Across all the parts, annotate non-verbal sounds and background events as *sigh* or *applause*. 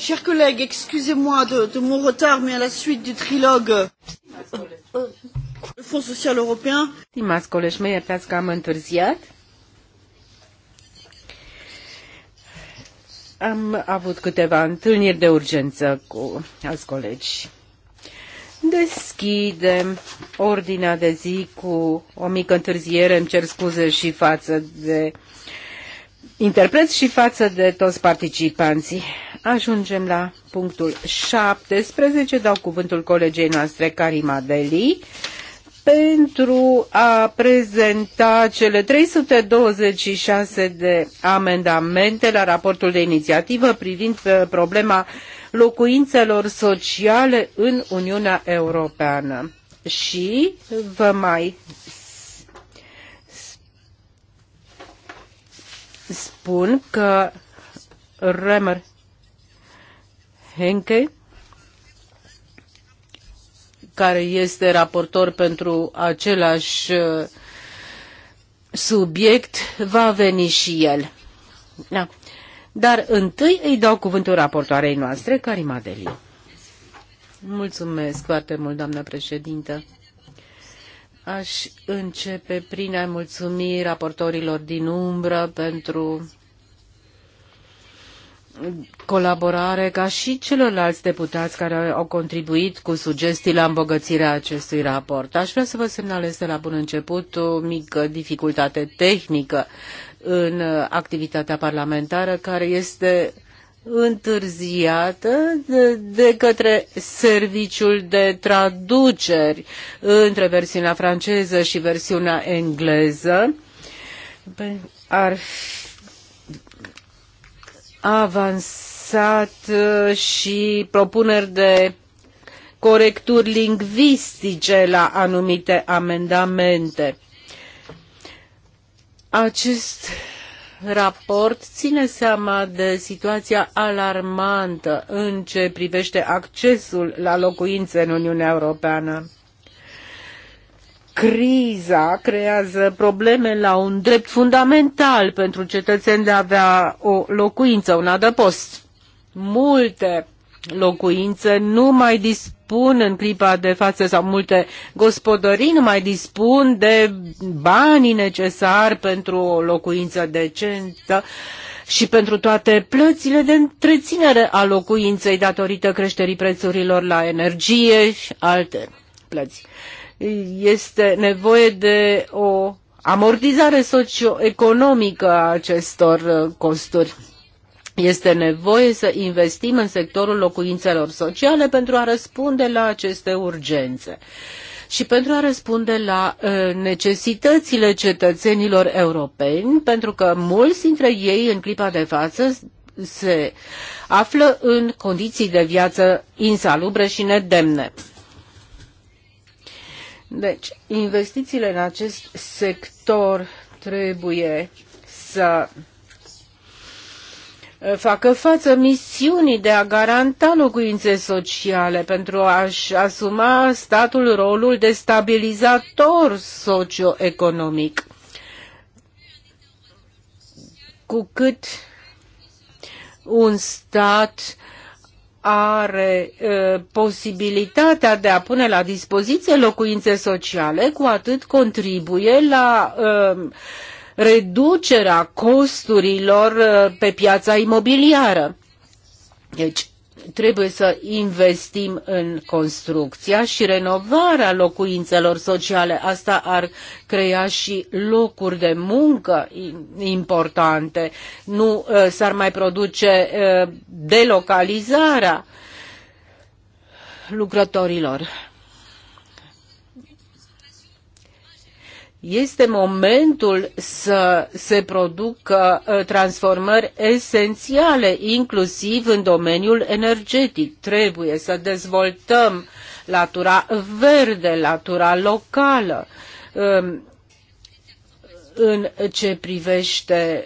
Chers collègues, excusez-moi de, de mon retard, mais à la suite du trilogue, euh, le Fonds social européen. Stimați colegi, mă iertați că am întârziat. Am avut câteva întâlniri de urgență cu alți colegi. Deschidem ordinea de zi cu o mică întârziere, îmi cer scuze și față de interpreți și față de toți participanții. Ajungem la punctul 17. Dau cuvântul colegei noastre, Karima Deli, pentru a prezenta cele 326 de amendamente la raportul de inițiativă privind uh, problema locuințelor sociale în Uniunea Europeană. Și vă mai spun că Remer Henke, care este raportor pentru același uh, subiect, va veni și el. Da. Dar întâi îi dau cuvântul raportoarei noastre, Karima Deli. Mulțumesc foarte mult, doamnă președintă. Aș începe prin a mulțumi raportorilor din umbră pentru colaborare ca și celorlalți deputați care au contribuit cu sugestii la îmbogățirea acestui raport. Aș vrea să vă semnalez de la bun început o mică dificultate tehnică în activitatea parlamentară care este întârziată de, de către serviciul de traduceri între versiunea franceză și versiunea engleză. Ar avansat uh, și propuneri de corecturi lingvistice la anumite amendamente. Acest raport ține seama de situația alarmantă în ce privește accesul la locuințe în Uniunea Europeană criza creează probleme la un drept fundamental pentru cetățeni de a avea o locuință, un adăpost. Multe locuințe nu mai dispun în clipa de față sau multe gospodării nu mai dispun de banii necesari pentru o locuință decentă și pentru toate plățile de întreținere a locuinței datorită creșterii prețurilor la energie și alte plăți este nevoie de o amortizare socioeconomică a acestor uh, costuri. Este nevoie să investim în sectorul locuințelor sociale pentru a răspunde la aceste urgențe și pentru a răspunde la uh, necesitățile cetățenilor europeni, pentru că mulți dintre ei în clipa de față se află în condiții de viață insalubre și nedemne. Deci, investițiile în acest sector trebuie să facă față misiunii de a garanta locuințe sociale pentru a-și asuma statul rolul de stabilizator socioeconomic. Cu cât un stat uh, are uh, posibilitatea de a pune la dispoziție locuințe sociale, cu atât contribuie la uh, reducerea costurilor uh, pe piața imobiliară. Deci, trebuie să investim în construcția și renovarea locuințelor sociale. Asta ar crea și locuri de muncă importante. Nu uh, s-ar mai produce uh, delocalizarea lucrătorilor este momentul să se producă ă, transformări esențiale, inclusiv în domeniul energetic. Trebuie să dezvoltăm latura verde, latura locală. În ce privește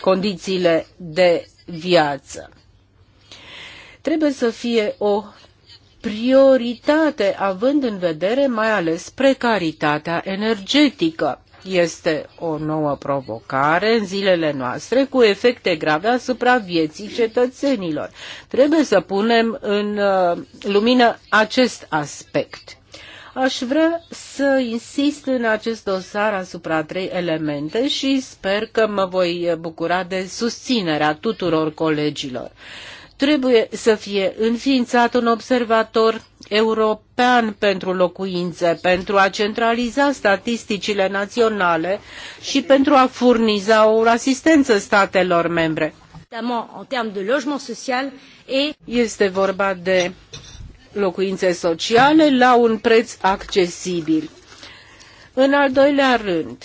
condițiile de viață. Trebuie să fie o prioritate, având în vedere mai ales precaritatea energetică. Este o nouă provocare în zilele noastre cu efecte grave asupra vieții cetățenilor. Trebuie să punem în uh, lumină acest aspect. Aș vrea să insist în acest dosar asupra trei elemente și sper că mă voi bucura de susținerea tuturor colegilor. Uh, Trebuie să fie înființat un observator european pentru locuințe, pentru a centraliza statisticile naționale și pentru a furniza o asistență statelor membre. Este vorba de locuințe sociale la un preț accesibil. În al doilea rând,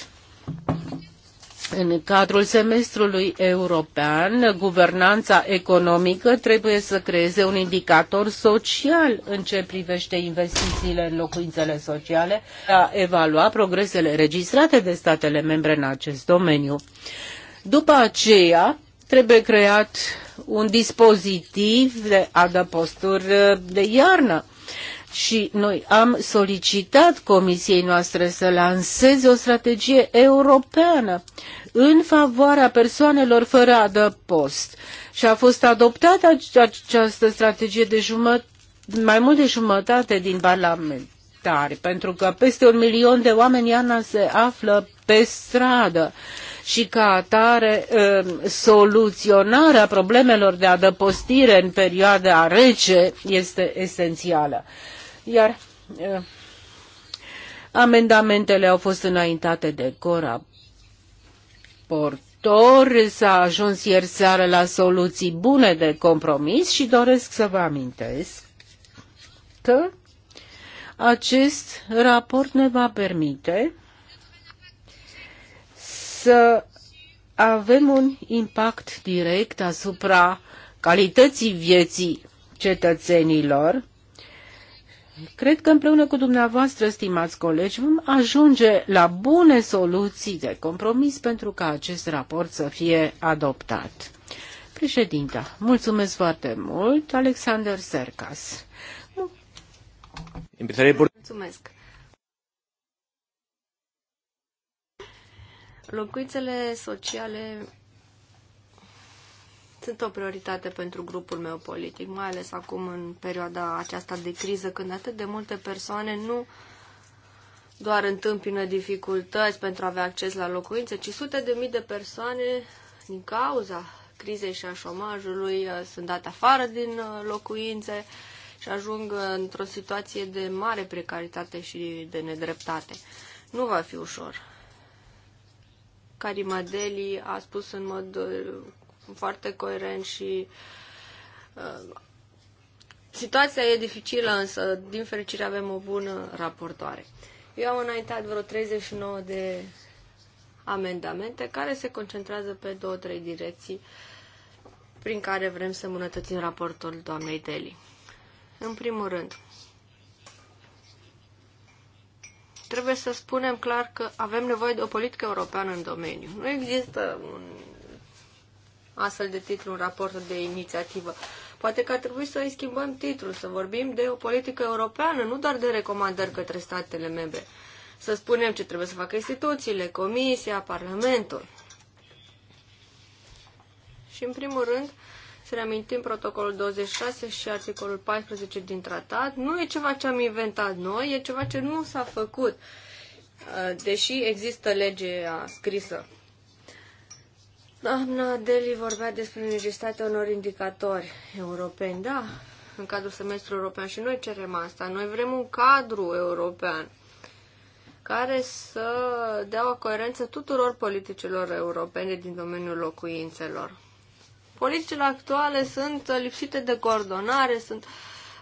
în cadrul semestrului european, guvernanța economică trebuie să creeze un indicator social în ce privește investițiile în locuințele sociale, a evalua progresele registrate de statele membre în acest domeniu. După aceea, trebuie creat un dispozitiv de adăposturi de iarnă și noi am solicitat comisiei noastre să lanseze o strategie europeană în favoarea persoanelor fără adăpost. Și a fost adoptată această strategie de jumătate, mai mult de jumătate din Parlament tari, pentru că peste un milion de oameni iarna se află pe stradă și ca atare um, soluționarea problemelor de adăpostire în perioada rece este esențială. Iar amendamentele au fost înaintate de coraportor. S-a ajuns ieri seară la soluții bune de compromis și doresc să vă amintesc că acest raport ne va permite să avem un impact direct asupra calității vieții cetățenilor Cred că împreună cu dumneavoastră, stimați colegi, vom ajunge la bune soluții de compromis pentru ca acest raport să fie adoptat. Președinta, mulțumesc foarte mult, Alexander Sercas. Mulțumesc. Locuințele sociale sunt o prioritate pentru grupul meu politic, mai ales acum în perioada aceasta de criză, când atât de multe persoane nu doar întâmpină dificultăți pentru a avea acces la locuințe, ci sute de mii de persoane din cauza crizei și a șomajului uh, sunt date afară din uh, locuințe și ajung uh, într-o situație de mare precaritate și de nedreptate. Nu va fi ușor. Karimadeli a spus în mod foarte coerent și uh, situația e dificilă, însă din fericire avem o bună raportoare. Eu am înaintat vreo 39 de amendamente care se concentrează pe două, trei direcții prin care vrem să îmbunătățim raportul doamnei Deli. În primul rând, trebuie să spunem clar că avem nevoie de o politică europeană în domeniu. Nu există un astfel de titlu în raportul de inițiativă. Poate că ar trebui să îi schimbăm titlul, să vorbim de o politică europeană, nu doar de recomandări către statele membre. Să spunem ce trebuie să facă instituțiile, Comisia, Parlamentul. Și, în primul rând, să reamintim protocolul 26 și articolul 14 din tratat. Nu e ceva ce am inventat noi, e ceva ce nu s-a făcut, uh, deși există legea scrisă Doamna Deli vorbea despre necesitatea unor indicatori europeni. Da, în cadrul semestrului european și noi cerem asta. Noi vrem un cadru european care să dea o coerență tuturor politicilor europene din domeniul locuințelor. Politicile actuale sunt lipsite de coordonare, sunt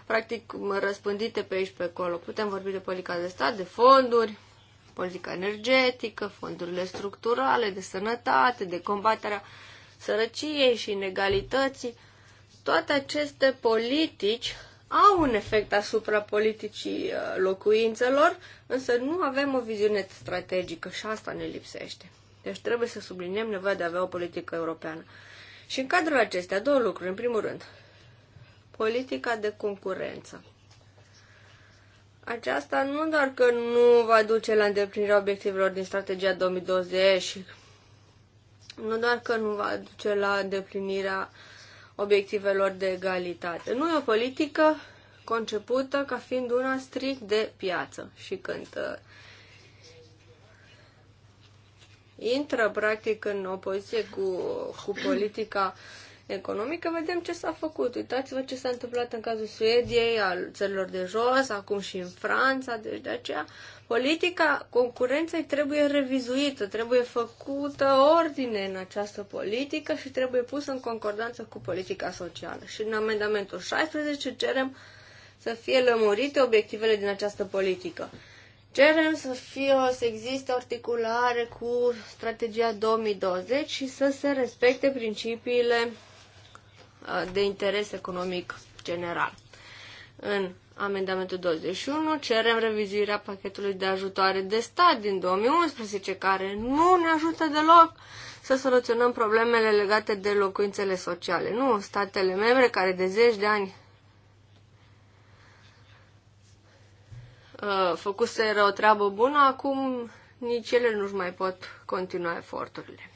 practic răspândite pe aici pe acolo. Putem vorbi de politica de stat, de fonduri, politica energetică, fondurile structurale, de sănătate, de combaterea sărăciei și inegalității. Toate aceste politici au un efect asupra politicii uh, locuințelor, însă nu avem o viziune strategică și asta ne lipsește. Deci trebuie să subliniem nevoia de a avea o politică europeană. Și în cadrul acestea, două lucruri. În primul rând, politica de concurență. Aceasta nu doar că nu va duce la îndeplinirea obiectivelor din strategia 2020, nu doar că nu va duce la îndeplinirea obiectivelor de egalitate. Nu e o politică concepută ca fiind una strict de piață. Și când uh, intră practic în opoziție cu, cu politica uh, economică, vedem ce s-a făcut. Uitați-vă ce s-a întâmplat în cazul Suediei, al țărilor de jos, acum și în Franța, deci de aceea politica concurenței trebuie revizuită, trebuie făcută ordine în această politică și trebuie pusă în concordanță cu politica socială. Și în amendamentul 16 cerem să fie lămurite obiectivele din această politică. Cerem să fie, să existe articulare cu strategia 2020 și să se respecte principiile Uh, de interes economic general. În amendamentul 21 cerem revizuirea pachetului de ajutoare de stat din 2011, care nu ne ajută deloc să soluționăm problemele legate de locuințele sociale. Nu, statele membre care de zeci de ani uh, făcuseră o treabă bună, acum nici ele nu-și mai pot continua eforturile.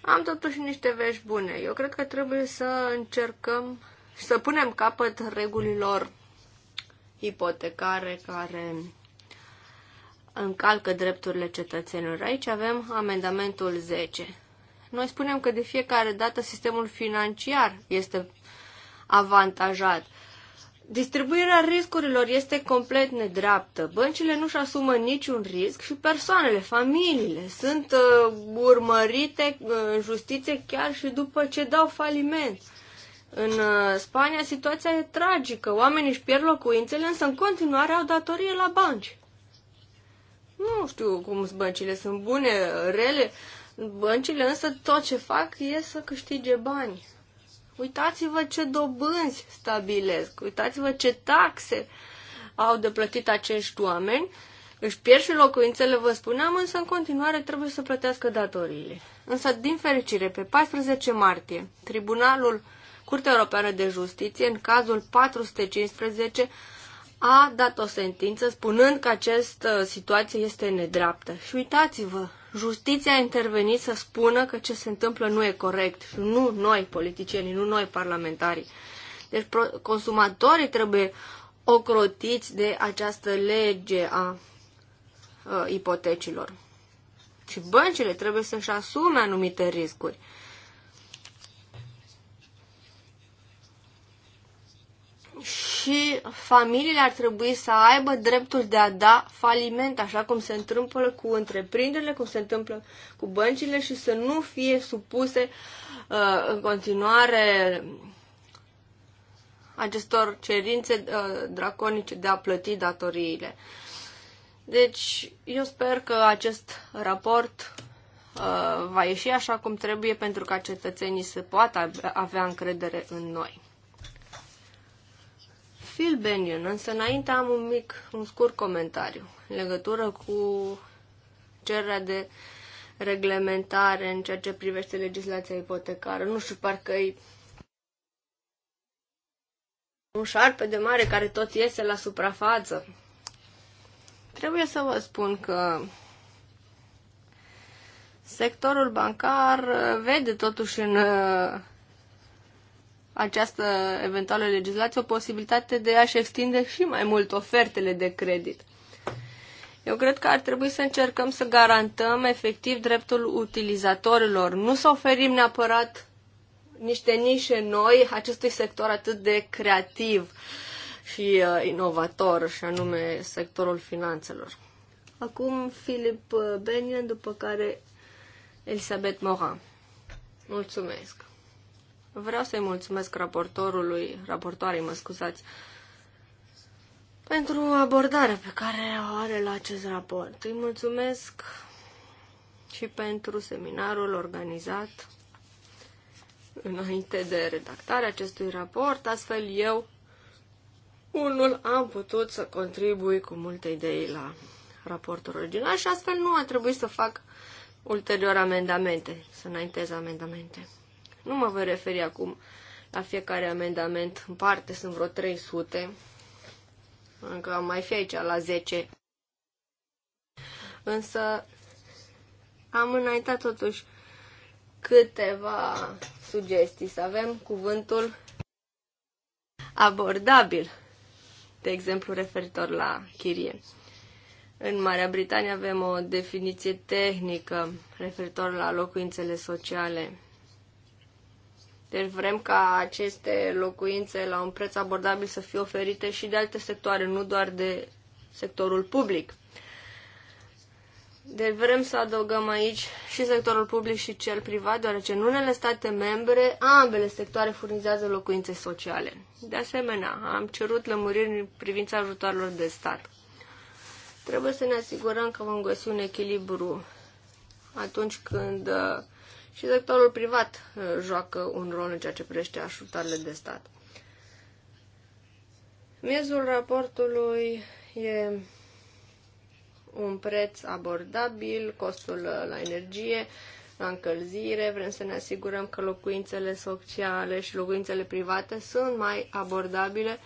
Am totuși niște vești bune. Eu cred că trebuie să încercăm să punem capăt regulilor ipotecare care încalcă drepturile cetățenilor. Aici avem amendamentul 10. Noi spunem că de fiecare dată sistemul financiar este avantajat. Distribuirea riscurilor este complet nedreaptă. Băncile nu-și asumă niciun risc și persoanele, familiile, sunt uh, urmărite uh, în justiție chiar și după ce dau faliment. În uh, Spania situația e tragică. Oamenii își pierd locuințele, însă în continuare au datorie la bănci. Nu știu cum sunt băncile, sunt bune, rele. Băncile însă tot ce fac e să câștige bani. Uitați-vă ce dobânzi stabilesc, uitați-vă ce taxe au de plătit acești oameni. Își pierd și locuințele, vă spuneam, însă în continuare trebuie să plătească datoriile. Însă, din fericire, pe 14 martie, Tribunalul Curtea Europeană de Justiție, în cazul 415, a dat o sentință spunând că această situație este nedreaptă. Și uitați-vă, justiția a intervenit să spună că ce se întâmplă nu e corect. Nu noi, politicienii, nu noi, parlamentarii. Deci consumatorii trebuie ocrotiți de această lege a, a ipotecilor. Și băncile trebuie să-și asume anumite riscuri. și familiile ar trebui să aibă dreptul de a da faliment, așa cum se întâmplă cu întreprinderile, cum se întâmplă cu băncile și să nu fie supuse uh, în continuare acestor cerințe uh, draconice de a plăti datoriile. Deci, eu sper că acest raport uh, va ieși așa cum trebuie pentru ca cetățenii să poată avea încredere în noi. Phil Bennion, însă înainte am un mic, un scurt comentariu în legătură cu cererea de reglementare în ceea ce privește legislația ipotecară. Nu știu, parcă e un șarpe de mare care tot iese la suprafață. Trebuie să vă spun că sectorul bancar vede totuși în această eventuală legislație o posibilitate de a-și extinde și mai mult ofertele de credit. Eu cred că ar trebui să încercăm să garantăm efectiv dreptul utilizatorilor, nu să oferim neapărat niște nișe noi acestui sector atât de creativ și uh, inovator, și anume sectorul finanțelor. Acum Filip Benian, după care Elisabeth Morin. Mulțumesc! Vreau să-i mulțumesc raportorului, raportoarei, mă scuzați, pentru abordarea pe care o are la acest raport. Îi mulțumesc și pentru seminarul organizat înainte de redactarea acestui raport, astfel eu unul am putut să contribui cu multe idei la raportul original și astfel nu a trebuit să fac ulterior amendamente, să înaintez amendamente. Nu mă voi referi acum la fiecare amendament în parte, sunt vreo 300. Încă am mai fi aici la 10. Însă am înaintat totuși câteva sugestii. Să avem cuvântul abordabil, de exemplu referitor la chirie. În Marea Britanie avem o definiție tehnică referitor la locuințele sociale deci vrem ca aceste locuințe la un preț abordabil să fie oferite și de alte sectoare, nu doar de sectorul public. Deci vrem să adăugăm aici și sectorul public și cel privat, deoarece în unele state membre ambele sectoare furnizează locuințe sociale. De asemenea, am cerut lămuriri în privința ajutoarelor de stat. Trebuie să ne asigurăm că vom găsi un echilibru atunci când uh, și sectorul privat uh, joacă un rol în ceea ce privește ajutoarele de stat. Miezul raportului e un preț abordabil, costul uh, la energie, la încălzire, vrem să ne asigurăm că locuințele sociale și locuințele private sunt mai abordabile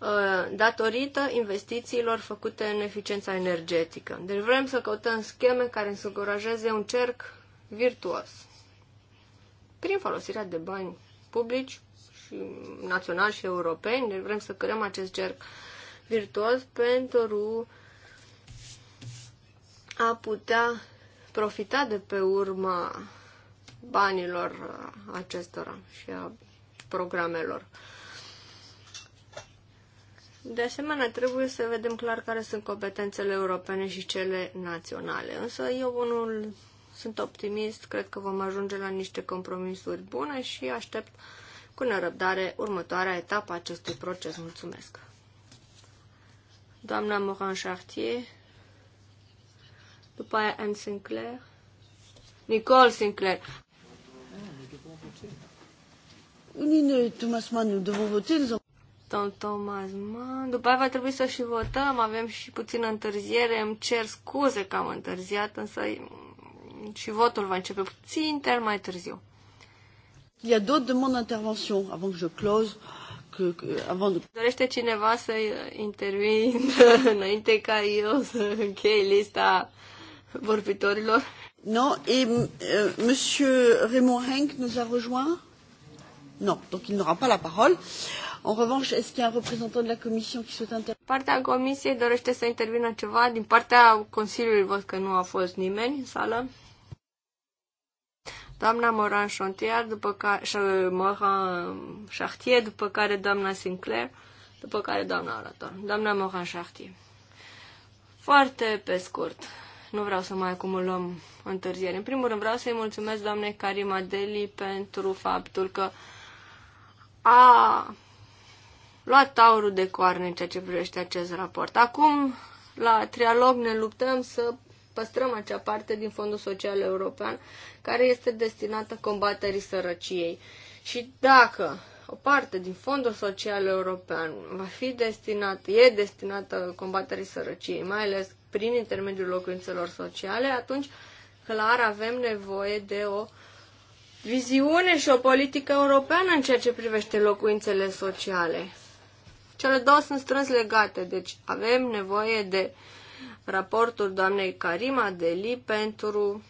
uh, datorită investițiilor făcute în eficiența energetică. Deci vrem să căutăm scheme care să încurajeze un cerc virtuos prin folosirea de bani publici și naționali și europeni. Deci vrem să creăm acest cerc virtuos pentru a putea profita de pe urma banilor acestora și a programelor. De asemenea, trebuie să vedem clar care sunt competențele europene și cele naționale. Însă eu unul sunt optimist, cred că vom ajunge la niște compromisuri bune și aștept cu nerăbdare următoarea etapă a acestui proces. Mulțumesc! Doamna Morin Chartier, după aia Anne Sinclair, Nicole Sinclair. Domnul Thomas Mann, nu vota, Thomas Mann. După aia va trebui să și votăm, avem și puțină întârziere, îmi cer scuze că am întârziat, însă și votul va începe puțin ter mai târziu. Il y a d'autres demandes d'intervention avant que je close. Que, que, avant de... Dorește cineva să intervină *laughs* înainte ca eu să închei lista vorbitorilor? Non, et euh, Monsieur Raymond Henck nous a rejoint Non, donc il n'aura pas la parole. En revanche, est-ce qu'il y a un représentant de la Commission qui souhaite intervenir Partea Comisiei dorește să intervină ceva. Din partea Consiliului văd că nu a fost nimeni în sală doamna Moran Chantier, după care, uh, Moran Chartier, după care doamna Sinclair, după care doamna Orator, doamna Moran Chartier. Foarte pe scurt, nu vreau să mai acumulăm întârziere. În primul rând vreau să-i mulțumesc doamnei Karima Deli pentru faptul că a luat taurul de coarne în ceea ce privește acest raport. Acum, la trialog, ne luptăm să păstrăm acea parte din Fondul Social European care este destinată combaterii sărăciei. Și dacă o parte din Fondul Social European va fi destinată, e destinată combaterii sărăciei, mai ales prin intermediul locuințelor sociale, atunci clar avem nevoie de o viziune și o politică europeană în ceea ce privește locuințele sociale. Cele două sunt strâns legate, deci avem nevoie de uh, raportul doamnei Karima Deli pentru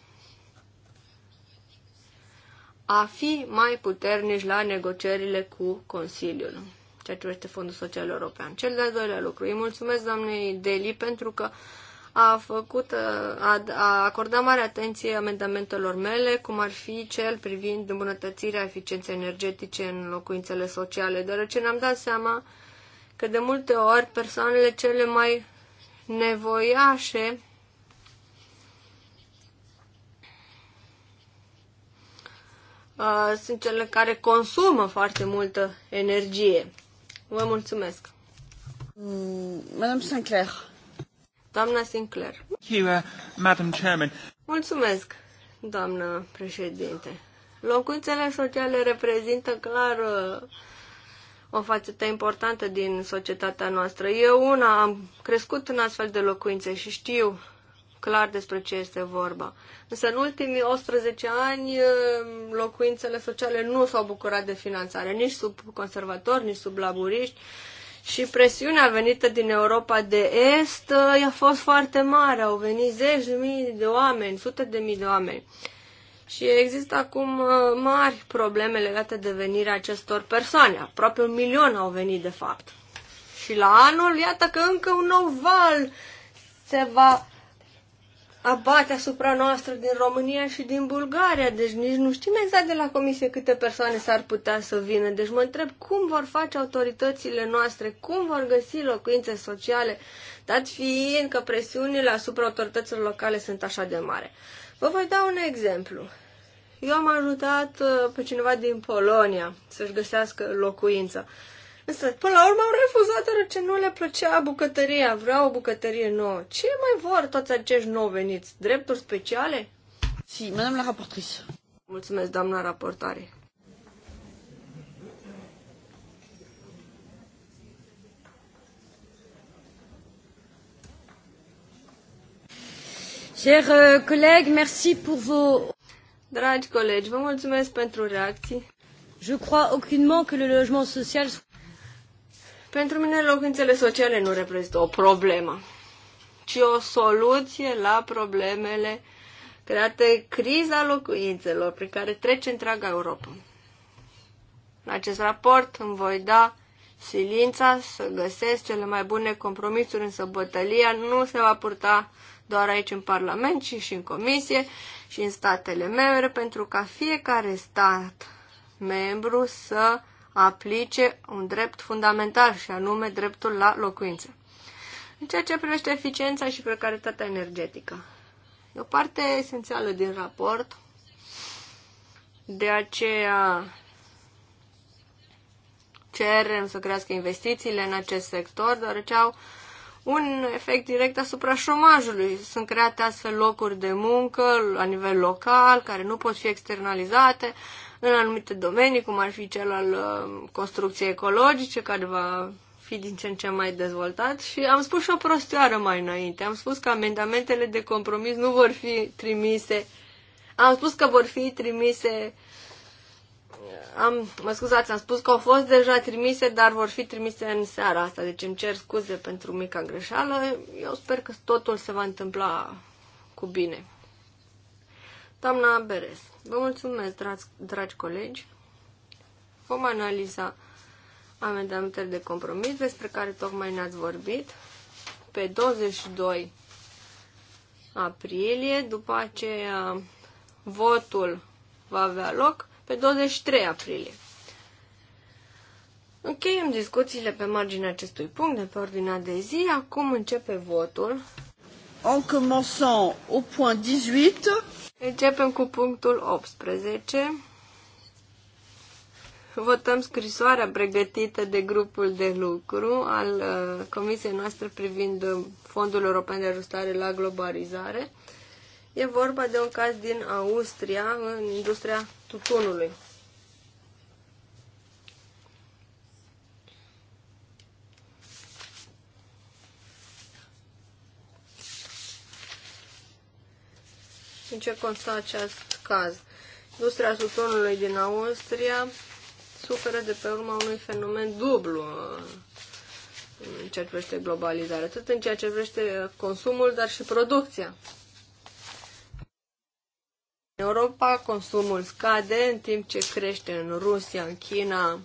a fi mai puternici la negocierile cu Consiliul, ceea ce este Fondul Social European. Cel de-al doilea lucru, îi mulțumesc doamnei Deli pentru că a, făcut, a, a acordat mare atenție amendamentelor mele, cum ar fi cel privind îmbunătățirea eficienței energetice în locuințele sociale, deoarece ne-am dat seama că de multe ori persoanele cele mai nevoiașe uh, sunt cele care consumă foarte multă energie. Vă mulțumesc. Madame Sinclair. Doamna Sinclair. Thank you, uh, Madam Chairman. Mulțumesc, doamnă președinte. Locuințele sociale reprezintă clar uh, o fațetă importantă din societatea noastră. Eu una am crescut în astfel de locuințe și știu clar despre ce este vorba. Însă în ultimii 18 ani eh, locuințele sociale nu s-au bucurat de finanțare, nici sub conservatori, nici sub laburiști și presiunea venită din Europa de Est eh, a fost foarte mare. Au venit zeci de mii de oameni, sute de mii de oameni. Și există acum uh, mari probleme legate de venirea acestor persoane. Aproape un milion au venit, de fapt. Și la anul, iată că încă un nou val se va abate asupra noastră din România și din Bulgaria. Deci nici nu știm exact de la comisie câte persoane s-ar putea să vină. Deci mă întreb cum vor face autoritățile noastre, cum vor găsi locuințe sociale, dat fiind că presiunile asupra autorităților locale sunt așa de mare. Vă voi da un exemplu. Eu am ajutat uh, pe cineva din Polonia să-și găsească locuință. Însă, până la urmă, au refuzat deoarece nu le plăcea bucătăria, vreau o bucătărie nouă. Ce mai vor toți acești nou veniți? Drepturi speciale? Si, madame la raportrice. Mulțumesc, doamna raportare. Chers euh, collègues, merci pour vos... Dragi colegi, vă mulțumesc pentru reacții. Je crois aucunement que le logement social... Pentru mine locuințele sociale nu reprezintă o problemă, ci o soluție la problemele create criza locuințelor prin care trece întreaga Europa. În acest raport îmi voi da silința să găsesc cele mai bune compromisuri, însă bătălia nu se va purta doar aici în Parlament, ci și în Comisie și în statele membre, pentru ca fiecare stat membru să aplice un drept fundamental și anume dreptul la locuință. În ceea ce privește eficiența și precaritatea energetică. E o parte esențială din raport, de aceea cerem să crească investițiile în acest sector, deoarece au un efect direct asupra șomajului. Sunt create astfel locuri de muncă la nivel local, care nu pot fi externalizate în anumite domenii, cum ar fi cel al um, construcției ecologice, care va fi din ce în ce mai dezvoltat și am spus și o prostioară mai înainte. Am spus că amendamentele de compromis nu vor fi trimise. Am spus că vor fi trimise am, mă scuzați, am spus că au fost deja trimise, dar vor fi trimise în seara asta, deci îmi cer scuze pentru mica greșeală. Eu sper că totul se va întâmpla cu bine. Doamna Beres, vă mulțumesc, dragi, dragi colegi. Vom analiza amendamentele de compromis despre care tocmai ne-ați vorbit pe 22 aprilie. După aceea, votul va avea loc pe 23 aprilie. Încheiem discuțiile pe marginea acestui punct de pe ordinea de zi. Acum începe votul. En commençant au point 18. Începem cu punctul 18. Votăm scrisoarea pregătită de grupul de lucru al uh, Comisiei noastre privind uh, Fondul European de Ajustare la Globalizare. E vorba de un caz din Austria, în industria tutunului. În ce consta acest caz? Industria tutunului din Austria suferă de pe urma unui fenomen dublu uh, în ceea ce privește globalizarea, atât în ceea ce privește consumul, dar și producția. În Europa consumul scade, în timp ce crește în Rusia, în China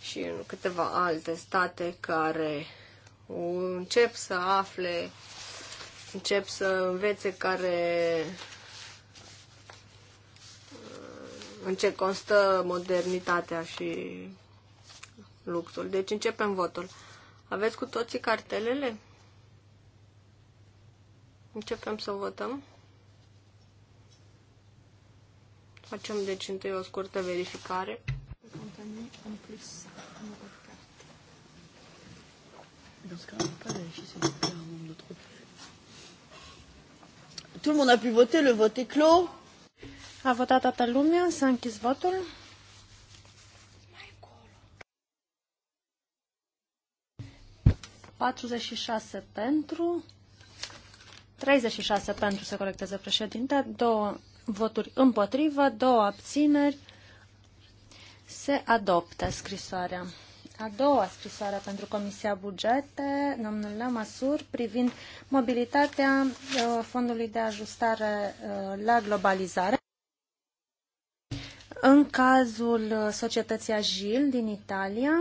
și în câteva alte state care încep să afle, încep să învețe care în ce constă modernitatea și luxul. Deci începem votul. Aveți cu toții cartelele? Începem să votăm. Facem deci întâi o scurtă verificare. Tout le monde a pu voter, le vote est clos. A votat toată lumea, s-a închis votul. Patruzeci și șase pentru, 36 pentru se corectează președinte, două voturi împotrivă, două abțineri. Se adoptă scrisoarea. A doua scrisoare pentru Comisia Bugete, domnul Lamasur, privind mobilitatea uh, Fondului de Ajustare uh, la Globalizare. În cazul uh, societății Agil din Italia,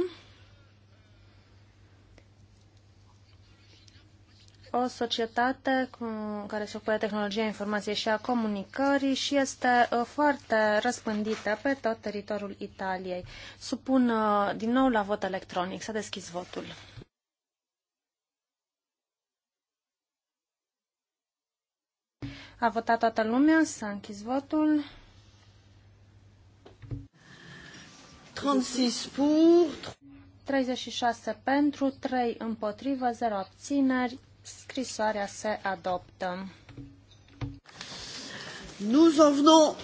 o societate care se ocupă de tehnologia informației și a comunicării și este uh, foarte răspândită pe tot teritoriul Italiei. Supun uh, din nou la vot electronic. S-a deschis votul. A votat toată lumea, s-a închis votul. 36 36 pentru, 3 împotrivă, 0 abțineri. Scrisoarea se adoptă. Nous en venons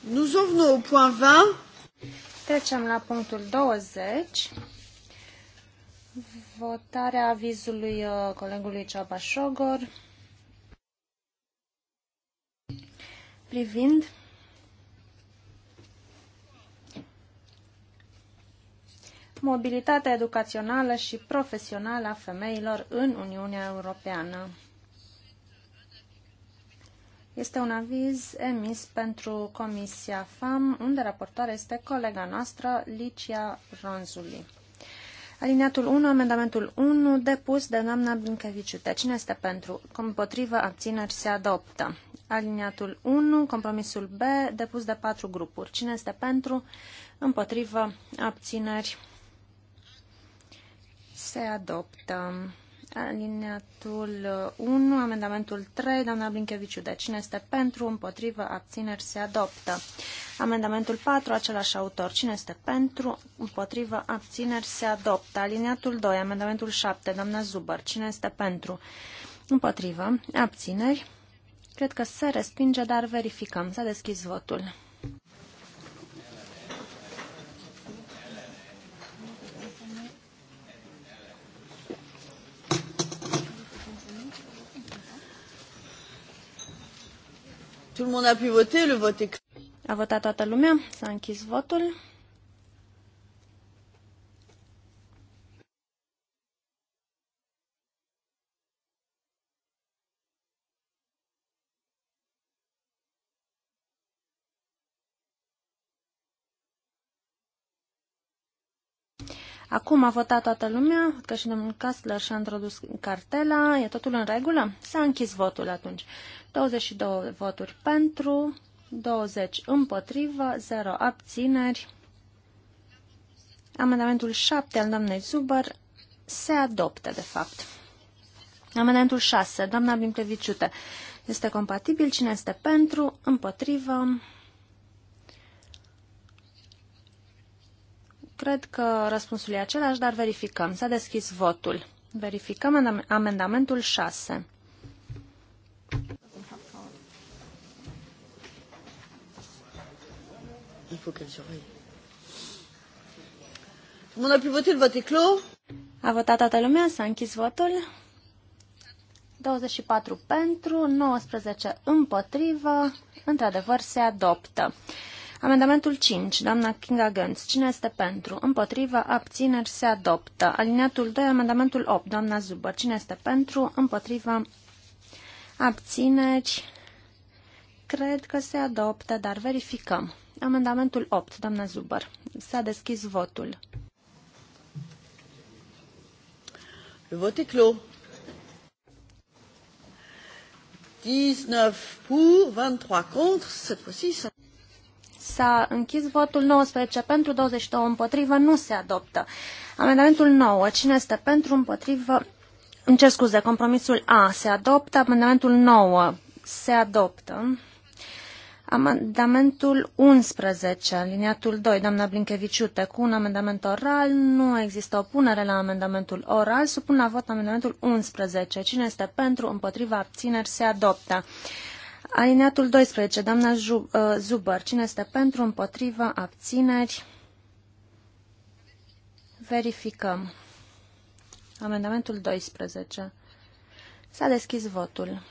Nous en venons au point 20. Trecem la punctul 20. Votarea avizului uh, colegului Ceaba Șogor privind mobilitatea educațională și profesională a femeilor în Uniunea Europeană. Este un aviz emis pentru Comisia FAM, unde raportoare este colega noastră, Licia Ronzuli. Aliniatul 1, amendamentul 1, depus de doamna Bincăviciute. Cine este pentru? Împotrivă, abțineri, se adoptă. Aliniatul 1, compromisul B, depus de patru grupuri. Cine este pentru? Împotrivă, abțineri, se adoptă. Alineatul 1, amendamentul 3, doamna Blincheviciu, de deci cine este pentru, împotrivă, abțineri, se adoptă. Amendamentul 4, același autor, cine este pentru, împotrivă, abțineri, se adoptă. Alineatul 2, amendamentul 7, doamna Zubăr, cine este pentru, împotrivă, abțineri, cred că se respinge, dar verificăm. S-a deschis votul. Tout le monde a pu voter, le vote est... A votat toată lumea, s-a închis votul. Acum a votat toată lumea, că și domnul Castler și-a introdus cartela, e totul în regulă? S-a închis votul atunci. 22 voturi pentru, 20 împotrivă, 0 abțineri. Amendamentul 7 al doamnei Zubăr se adoptă, de fapt. Amendamentul 6, doamna Bimpleviciute, este compatibil, cine este pentru, împotrivă, Cred că răspunsul e același, dar verificăm. S-a deschis votul. Verificăm amendamentul 6. Il faut qu'elle A votat toată lumea, s-a închis votul. 24 pentru, 19 împotrivă. Într-adevăr, se adoptă. Amendamentul 5, doamna Kinga Gantz. Cine este pentru? Împotrivă, abțineri, se adoptă. Alineatul 2, amendamentul 8, doamna Zubă. Cine este pentru? Împotrivă, abțineri, cred că se adoptă, dar verificăm. Amendamentul 8, doamna Zubăr. S-a deschis votul. Le vote clos. 19 pour, 23 contre, cette fois-ci S-a închis votul 19 pentru 22 împotrivă. Nu se adoptă. Amendamentul 9. Cine este pentru împotrivă? Îmi cer scuze. Compromisul A se adoptă. Amendamentul 9 se adoptă. Amendamentul 11, liniatul 2, doamna Blincheviciute, cu un amendament oral, nu există opunere la amendamentul oral, supun la vot amendamentul 11. Cine este pentru, împotriva, abțineri, se adoptă. Alineatul 12, doamna uh, Zuber, cine este pentru, împotrivă, abțineri? Verificăm. Amendamentul 12. S-a deschis votul.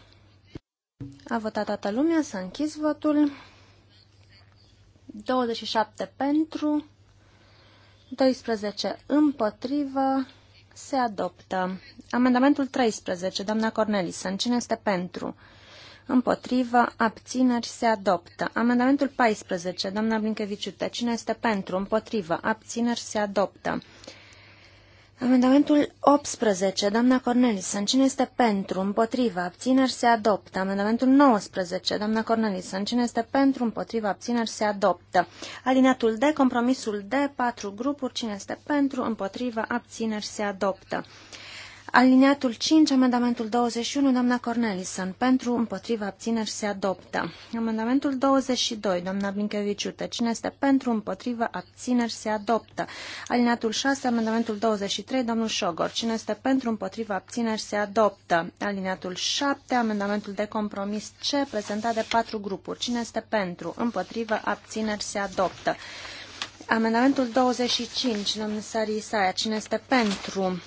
A votat toată lumea, s-a închis votul. 27 pentru, 12 împotrivă, se adoptă. Amendamentul 13, doamna Cornelison, cine este Pentru. Împotrivă, abțineri, se adoptă. Amendamentul 14, doamna Blinkeviciute, cine este pentru? Împotrivă, abțineri, se adoptă. Amendamentul 18, doamna Cornelison, cine este pentru? Împotrivă, abțineri, se adoptă. Amendamentul 19, doamna Cornelison, cine este pentru? Împotrivă, abțineri, se adoptă. Alineatul D, compromisul D, patru grupuri, cine este pentru? Împotrivă, abțineri, se adoptă. Aliniatul 5, amendamentul 21, doamna Cornelison. Pentru, împotriva, abțineri se adoptă. Amendamentul 22, doamna Bincheviciute. Cine este pentru, împotriva, abțineri se adoptă. Aliniatul 6, amendamentul 23, domnul Șogor. Cine este pentru, împotriva, abțineri se adoptă. Aliniatul 7, amendamentul de compromis C, prezentat de patru grupuri. Cine este pentru, împotriva, abțineri se adoptă. Amendamentul 25, domnul Sari Isaia. Cine este pentru?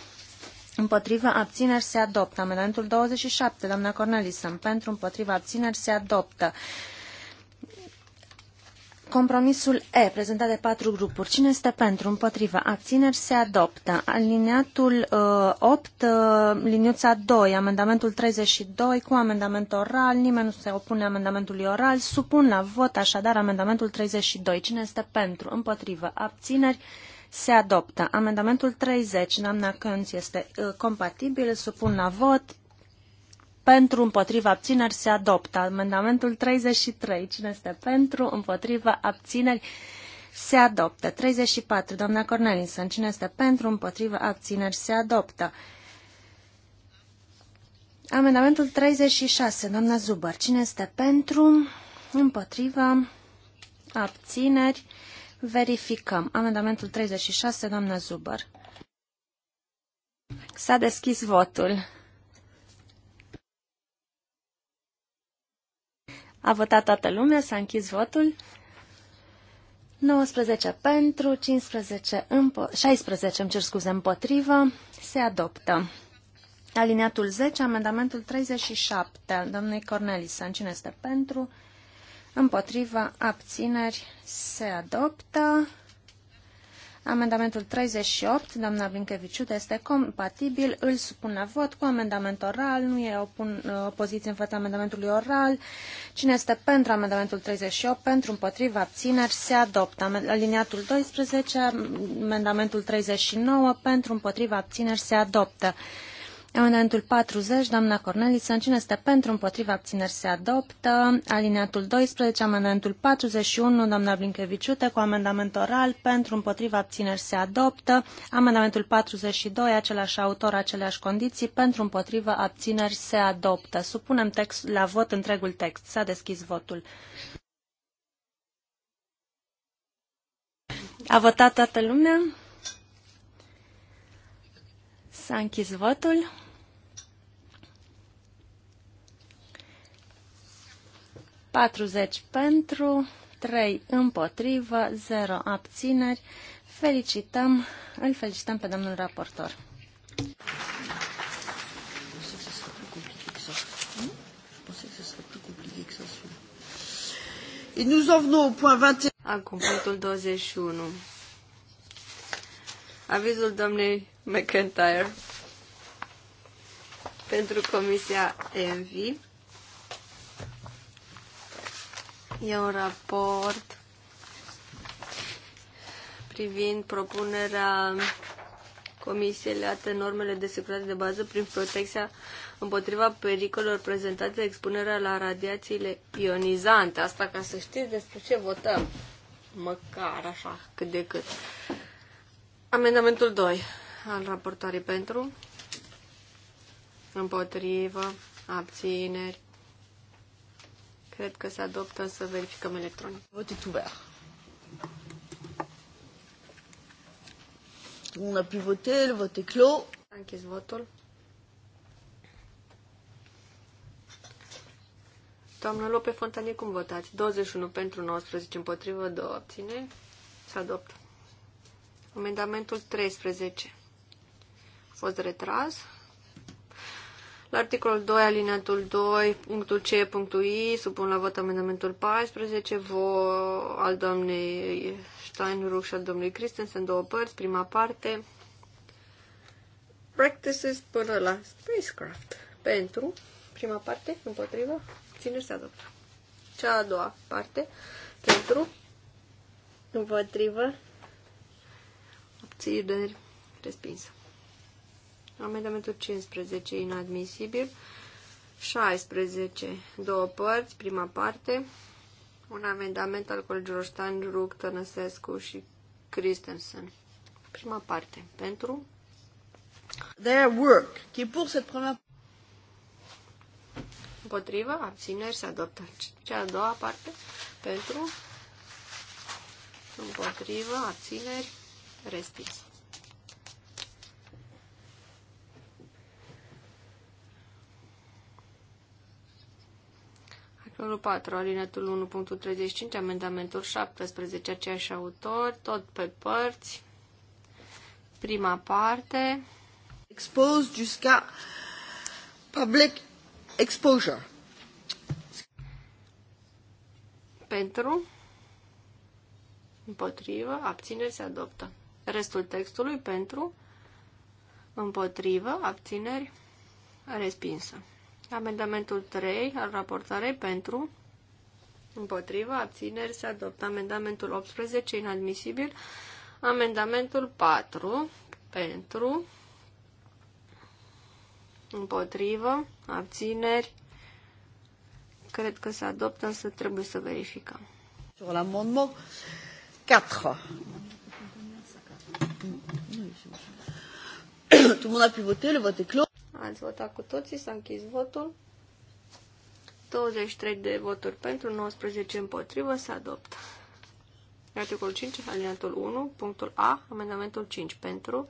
Împotriva abțineri se adoptă. Amendamentul 27, doamna Cornelisă. Pentru împotriva abțineri se adoptă. Compromisul E, prezentat de patru grupuri. Cine este pentru? Împotriva. Abțineri se adoptă. Aliniatul uh, 8, uh, liniuța 2, amendamentul 32 cu amendament oral. Nimeni nu se opune amendamentului oral. Supun la vot așadar amendamentul 32. Cine este pentru? Împotrivă. Abțineri se adoptă. Amendamentul 30, doamna Cânț, este uh, compatibil, supun la vot. Pentru, împotriva, abțineri, se adoptă. Amendamentul 33, cine este pentru, împotriva, abțineri, se adoptă. 34, doamna Cornelison, cine este pentru, împotriva, abțineri, se adoptă. Amendamentul 36, doamna Zubăr, cine este pentru, împotriva, abțineri, Verificăm. Amendamentul 36, doamna Zubăr. S-a deschis votul. A votat toată lumea, s-a închis votul. 19 pentru, 15 împo 16, îmi cer scuze, împotrivă, se adoptă. Alineatul 10, amendamentul 37, domnului Cornelis, cine este pentru? împotriva, abțineri, se adoptă. Amendamentul 38, doamna Brinkeviciu, este compatibil, îl supun la vot cu amendament oral, nu e opun, opoziție în fața amendamentului oral. Cine este pentru amendamentul 38, pentru împotriva abțineri, se adoptă. Aliniatul 12, amendamentul 39, pentru împotriva abțineri, se adoptă. Amendamentul 40, doamna Cornelison, cine este pentru, împotriva, abțineri se adoptă. Alineatul 12, amendamentul 41, doamna Blinkeviciute, cu amendament oral, pentru, împotriva, abțineri se adoptă. Amendamentul 42, același autor, aceleași condiții, pentru, împotriva, abțineri se adoptă. Supunem text, la vot întregul text. S-a deschis votul. A votat toată lumea? S-a închis votul. 40 pentru, 3 împotrivă, 0 abțineri. Felicităm, îl felicităm pe domnul raportor. Acum, punctul 21. Avizul domnului McIntyre pentru Comisia ENVI E un raport privind propunerea Comisiei leate normele de securitate de bază prin protecția împotriva pericolelor prezentate de expunerea la radiațiile ionizante. Asta ca să știți despre ce votăm. Măcar așa, cât de cât. Amendamentul 2 al raportoarei pentru, împotrivă, abțineri, Cred că se adoptă să verificăm electronic. Vot est ouvert. On a pu voter, le vote est clos. închis votul. Doamna Lope Fontanie, cum votați? 21 pentru 19 împotrivă, 2 obține. Se adoptă. Amendamentul 13 a fost retras. La articolul 2, alineatul 2, punctul C, punctul I, supun la vot amendamentul 14, vo al doamnei Steinruck și al domnului Christensen, două părți, prima parte. Practices până la spacecraft. Pentru, prima parte, împotrivă, țineri să adoptă. Cea a doua parte, pentru, împotrivă, abțineri, respinsă. Amendamentul 15 inadmisibil. 16. Două părți, prima parte. Un amendament al colegilor Stan, Ruc, Tănăsescu și Christensen. Prima parte. Pentru? Their work. Qui pour cette première... Împotrivă, abțineri, se adoptă. Cea a doua parte. Pentru? Împotrivă, abțineri, respins. Capitolul 4, alinetul 1.35, amendamentul 17, aceiași autor, tot pe părți. Prima parte. Exposed jusqu'à public exposure. Pentru, împotrivă, abțineri se adoptă. Restul textului pentru, împotrivă, abțineri, respinsă. Amendamentul 3 al raportarei pentru, împotriva abțineri, se adoptă. Amendamentul 18, inadmisibil. Amendamentul 4, pentru, împotrivă, abțineri, cred că se adoptă, însă trebuie să verificăm. Sur l'amendement 4. Tout le monde a pu voter, le vote est clos. Ați votat cu toții, s-a închis votul. 23 de voturi pentru, 19 împotrivă, se adoptă. Articolul 5, alineatul 1, punctul A, amendamentul 5 pentru,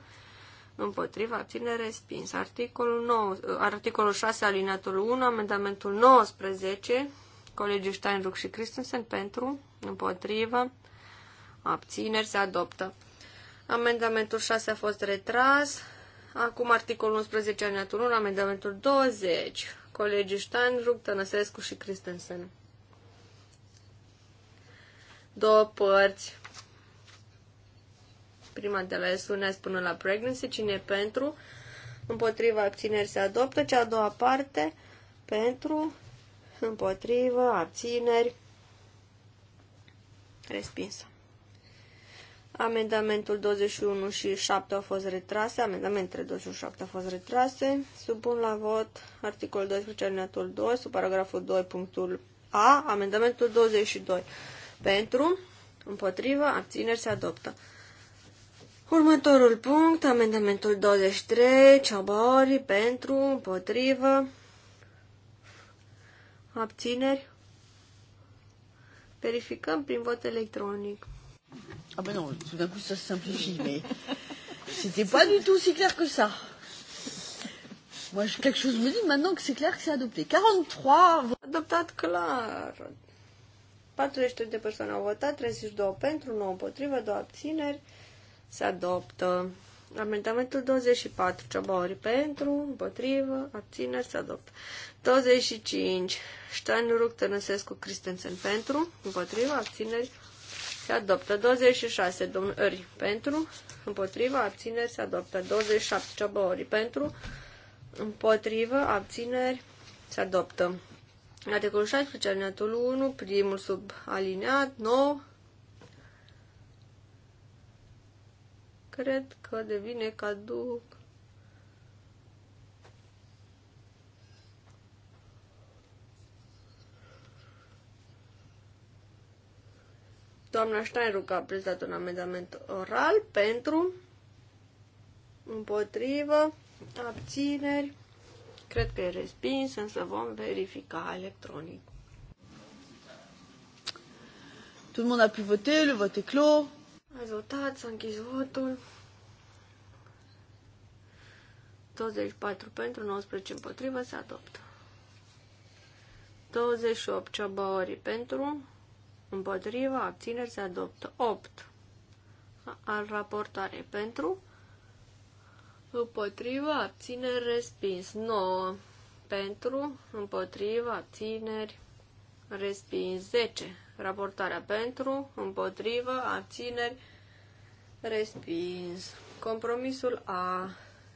împotriva, abține, respins. Articolul, 9, articolul 6, alineatul 1, amendamentul 19, colegii Steinruck și Christensen pentru, împotrivă, abțineri, se adoptă. Amendamentul 6 a fost retras, Acum articolul 11, alineatul 1, amendamentul 20. Colegii Steinruck, Tănăsescu și Christensen. Două părți. Prima de la SUNES până la pregnancy. Cine e pentru? Împotriva abțineri se adoptă. Cea a doua parte pentru, împotrivă, abțineri, respinsă. Amendamentul 21 și 7 au fost retrase. Amendamentele 21 și 7 au fost retrase. Supun la vot articolul 12, alineatul 2, sub paragraful 2, punctul A, amendamentul 22. Pentru, împotrivă, abțineri se adoptă. Următorul punct, amendamentul 23, ceabori, pentru, împotrivă, abțineri. Verificăm prin vot electronic. Ah ben non, tout d'un coup ça se simplifie, mais c'était pas du tout si clair que ça. Moi, je, quelque chose me dit maintenant que c'est clair que c'est adopté. 43 adoptat clar. 43 de persoane au votat, 32 pentru, 9 împotrivă, 2 abțineri. Se adoptă. Amendamentul 24, Ciobori pentru, împotrivă, abțineri, se adoptă. 25, Ștaniu Ruc Tănăsescu Cristensen pentru, împotrivă, abțineri, se adoptă 26 domnări pentru, împotriva, abțineri, se adoptă 27 ciobori pentru, împotrivă, abțineri, se adoptă. Articolul 16, alineatul 1, primul sub alineat, 9, cred că devine caduc. Doamna Steinruck a prezentat un amendament oral pentru, împotrivă, abțineri. Cred că e respins, însă vom verifica electronic. Tout le monde a pu voter, le vote est clos. Ați votat, s-a închis votul. 24 pentru, 19 împotrivă, se adoptă. 28 ceabaori pentru, Împotriva abțineri se adoptă 8 al raportare pentru. Împotriva abțineri respins 9 pentru. Împotriva abțineri respins 10. Raportarea pentru. Împotriva abțineri respins. Compromisul A.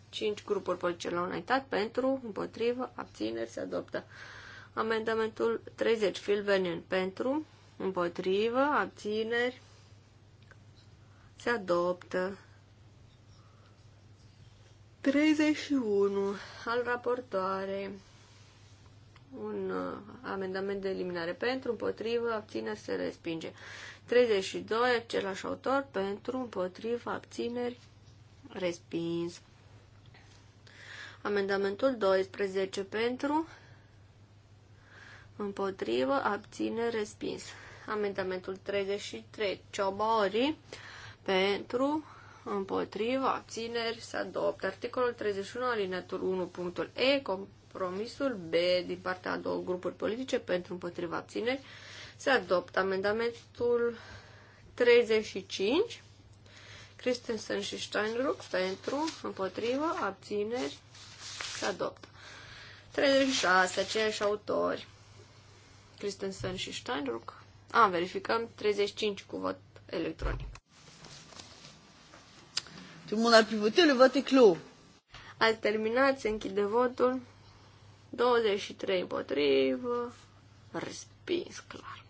5 grupuri politice la unitate pentru, Împotriva abțineri se adoptă. Amendamentul 30, Filvenin pentru, împotrivă, abțineri, se adoptă. 31 al raportoare. un uh, amendament de eliminare pentru, împotrivă, abțineri, se respinge. 32, același autor, pentru, împotrivă, abțineri, respins. Amendamentul 12, pentru, împotrivă, abțineri, respins. Amendamentul 33, Ciobori, pentru, împotriva, abțineri, se adoptă. Articolul 31, alineatul 1, punctul E, compromisul B din partea a două grupuri politice pentru împotriva abțineri, se adoptă. Amendamentul 35, Christensen și Steinruck, pentru, împotriva, abțineri, se adoptă. 36, aceiași autori, Christensen și Steinruck, a, verificăm 35 cu vot electronic. Tout le monde a pu voter, le vote est clos. Ați terminat, se închide votul. 23 împotrivă, respins clar.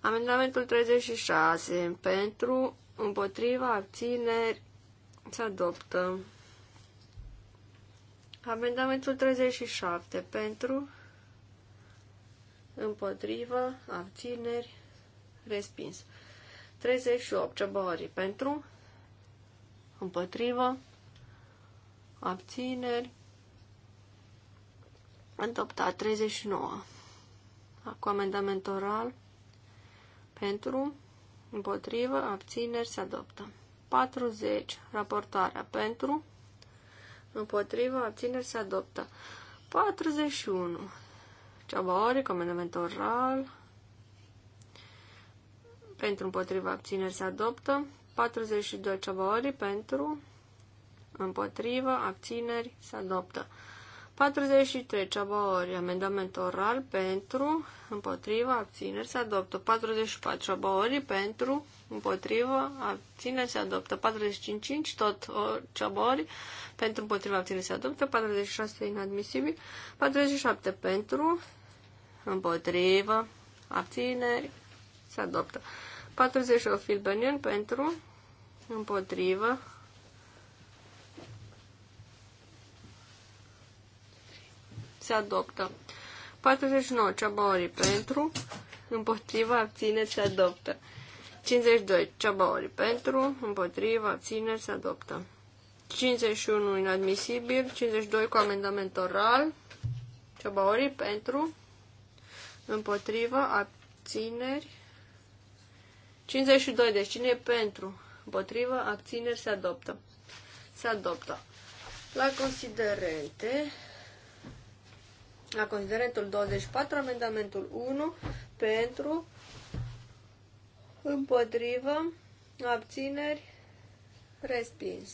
Amendamentul 36 pentru, împotriva, abțineri, se adoptă. Amendamentul 37 pentru, împotrivă, abțineri, respins. 38 ciobori pentru, împotrivă, abțineri, adoptat 39. Acum amendament oral, pentru, împotrivă, abțineri, se adoptă. 40. Raportarea pentru, împotrivă, abțineri, se adoptă. 41. Ceva ori, comandament oral. Pentru împotriva abțineri se adoptă. 42 ceva ori pentru împotriva abțineri se adoptă. 43 ceva ori amendament oral pentru împotriva abțineri se adoptă. 44 ceva ori pentru împotriva abțineri se adoptă. 45 tot ceva ori pentru împotriva abțineri se adoptă. 46 inadmisibil. 47 pentru împotrivă, abțineri, se adoptă. 48 Filbenion pentru, împotrivă, se adoptă. 49 Ceabaori pentru, împotrivă, abține, se adoptă. 52 Ceabaori pentru, împotrivă, abține, se adoptă. 51 inadmisibil, 52 cu amendament oral, Ceabaori pentru, împotrivă, abțineri. 52, deci cine e pentru, împotrivă, abțineri, se adoptă. Se adoptă. La considerente, la considerentul 24, amendamentul 1, pentru, împotrivă, abțineri, respins.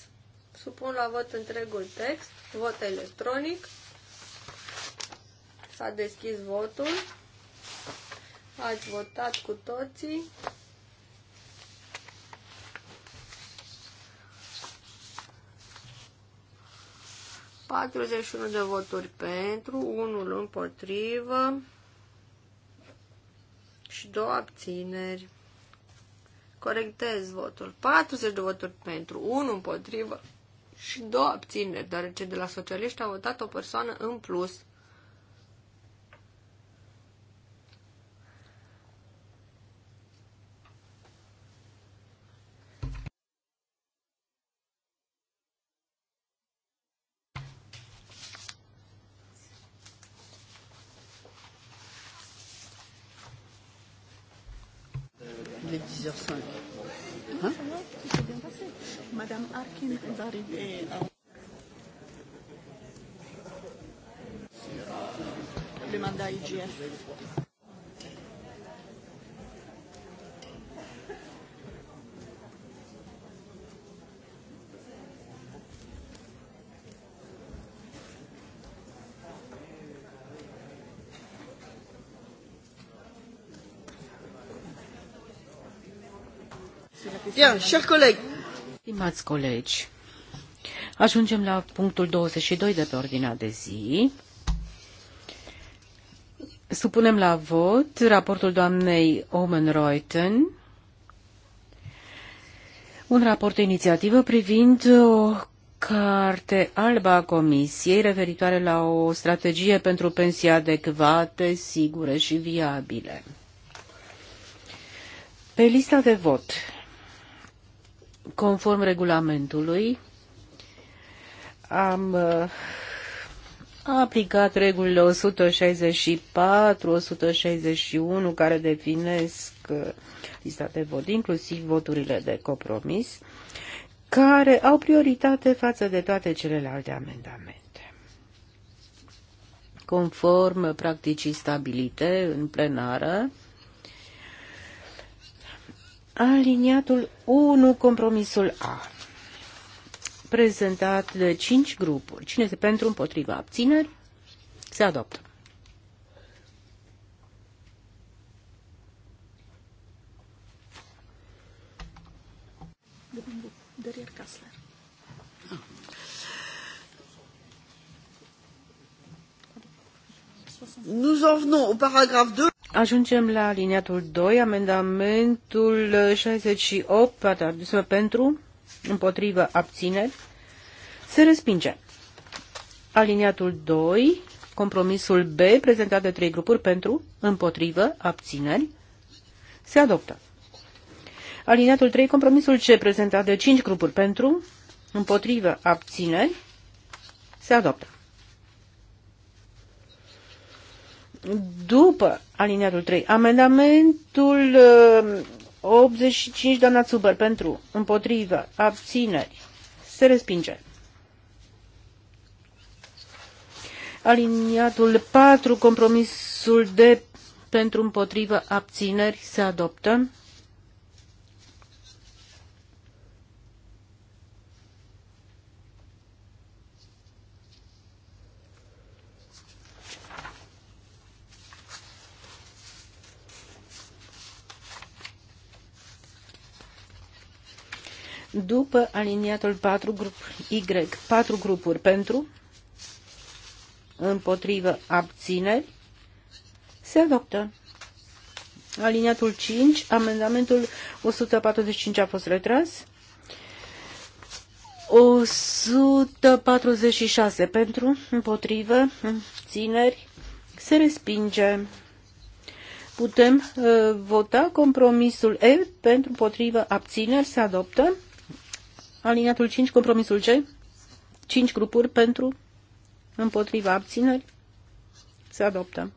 Supun la vot întregul text, vot electronic. S-a deschis votul. Ați votat cu toții. Patruzeci și unu de voturi pentru, unul împotrivă și două abțineri. Corectez votul. 40 de voturi pentru, unul împotrivă și două abțineri, deoarece de la socialiști a votat o persoană în plus. Stimați colegi, ajungem la punctul 22 de pe ordinea de zi. Supunem la vot raportul doamnei Omen Reuten, un raport de inițiativă privind o carte albă a Comisiei referitoare la o strategie pentru pensii adecvate, sigure și viabile. Pe lista de vot conform regulamentului, am uh, aplicat regulile 164, 161 care definesc uh, lista de vot, inclusiv voturile de compromis, care au prioritate față de toate celelalte amendamente. Conform practicii stabilite în plenară, Aliniatul 1, compromisul A, prezentat de 5 grupuri. Cine este pentru, împotriva, abțineri, se adoptă. Nous en venons au paragraphe 2. Ajungem la aliniatul 2, amendamentul 68, partea adusă pentru, împotrivă, abțineri, se respinge. Aliniatul 2, compromisul B, prezentat de trei grupuri pentru, împotrivă, abțineri, se adoptă. Aliniatul 3, compromisul C, prezentat de 5 grupuri pentru, împotrivă, abțineri, se adoptă. după alineatul 3. Amendamentul 85, uh, doamna Țubăr, pentru, împotrivă, abțineri, se respinge. Aliniatul 4, compromisul de pentru împotrivă abțineri se adoptă. După aliniatul 4 grup Y, 4 grupuri pentru, împotrivă, abțineri, se adoptă. Aliniatul 5, amendamentul 145 a fost retras. 146 pentru, împotrivă, țineri, se respinge. Putem uh, vota compromisul E pentru, împotrivă, abțineri, se adoptă. Aliniatul 5, compromisul C. 5 grupuri pentru, împotriva abțineri, se adoptă.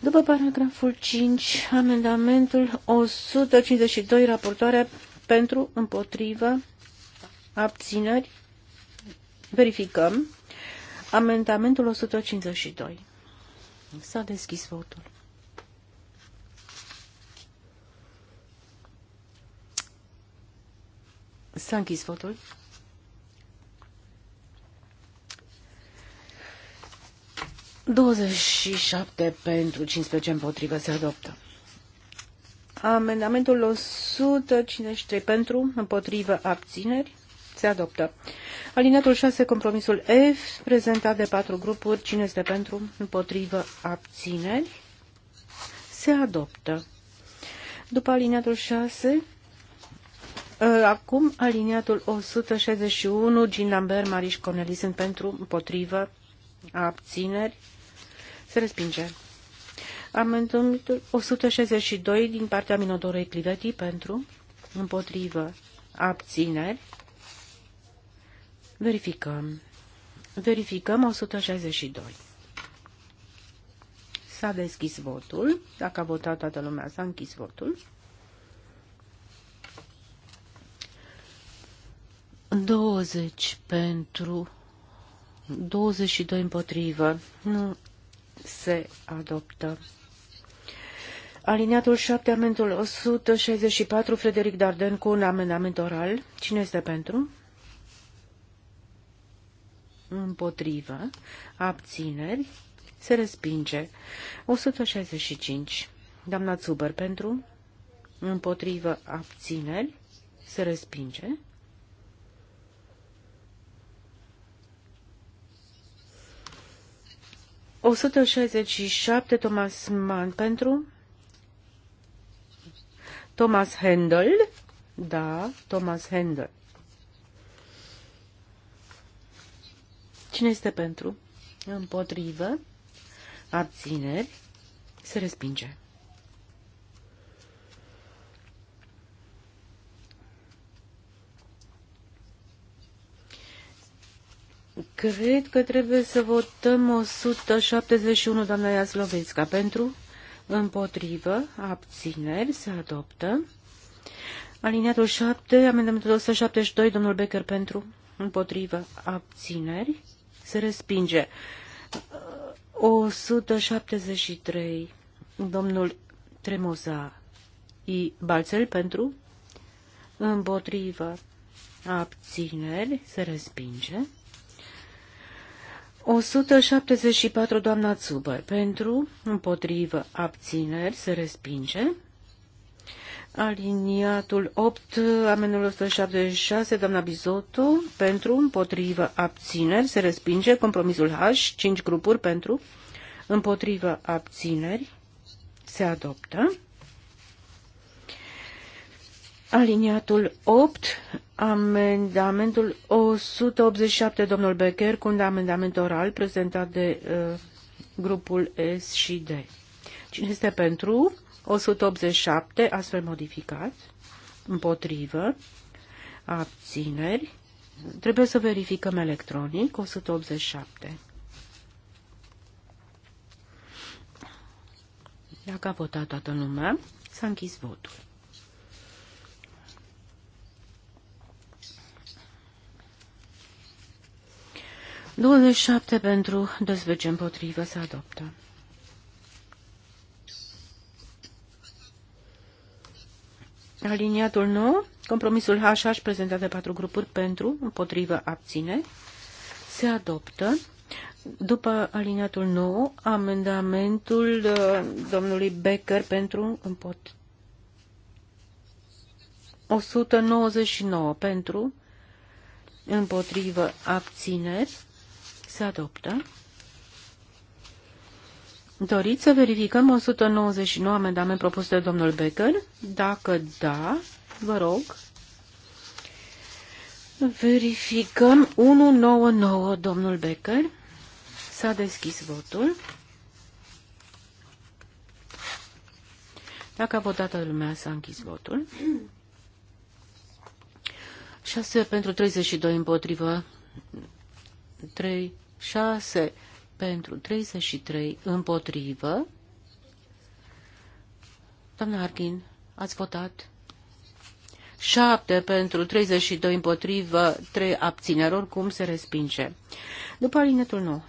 După paragraful 5, amendamentul 152, raportoare pentru, împotriva, abțineri, verificăm. Amendamentul 152. S-a deschis votul. S-a închis votul. Douăzeci și șapte pentru, 15 împotrivă se adoptă. Amendamentul 153 pentru, împotrivă, abțineri, se adoptă. Alineatul 6, compromisul F, prezentat de patru grupuri, cine este pentru, împotrivă, abțineri, se adoptă. După alineatul 6, Uh, acum aliniatul 161, Jean Lambert, Mariș Corneli pentru, împotrivă, abțineri, se respinge. Amendamentul 162 din partea Minodorei Clivetii pentru, împotrivă, abțineri. Verificăm. Verificăm 162. S-a deschis votul. Dacă a votat toată lumea, s-a închis votul. 20 pentru, 22 împotrivă. Nu se adoptă. Aliniatul 7, amendul 164, Frederic Darden cu un amendament oral. Cine este pentru? Împotrivă. Abțineri. Se respinge. 165. Doamna Zuber pentru? Împotrivă. Abțineri. Se respinge. 167 Thomas Mann pentru Thomas Handel. Da, Thomas Handel. Cine este pentru? Împotrivă. Abțineri. Se respinge. Cred că trebuie să votăm 171, doamna Iaslovețca, pentru, împotrivă, abțineri, se adoptă. Aliniatul 7, amendamentul 172, domnul Becker, pentru, împotrivă, abțineri, se respinge. 173, domnul Tremoza, I. Balțel, pentru, împotrivă, abțineri, se respinge. 174, doamna Țubăr, pentru, împotrivă, abțineri, se respinge. Aliniatul 8, amenul 176, doamna Bizotu, pentru, împotrivă, abțineri, se respinge. Compromisul H, 5 grupuri pentru, împotrivă, abțineri, se adoptă. Aliniatul 8, amendamentul 187, domnul Becker, cu un amendament oral prezentat de uh, grupul S și D. Cine este pentru? 187, astfel modificat. Împotrivă. Abțineri. Trebuie să verificăm electronic. 187. Dacă a votat toată lumea, s-a închis votul. 27 pentru, 12 împotrivă, se adoptă. Aliniatul 9, compromisul HH prezentat de patru grupuri pentru, împotrivă, abține, se adoptă. După aliniatul 9, amendamentul uh, domnului Becker pentru împot 199 pentru împotrivă abțineri se adoptă. Doriți să verificăm 199 amendament propus de domnul Becker? Dacă da, vă rog. Verificăm 199, domnul Becker. S-a deschis votul. Dacă a votat lumea, s-a închis votul. 6 pentru 32 împotrivă, 3 6 pentru 33 împotrivă. Doamna Arghin, ați votat? 7 pentru 32 împotrivă, 3 abțineri, oricum se respinge. După alinetul 9,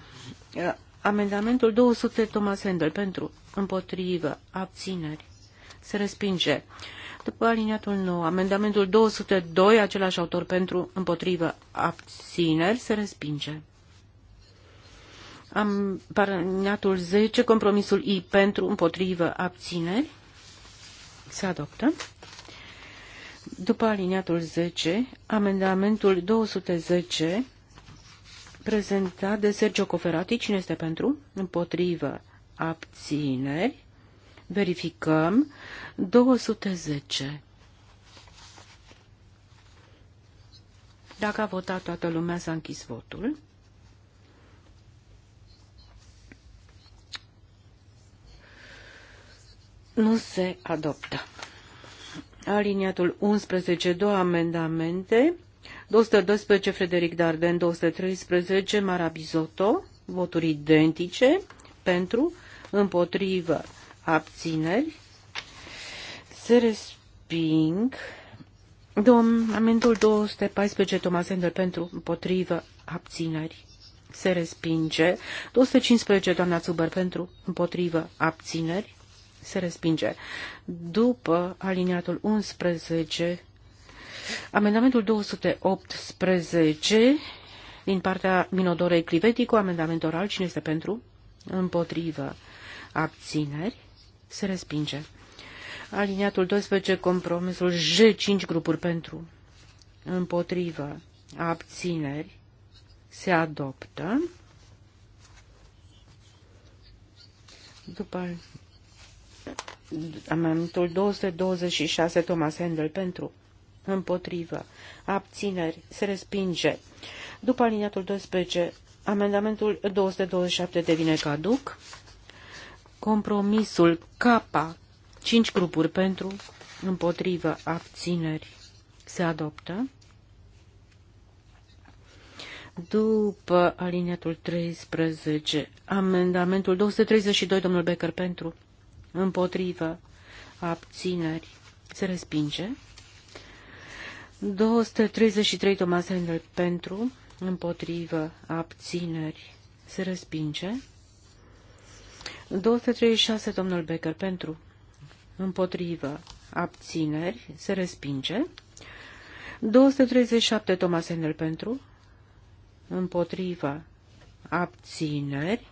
amendamentul 200 Thomas Handel pentru împotrivă, abțineri, se respinge. După alineatul 9, amendamentul 202, același autor pentru împotrivă, abțineri, se respinge. Am paratul 10, compromisul I pentru, împotrivă, abțineri. Se adoptă. După aliniatul 10, amendamentul 210, prezentat de Sergio Coferati. Cine este pentru? Împotrivă. Abțineri. Verificăm. 210. Dacă a votat toată lumea, s-a închis votul. Nu se adoptă. Aliniatul 11, două amendamente. 212 Frederic Darden, 213 Mara Bizotto, voturi identice pentru, împotrivă, abțineri. Se resping amendul 214 Thomas Ender pentru, împotrivă, abțineri. Se respinge. 215 doamna Zuber pentru, împotrivă, abțineri se respinge. După aliniatul 11, amendamentul 218 din partea Minodorei Cliveti cu amendament oral. Cine este pentru? Împotrivă. Abțineri. Se respinge. Aliniatul 12, compromisul J5 grupuri pentru. Împotrivă. Abțineri. Se adoptă. După Amendamentul 226, Thomas Handel, pentru, împotrivă, abțineri, se respinge. După aliniatul 12, amendamentul 227 devine caduc. Compromisul K, 5 grupuri pentru, împotrivă, abțineri, se adoptă. După aliniatul 13, amendamentul 232, domnul Becker, pentru, împotrivă, abțineri, se respinge. 233 Thomas Handel pentru, împotrivă, abțineri, se respinge. 236 domnul Becker pentru, împotrivă, abțineri, se respinge. 237 Thomas Handel pentru, împotrivă, abțineri,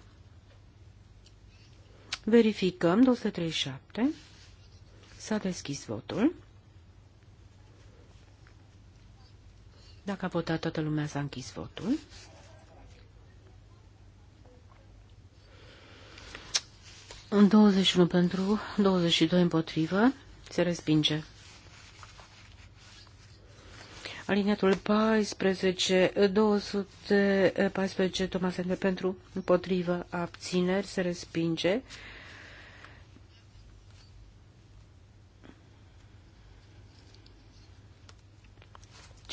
Verificăm 237. S-a deschis votul. Dacă a votat toată lumea, s-a închis votul. În 21 pentru, 22 împotrivă, se respinge. Aliniatul 14, 214, Thomas Ender pentru, împotrivă, abțineri, se respinge.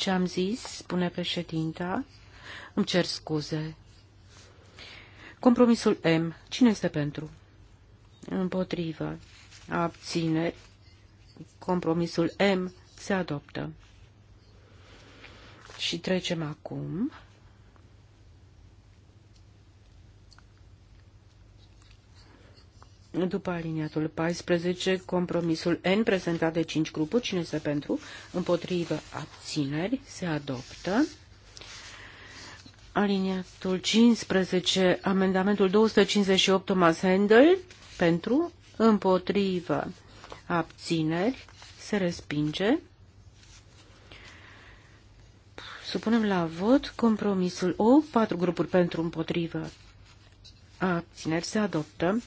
ce am zis, spune președinta. Îmi cer scuze. Compromisul M. Cine este pentru? Împotrivă. Abțineri. Compromisul M se adoptă. Și trecem acum După aliniatul 14, compromisul N prezentat de 5 grupuri, cine este pentru, împotrivă, abțineri, se adoptă. Aliniatul 15, amendamentul 258, Thomas Handel, pentru, împotrivă, abțineri, se respinge. Supunem la vot compromisul O, 4 grupuri pentru, împotrivă, abțineri, se adoptă.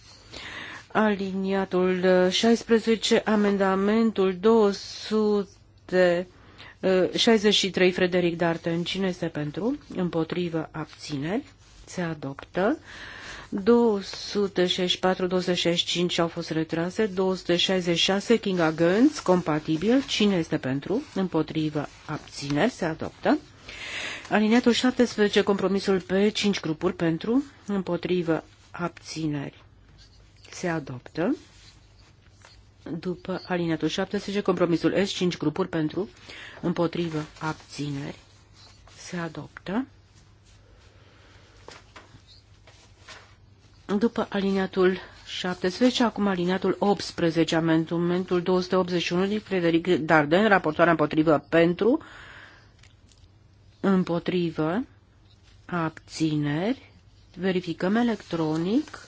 Aliniatul 16, uh, amendamentul 263, uh, Frederic Darten. Cine este pentru? Împotrivă abțineri. Se adoptă. 264-265 au fost retrase, 266 Kinga Gönz, compatibil, cine este pentru, împotrivă, abțineri, se adoptă. Alineatul 17, compromisul pe 5 grupuri pentru, împotrivă, abțineri, se adoptă. După alineatul 17, compromisul S5 grupuri pentru, împotrivă, abțineri, se adoptă. După alineatul 17, acum alineatul 18, amendamentul 281 din Frederic Darden, raportoarea împotrivă pentru, împotrivă, abțineri, verificăm electronic,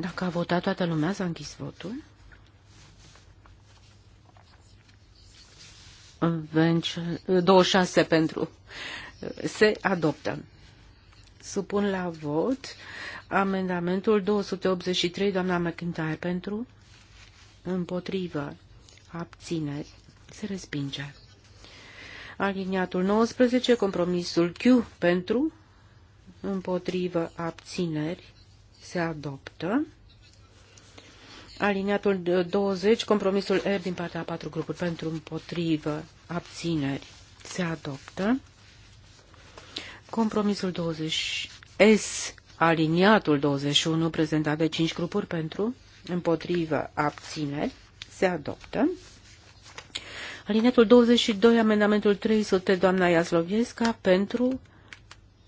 Dacă a votat toată lumea, s-a închis votul. Venci, 26 pentru. Se adoptă. Supun la vot amendamentul 283, doamna McIntyre, pentru, împotrivă, abțineri, se respinge. Aliniatul 19, compromisul Q, pentru, împotrivă, abțineri, se adoptă. Aliniatul 20, compromisul R din partea a patru grupuri pentru împotrivă, abțineri, se adoptă. Compromisul 20 S, aliniatul 21, prezentat de 5 grupuri pentru împotrivă, abțineri, se adoptă. Alinetul 22, amendamentul 300, doamna Iasloviesca, pentru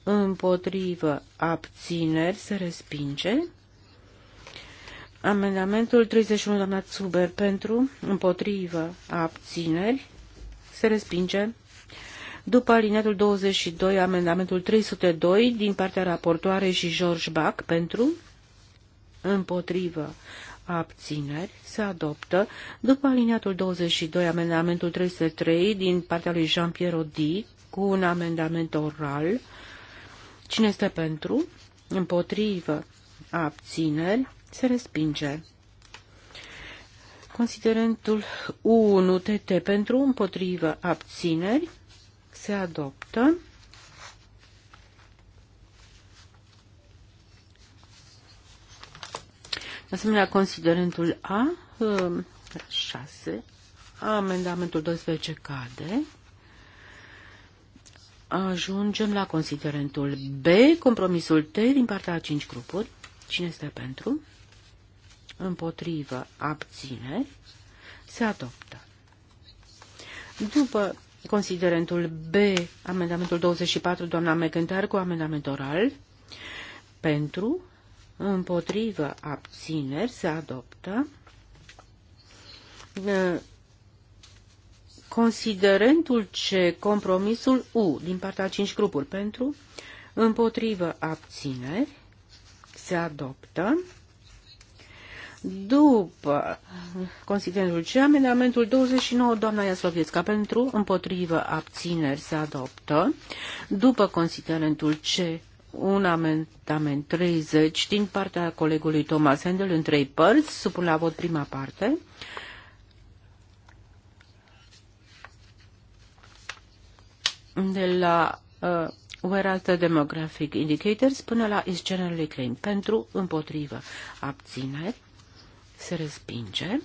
împotrivă, abțineri, se respinge. Amendamentul 31, doamna Zuber pentru, împotrivă, abțineri, se respinge. După alineatul 22, amendamentul 302, din partea raportoare și George Bach, pentru, împotrivă, abțineri, se adoptă. După alineatul 22, amendamentul 303, din partea lui Jean-Pierre Odi, cu un amendament oral, Cine este pentru? Împotrivă. Abțineri. Se respinge. Considerentul 1 TT pentru împotrivă abțineri se adoptă. De asemenea, considerentul A, 6, ă, amendamentul 12 cade. Ajungem la considerentul B, compromisul T din partea a 5 grupuri. Cine este pentru? Împotrivă, abține, se adoptă. După considerentul B, amendamentul 24, doamna Mecântar, cu amendament oral, pentru, împotrivă, abțineri, se adoptă. Considerentul ce compromisul U, din partea 5 grupuri pentru, împotrivă abțineri, se adoptă. După considerentul ce amendamentul 29, doamna Iaslovietska, pentru, împotrivă abțineri, se adoptă. După considerentul C, un amendament 30 din partea colegului Thomas Handel în trei părți, supun la vot prima parte. de la uh, Where are the demographic indicators până la is generally claimed. Pentru, împotrivă, abține, se respinge.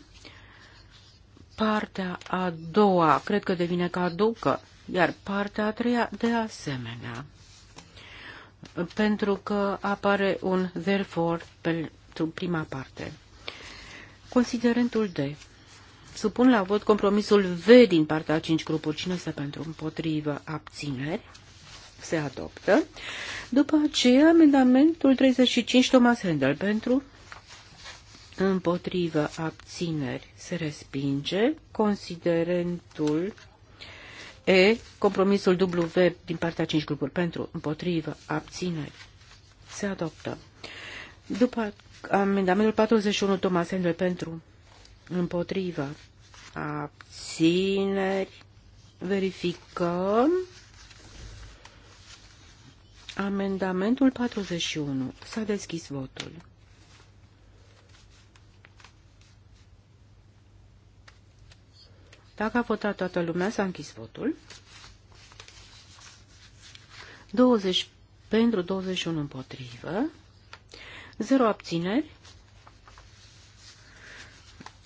Partea a doua, cred că devine caducă, iar partea a treia, de asemenea. Pentru că apare un therefore pentru prima parte. Considerentul de Supun la vot compromisul V din partea a 5 grupuri. Cine este pentru împotrivă abțineri? Se adoptă. După aceea, amendamentul 35, Thomas Handel pentru împotrivă abțineri se respinge. Considerentul E, compromisul W din partea 5 grupuri pentru împotrivă abțineri se adoptă. După amendamentul 41, Thomas Handel pentru împotrivă. abțineri, verificăm amendamentul 41. S-a deschis votul. Dacă a votat toată lumea, s-a închis votul. 20 pentru 21 împotrivă, 0 abțineri,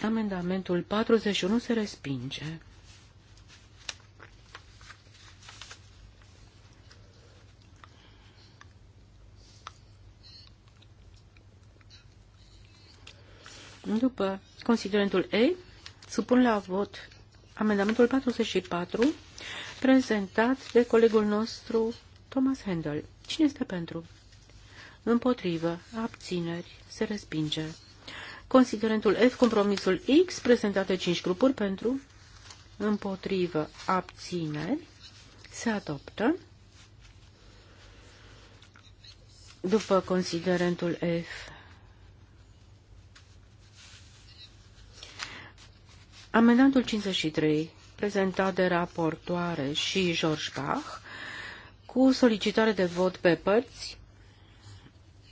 Amendamentul 41 se respinge. După considerentul E, supun la vot amendamentul 44, prezentat de colegul nostru Thomas Handel. Cine este pentru? Împotrivă, abțineri, se respinge. Considerentul F, compromisul X, prezentate 5 grupuri pentru, împotrivă, abțineri, se adoptă. După considerentul F, amendantul 53, prezentat de raportoare și George Bach, cu solicitare de vot pe părți,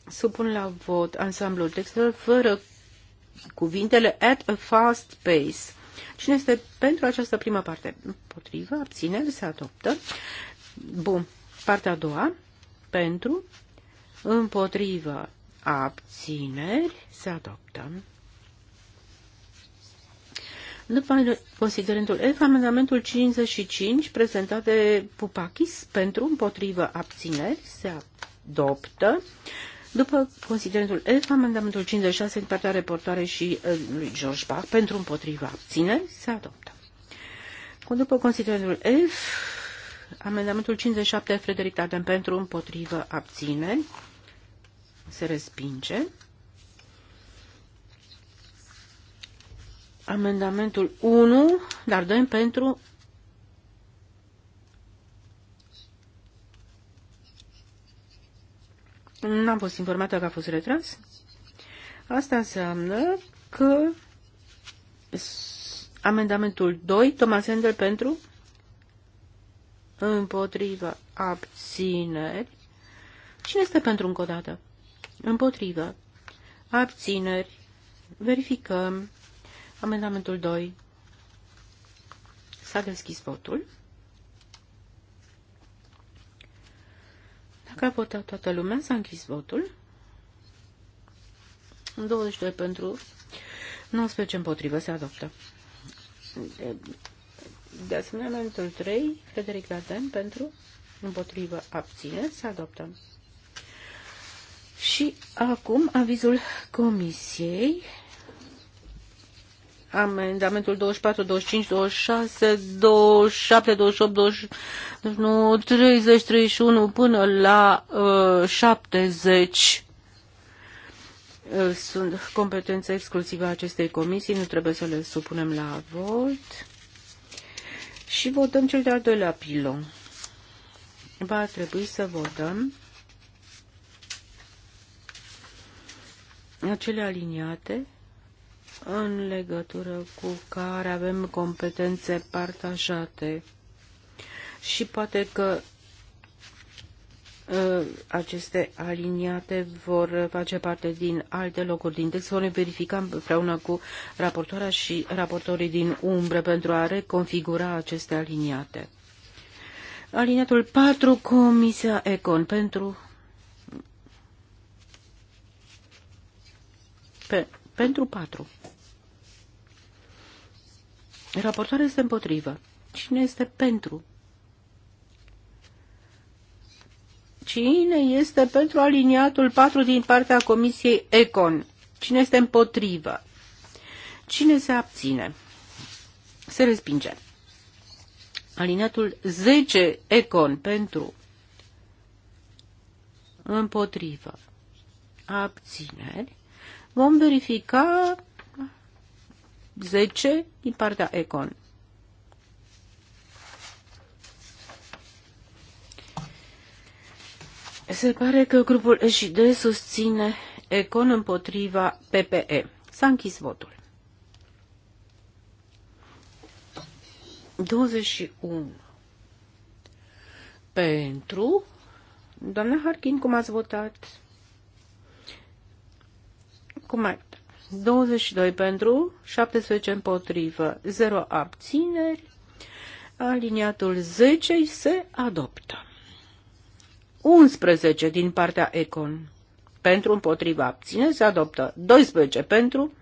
supun la vot ansamblul textelor fără cuvintele at a fast pace. Cine este pentru această prima parte? potrivă, abține, se adoptă. Bun. Partea a doua, pentru, împotrivă, abțineri, se adoptă. După considerentul F, amendamentul 55, prezentat de Pupakis, pentru, împotrivă, abțineri, se adoptă. După considerentul F, amendamentul 56 în partea reportoare și uh, lui George Bach pentru împotriva abțineri se adoptă. După considerentul F, amendamentul 57 Frederic Taden pentru împotriva abțineri se respinge. Amendamentul 1, dar dăm pentru N-am fost informată că a fost retras. Asta înseamnă că amendamentul 2, Thomas Hendel pentru împotrivă abțineri. Cine este pentru încă o dată? Împotrivă. Abțineri. Verificăm. Amendamentul 2. S-a deschis votul. Dacă a votat toată lumea, s-a închis votul. 22 pentru, 19 împotrivă, se adoptă. De, de asemenea, amendamentul 3, Frederic Daden, pentru, împotrivă, abține, se adoptă. Și acum avizul comisiei amendamentul 24, 25, 26, 27, 28, 29, 30, 31 până la uh, 70 uh, sunt competențe exclusive a acestei comisii, nu trebuie să le supunem la vot. Și votăm cel de-al doilea pilon. Va trebui să votăm acele aliniate în legătură cu care avem competențe partajate și poate că uh, aceste aliniate vor face parte din alte locuri din text. Vor verifica împreună cu raportoarea și raportorii din umbră pentru a reconfigura aceste aliniate. Aliniatul 4, Comisia Econ, pentru, pe, pentru 4. Raportoarea este împotrivă. Cine este pentru? Cine este pentru aliniatul 4 din partea Comisiei Econ? Cine este împotrivă? Cine se abține? Se respinge. Aliniatul 10 Econ pentru împotrivă abțineri. Vom verifica 10 din partea Econ. Se pare că grupul SID susține Econ împotriva PPE. S-a închis votul. 21. Pentru. Doamna Harkin, cum ați votat? Cum, ai? 22 pentru, 17 împotrivă, 0 abțineri. Aliniatul 10 se adoptă. 11 din partea Econ. Pentru împotriva abține se adoptă. 12 pentru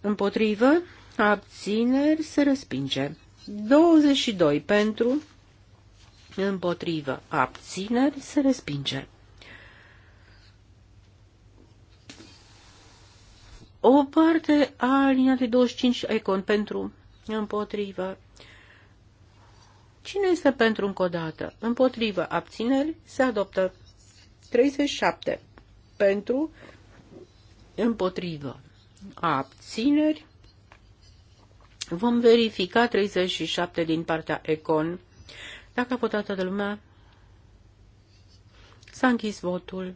împotrivă abțineri se respinge. 22 pentru împotrivă abțineri se respinge. O parte a de 25 Econ pentru împotrivă. Cine este pentru încă o dată? Împotrivă. Abțineri se adoptă. 37. Pentru împotrivă. Abțineri. Vom verifica 37 din partea Econ. Dacă a votat toată lumea, s-a închis votul.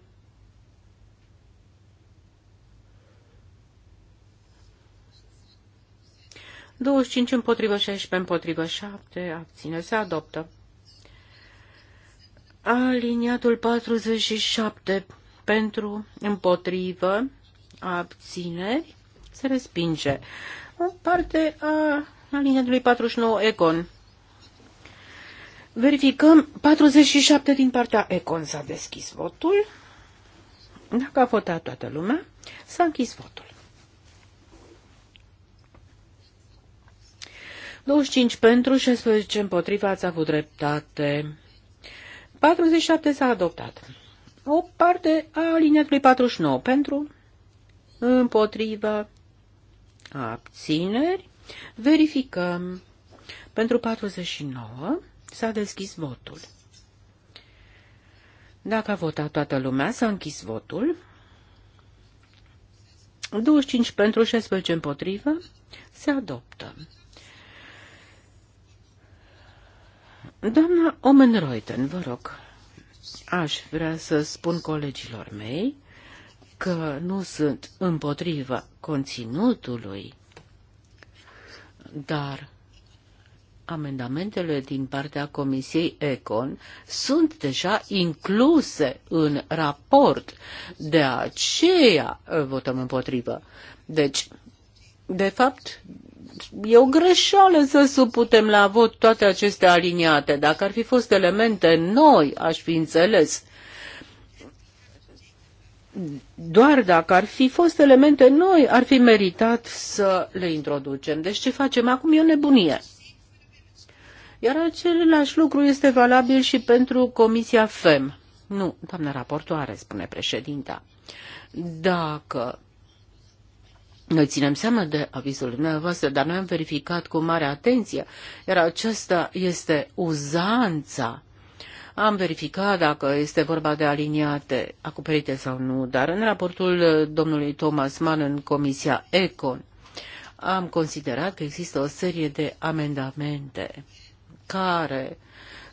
25 împotrivă, 16 împotrivă, 7 abține, se adoptă. Aliniatul 47 pentru împotrivă, abțineri, se respinge. O parte a aliniatului 49 Econ. Verificăm 47 din partea Econ s-a deschis votul. Dacă a votat toată lumea, s-a închis votul. 25 pentru, 16 împotriva, ați avut dreptate. 47 s-a adoptat. O parte a aliniatului 49 pentru, împotriva, abțineri. Verificăm. Pentru 49 s-a deschis votul. Dacă a votat toată lumea, s-a închis votul. 25 pentru, 16 împotrivă, se adoptă. Doamna Omenreuten, vă rog, aș vrea să spun colegilor mei că nu sunt împotriva conținutului, dar amendamentele din partea Comisiei Econ sunt deja incluse în raport, de aceea votăm împotrivă. Deci, de fapt, E o greșeală să suputem la vot toate aceste aliniate. Dacă ar fi fost elemente noi, aș fi înțeles. Doar dacă ar fi fost elemente noi, ar fi meritat să le introducem. Deci ce facem acum e o nebunie. Iar același lucru este valabil și pentru Comisia FEM. Nu, doamnă raportoare, spune președinta. Dacă noi ținem seama de avizul dumneavoastră, dar noi am verificat cu mare atenție, iar aceasta este uzanța. Am verificat dacă este vorba de aliniate acoperite sau nu, dar în raportul domnului Thomas Mann în Comisia Econ am considerat că există o serie de amendamente care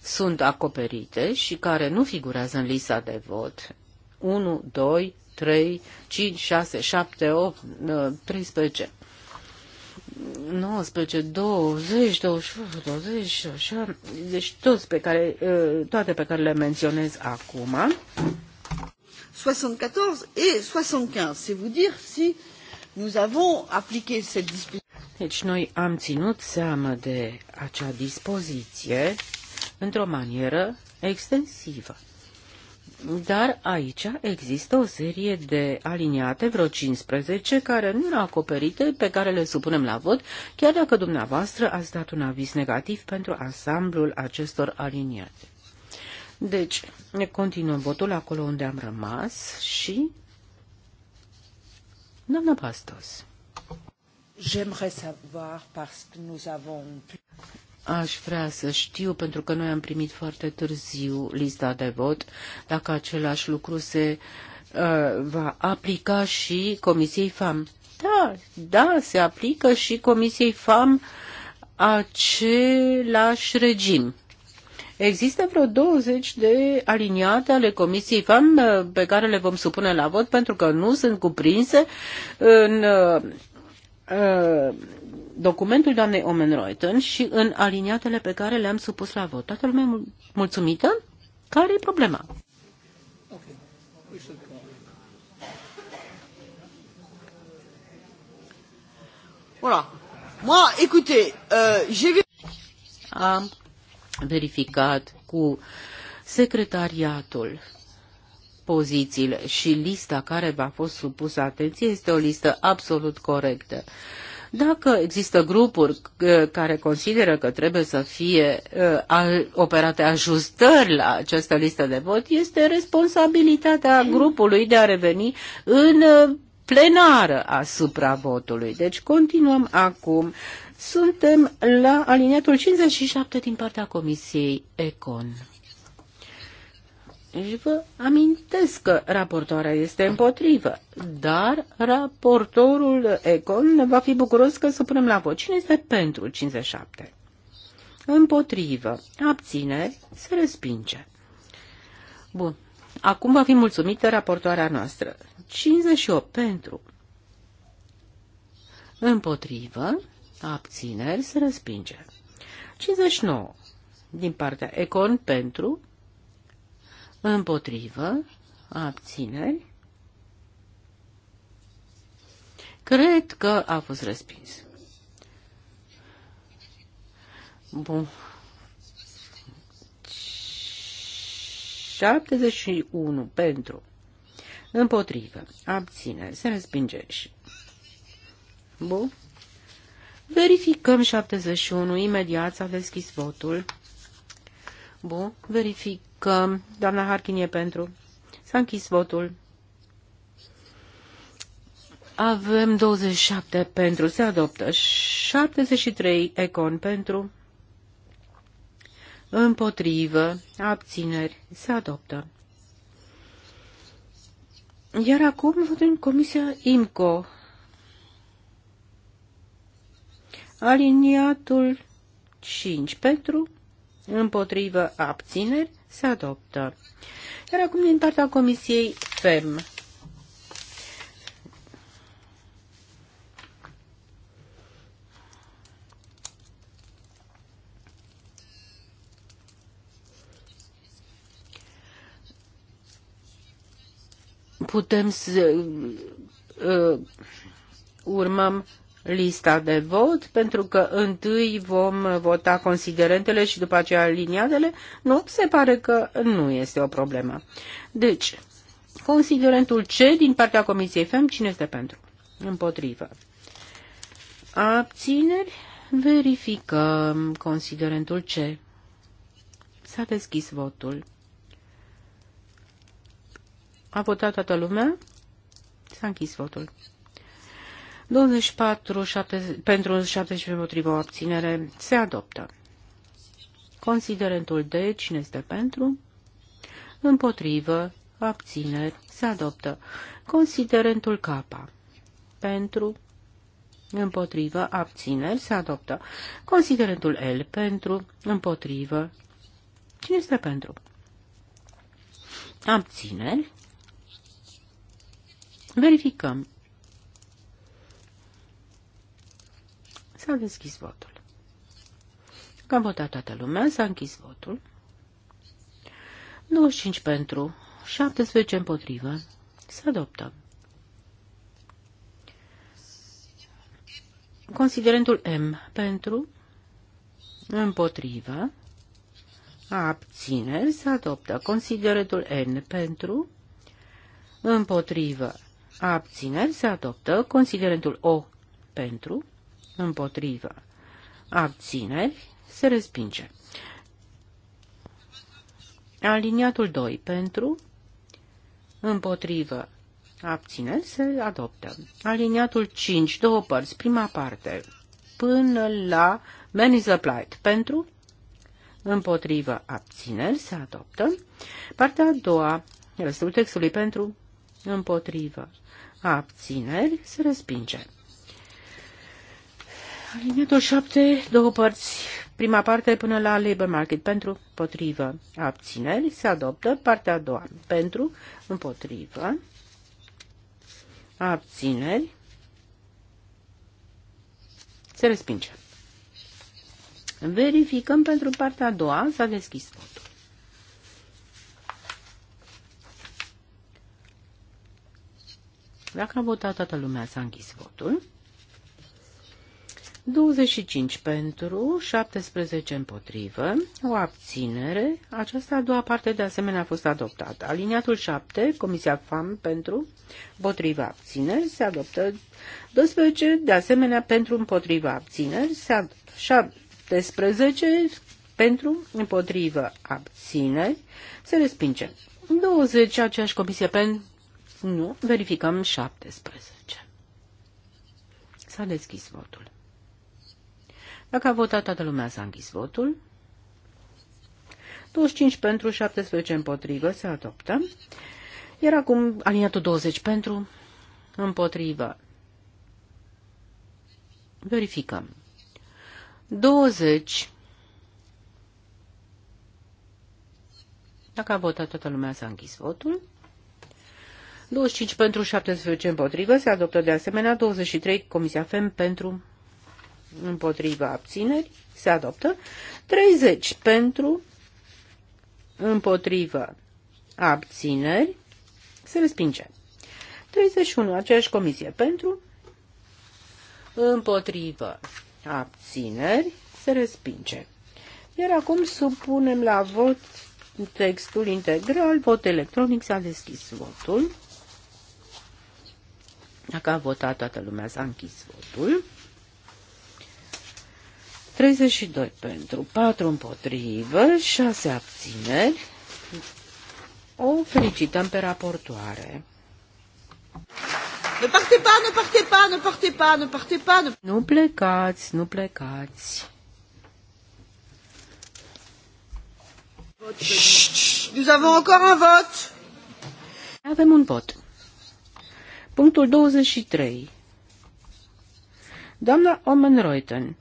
sunt acoperite și care nu figurează în lista de vot. 1, 2, 3, 5, 6, 7, 8, 13, 19, 20, 21, 20, așa, deci toți pe care, ă, toate pe care le menționez acum. 74 și 75, se vous dire si nous avons appliqué cette dispoziție. Deci noi am ținut seama de acea dispoziție într-o manieră extensivă. Dar aici există o serie de aliniate, vreo 15, care nu erau acoperite, pe care le supunem la vot, chiar dacă dumneavoastră ați dat un aviz negativ pentru ansamblul acestor aliniate. Deci, ne continuăm votul acolo unde am rămas și... Doamna Pastos. J'aimerais savoir parce que nous avons Aș vrea să știu, pentru că noi am primit foarte târziu lista de vot, dacă același lucru se uh, va aplica și Comisiei FAM. Da, da, se aplică și Comisiei FAM același regim. Există vreo 20 de aliniate ale Comisiei FAM uh, pe care le vom supune la vot pentru că nu sunt cuprinse în uh, uh, documentul doamnei Omenreuten și în aliniatele pe care le-am supus la vot. Toată lumea e mulțumită? Care e problema? Voilà. Moi, écoutez, euh, j'ai vu... Am verificat cu secretariatul pozițiile și lista care v-a fost supusă atenție este o listă absolut corectă. Dacă există grupuri uh, care consideră că trebuie să fie uh, operate ajustări la această listă de vot, este responsabilitatea grupului de a reveni în uh, plenară asupra votului. Deci continuăm acum. Suntem la aliniatul 57 din partea Comisiei Econ și Vă amintesc că raportoarea este împotrivă, dar raportorul Econ va fi bucuros că să punem la vot. Cine este pentru 57? Împotrivă. Abțineri. Se respinge. Bun. Acum va fi mulțumită raportoarea noastră. 58 pentru. Împotrivă. Abțineri. Se respinge. 59. Din partea Econ pentru Împotrivă. Abțineri. Cred că a fost respins. Bun. 71 pentru. Împotrivă. Abține. Se respinge și. Bun. Verificăm 71. Imediat s-a deschis votul. Bun. Verific că doamna Harkin e pentru. S-a închis votul. Avem 27 pentru, se adoptă 73 econ pentru, împotrivă, abțineri, se adoptă. Iar acum votem Comisia IMCO. Aliniatul 5 pentru, împotrivă, abțineri, se adoptă. Iar acum din partea Comisiei FEM. Putem să uh, urmăm lista de vot, pentru că întâi vom vota considerentele și după aceea liniadele. Nu, se pare că nu este o problemă. Deci, considerentul C din partea Comisiei FEM, cine este pentru? Împotrivă. Abțineri? Verificăm considerentul C. S-a deschis votul. A votat toată lumea? S-a închis votul. 24 7, pentru 17 împotriva abținere se adoptă. Considerentul D, cine este pentru? Împotrivă, abțineri, se adoptă. Considerentul K, pentru, împotrivă, abțineri, se adoptă. Considerentul L, pentru, împotrivă, cine este pentru? Abțineri. Verificăm. S-a deschis votul. Că a votat toată lumea, s-a închis votul. 25 pentru, 17 împotrivă. Se adoptă. Considerentul M pentru, împotrivă, abțineri, se adoptă. Considerentul N pentru, împotrivă, abțineri, se adoptă. Considerentul O pentru, împotrivă, abțineri, se respinge. Aliniatul 2 pentru, împotrivă, abțineri, se adoptă. Aliniatul 5, două părți, prima parte, până la man is applied, pentru, împotrivă, abțineri, se adoptă. Partea a doua, restul textului pentru, împotrivă, abțineri, se respinge. Liniatul 7, două părți, prima parte până la labor market, pentru, potrivă, abțineri, se adoptă, partea a doua, pentru, împotrivă, abțineri, se respinge. Verificăm pentru partea a doua, s-a deschis votul. Dacă a votat toată lumea, s-a închis votul. 25 pentru, 17 împotrivă, o abținere. Aceasta a doua parte de asemenea a fost adoptată. Aliniatul 7, Comisia FAM pentru, împotriva abțineri, se adoptă 12, de asemenea pentru împotriva abțineri, se adoptă 17 pentru împotrivă abțineri, se respinge. 20, aceeași comisie pentru, nu, verificăm 17. S-a deschis votul. Dacă a votat toată lumea, s-a închis votul. 25 pentru, 17 împotrivă, se adoptă. Iar acum aliniatul 20 pentru, împotrivă. Verificăm. 20. Dacă a votat toată lumea, s-a închis votul. 25 pentru, 17 împotrivă, se adoptă de asemenea 23 Comisia FEM pentru împotriva abțineri, se adoptă. 30 pentru, împotriva abțineri, se respinge. 31, aceeași comisie pentru, împotriva abțineri, se respinge. Iar acum supunem la vot textul integral, vot electronic, s-a deschis votul. Dacă a votat toată lumea, s-a închis votul. 32 pentru, 4 împotrivă, 6 abțineri. O felicităm pe raportoare. Ne partez pas, ne partez pas, ne partez pas, ne partez pas. Nu plecați, nu plecați. Chut, nous avons encore un vot. Avem un vot. Punctul 23. Doamna Omenreuten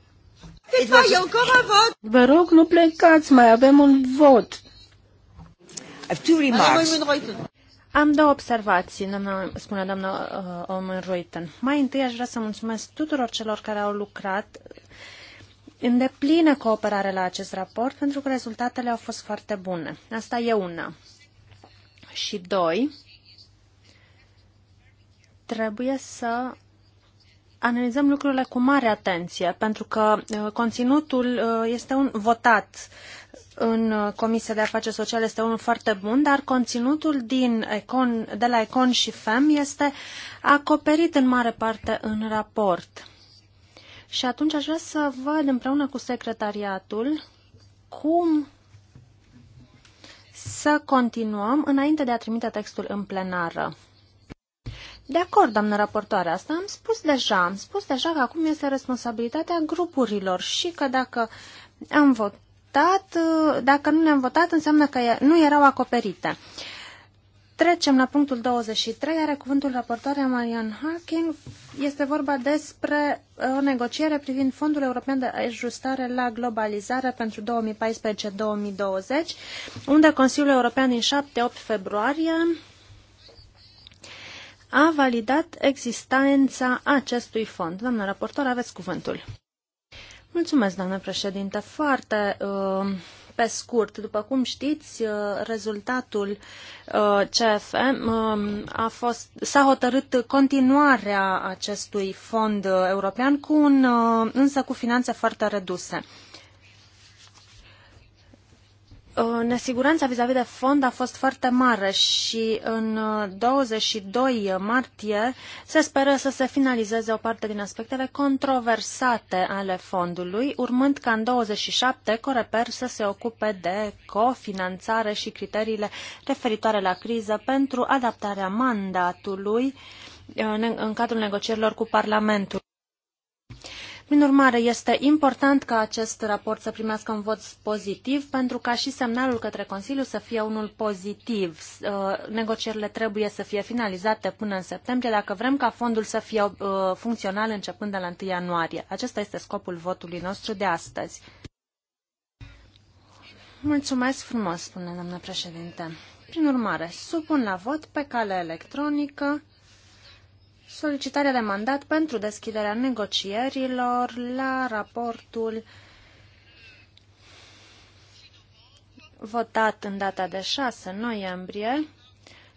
Vă rog, nu plecați, mai avem un vot. Am două observații, doamna, spune doamna uh, Omen Reuten. Mai întâi aș vrea să mulțumesc tuturor celor care au lucrat în deplină cooperare la acest raport, pentru că rezultatele au fost foarte bune. Asta e una. Și doi, trebuie să analizăm lucrurile cu mare atenție, pentru că uh, conținutul uh, este un votat în uh, Comisia de Afaceri Sociale este unul foarte bun, dar conținutul din Econ, de la Econ și FEM este acoperit în mare parte în raport. Și atunci aș vrea să văd împreună cu secretariatul cum să continuăm înainte de a trimite textul în plenară. De acord, doamnă raportoare, asta am spus deja. Am spus deja că acum este responsabilitatea grupurilor și că dacă am votat, dacă nu ne-am votat, înseamnă că nu erau acoperite. Trecem la punctul 23, are cuvântul raportoarea Marian Hacking Este vorba despre uh, o negociere privind Fondul European de Ajustare la Globalizare pentru 2014-2020, unde Consiliul European din 7-8 februarie a validat existența acestui fond. Doamna raportor, aveți cuvântul. Mulțumesc, doamnă președinte. Foarte uh, pe scurt, după cum știți, uh, rezultatul uh, CFM um, a fost, s-a hotărât continuarea acestui fond european cu un, însă cu finanțe foarte reduse. Nesiguranța vis-a-vis de fond a fost foarte mare și în 22 uh, martie se speră să se finalizeze o parte din aspectele controversate ale fondului, urmând ca în 27 Coreper să se ocupe de cofinanțare și criteriile referitoare la criză pentru adaptarea mandatului uh, în cadrul negocierilor cu Parlamentul. Prin urmare, este important ca acest raport să primească un vot pozitiv pentru ca și semnalul către Consiliu să fie unul pozitiv. Uh, negocierile trebuie să fie finalizate până în septembrie dacă vrem ca fondul să fie uh, funcțional începând de la 1 ianuarie. Acesta este scopul votului nostru de astăzi. Mulțumesc frumos, spune doamna președinte. Prin urmare, supun la vot pe cale electronică solicitarea de mandat pentru deschiderea negocierilor la raportul votat în data de 6 noiembrie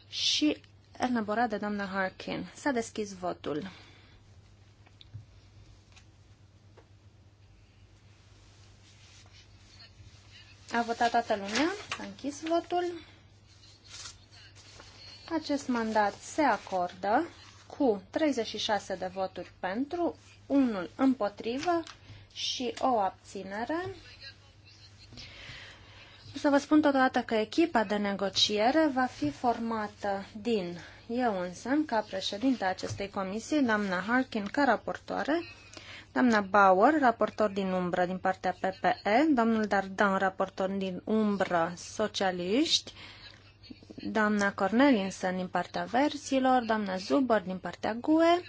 și elaborat de doamna Harkin. S-a deschis votul. A votat toată lumea, s-a închis votul. Acest mandat se acordă cu 36 de voturi pentru, unul împotrivă și o abținere. Să vă spun totodată că echipa de negociere va fi formată din eu însă, ca președinte a acestei comisii, doamna Harkin ca raportoare, doamna Bauer, raportor din umbră din partea PPE, domnul Dardan, raportor din umbră socialiști, doamna Cornelinsen din partea Versilor, doamna Zubor din partea GUE,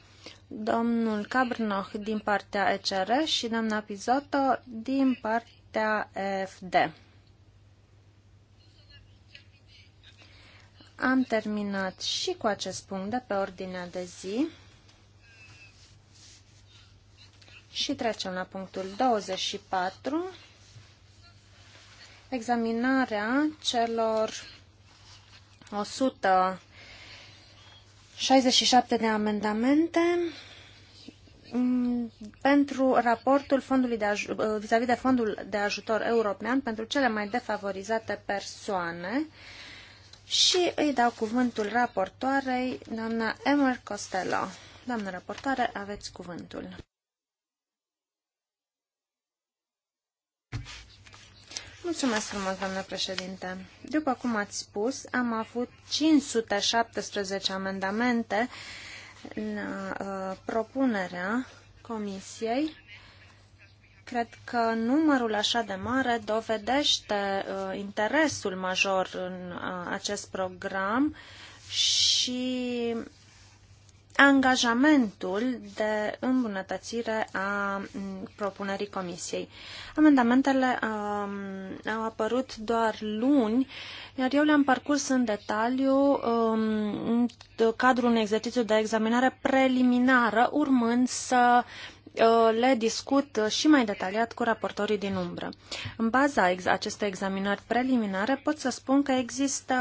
domnul Cabrnoch din partea ECR și doamna Pizotto din partea FD. Am terminat și cu acest punct de pe ordinea de zi și trecem la punctul 24, examinarea celor 167 de amendamente mm, pentru raportul fondului de aj- uh, vis-a-vis de fondul de ajutor european pentru cele mai defavorizate persoane și îi dau cuvântul raportoarei, doamna Emer Costello. Doamna raportoare, aveți cuvântul. Mulțumesc frumos, doamnă președinte. După cum ați spus, am avut 517 amendamente în uh, propunerea Comisiei. Cred că numărul așa de mare dovedește uh, interesul major în uh, acest program și angajamentul de îmbunătățire a propunerii comisiei. Amendamentele um, au apărut doar luni, iar eu le-am parcurs în detaliu um, în cadrul unui exercițiu de examinare preliminară, urmând să uh, Uh, le discut uh, și mai detaliat cu raportorii din umbră. În baza acestei examinări preliminare pot să spun că există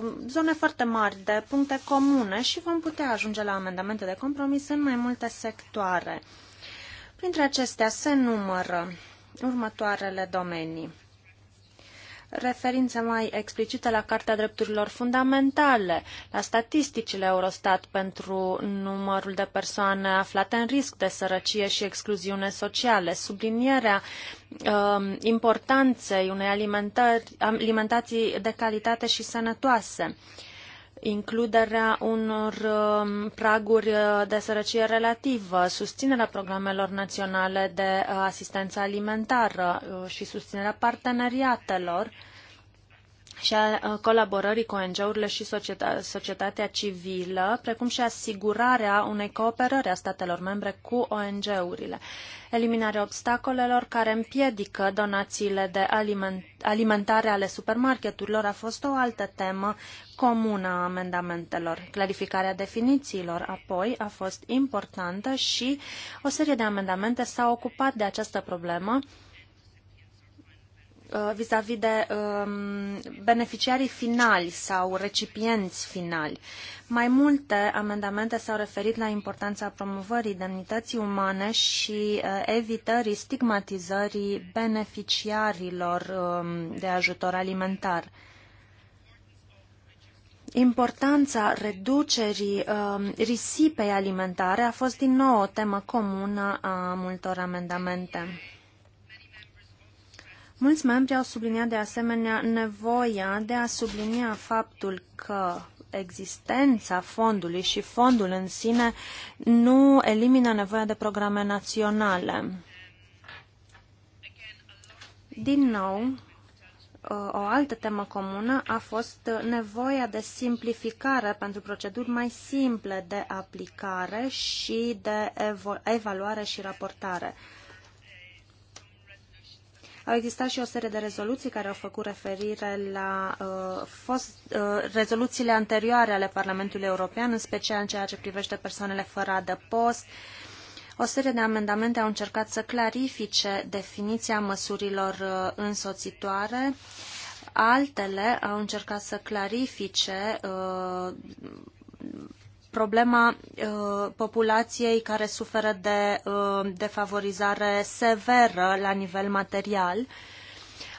uh, zone foarte mari de puncte comune și vom putea ajunge la amendamente de compromis în mai multe sectoare. Printre acestea se numără următoarele domenii referință mai explicită la Cartea Drepturilor Fundamentale, la statisticile Eurostat pentru numărul de persoane aflate în risc de sărăcie și excluziune sociale, sublinierea uh, importanței unei alimentări, alimentații de calitate și sănătoase. Uh, includerea unor um, praguri uh, de sărăcie relativă, susținerea programelor naționale de uh, asistență alimentară uh, și susținerea parteneriatelor și a colaborării cu ONG-urile și societatea, societatea civilă, precum și asigurarea unei cooperări a statelor membre cu ONG-urile, eliminarea obstacolelor care împiedică donațiile de aliment alimentare ale supermarketurilor a fost o altă temă comună a amendamentelor. Clarificarea definițiilor apoi a fost importantă și o serie de amendamente s-au ocupat de această problemă, Uh, vis-a-vis de um, beneficiarii finali sau recipienți finali. Mai multe amendamente s-au referit la importanța promovării demnității umane și uh, evitării stigmatizării beneficiarilor um, de ajutor alimentar. Importanța reducerii uh, risipei alimentare a fost din nou o temă comună a multor amendamente. Mulți membri au subliniat de asemenea nevoia de a sublinia faptul că existența fondului și fondul în sine nu elimină nevoia de programe naționale. Din nou, o altă temă comună a fost nevoia de simplificare pentru proceduri mai simple de aplicare și de evaluare și raportare. Au existat și o serie de rezoluții care au făcut referire la uh, fost, uh, rezoluțiile anterioare ale Parlamentului European, în special în ceea ce privește persoanele fără adăpost. O serie de amendamente au încercat să clarifice definiția măsurilor uh, însoțitoare. Altele au încercat să clarifice uh, problema uh, populației care suferă de uh, defavorizare severă la nivel material.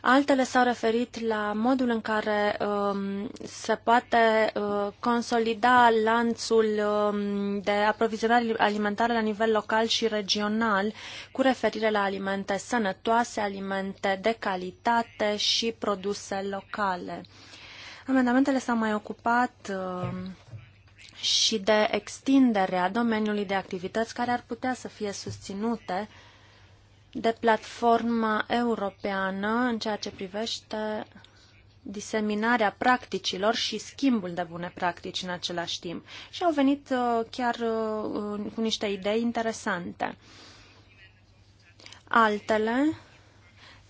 Altele s-au referit la modul în care um, se poate uh, consolida lanțul um, de aprovizionare alimentară la nivel local și regional cu referire la alimente sănătoase, alimente de calitate și produse locale. Amendamentele s-au mai ocupat uh, și de extinderea domeniului de activități care ar putea să fie susținute de platforma europeană în ceea ce privește diseminarea practicilor și schimbul de bune practici în același timp. Și au venit uh, chiar uh, uh, cu niște idei interesante. Altele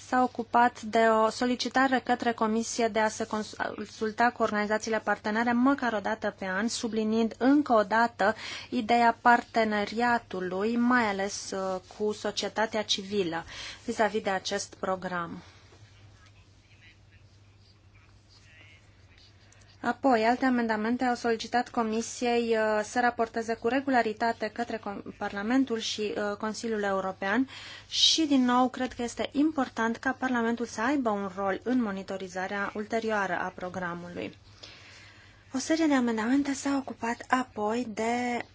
s-a ocupat de o solicitare către Comisie de a se consulta cu organizațiile partenere măcar o dată pe an, sublinind încă o dată ideea parteneriatului, mai ales uh, cu societatea civilă, vis-a-vis de acest program. Apoi, alte amendamente au solicitat Comisiei uh, să raporteze cu regularitate către Parlamentul și uh, Consiliul European și, din nou, cred că este important ca Parlamentul să aibă un rol în monitorizarea ulterioară a programului. O serie de amendamente s-a ocupat apoi de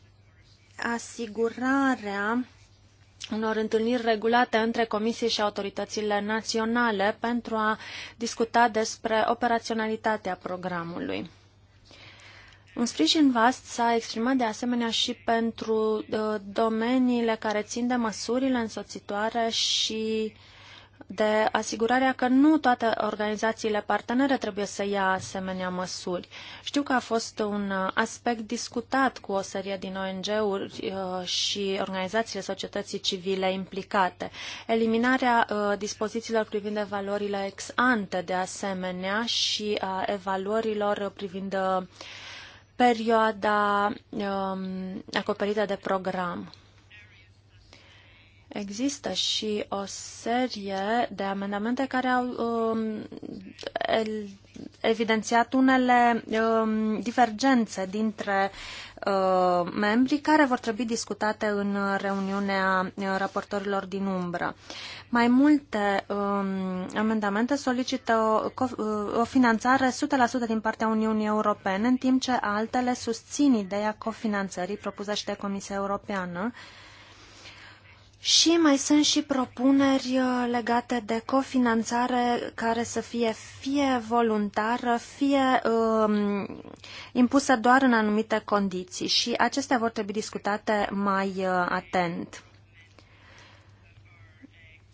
asigurarea unor întâlniri regulate între comisie și autoritățile naționale pentru a discuta despre operaționalitatea programului. Un sprijin vast s-a exprimat de asemenea și pentru uh, domeniile care țin de măsurile însoțitoare și uh, de asigurarea că nu toate organizațiile partenere trebuie să ia asemenea măsuri. Știu că a fost un aspect discutat cu o serie din ONG-uri uh, și organizațiile societății civile implicate. Eliminarea uh, dispozițiilor privind evaluările ex ante de asemenea și a evaluărilor privind uh, perioada um, acoperită de program. Există și o serie de amendamente care au um, el, evidențiat unele um, divergențe dintre uh, membrii care vor trebui discutate în reuniunea uh, raportorilor din umbră. Mai multe um, amendamente solicită o, uh, o finanțare 100% din partea Uniunii Europene, în timp ce altele susțin ideea cofinanțării propusă și de Comisia Europeană, uh, și mai sunt și propuneri uh, legate de cofinanțare care să fie fie voluntară, fie um, impusă doar în anumite condiții și acestea vor trebui discutate mai uh, atent.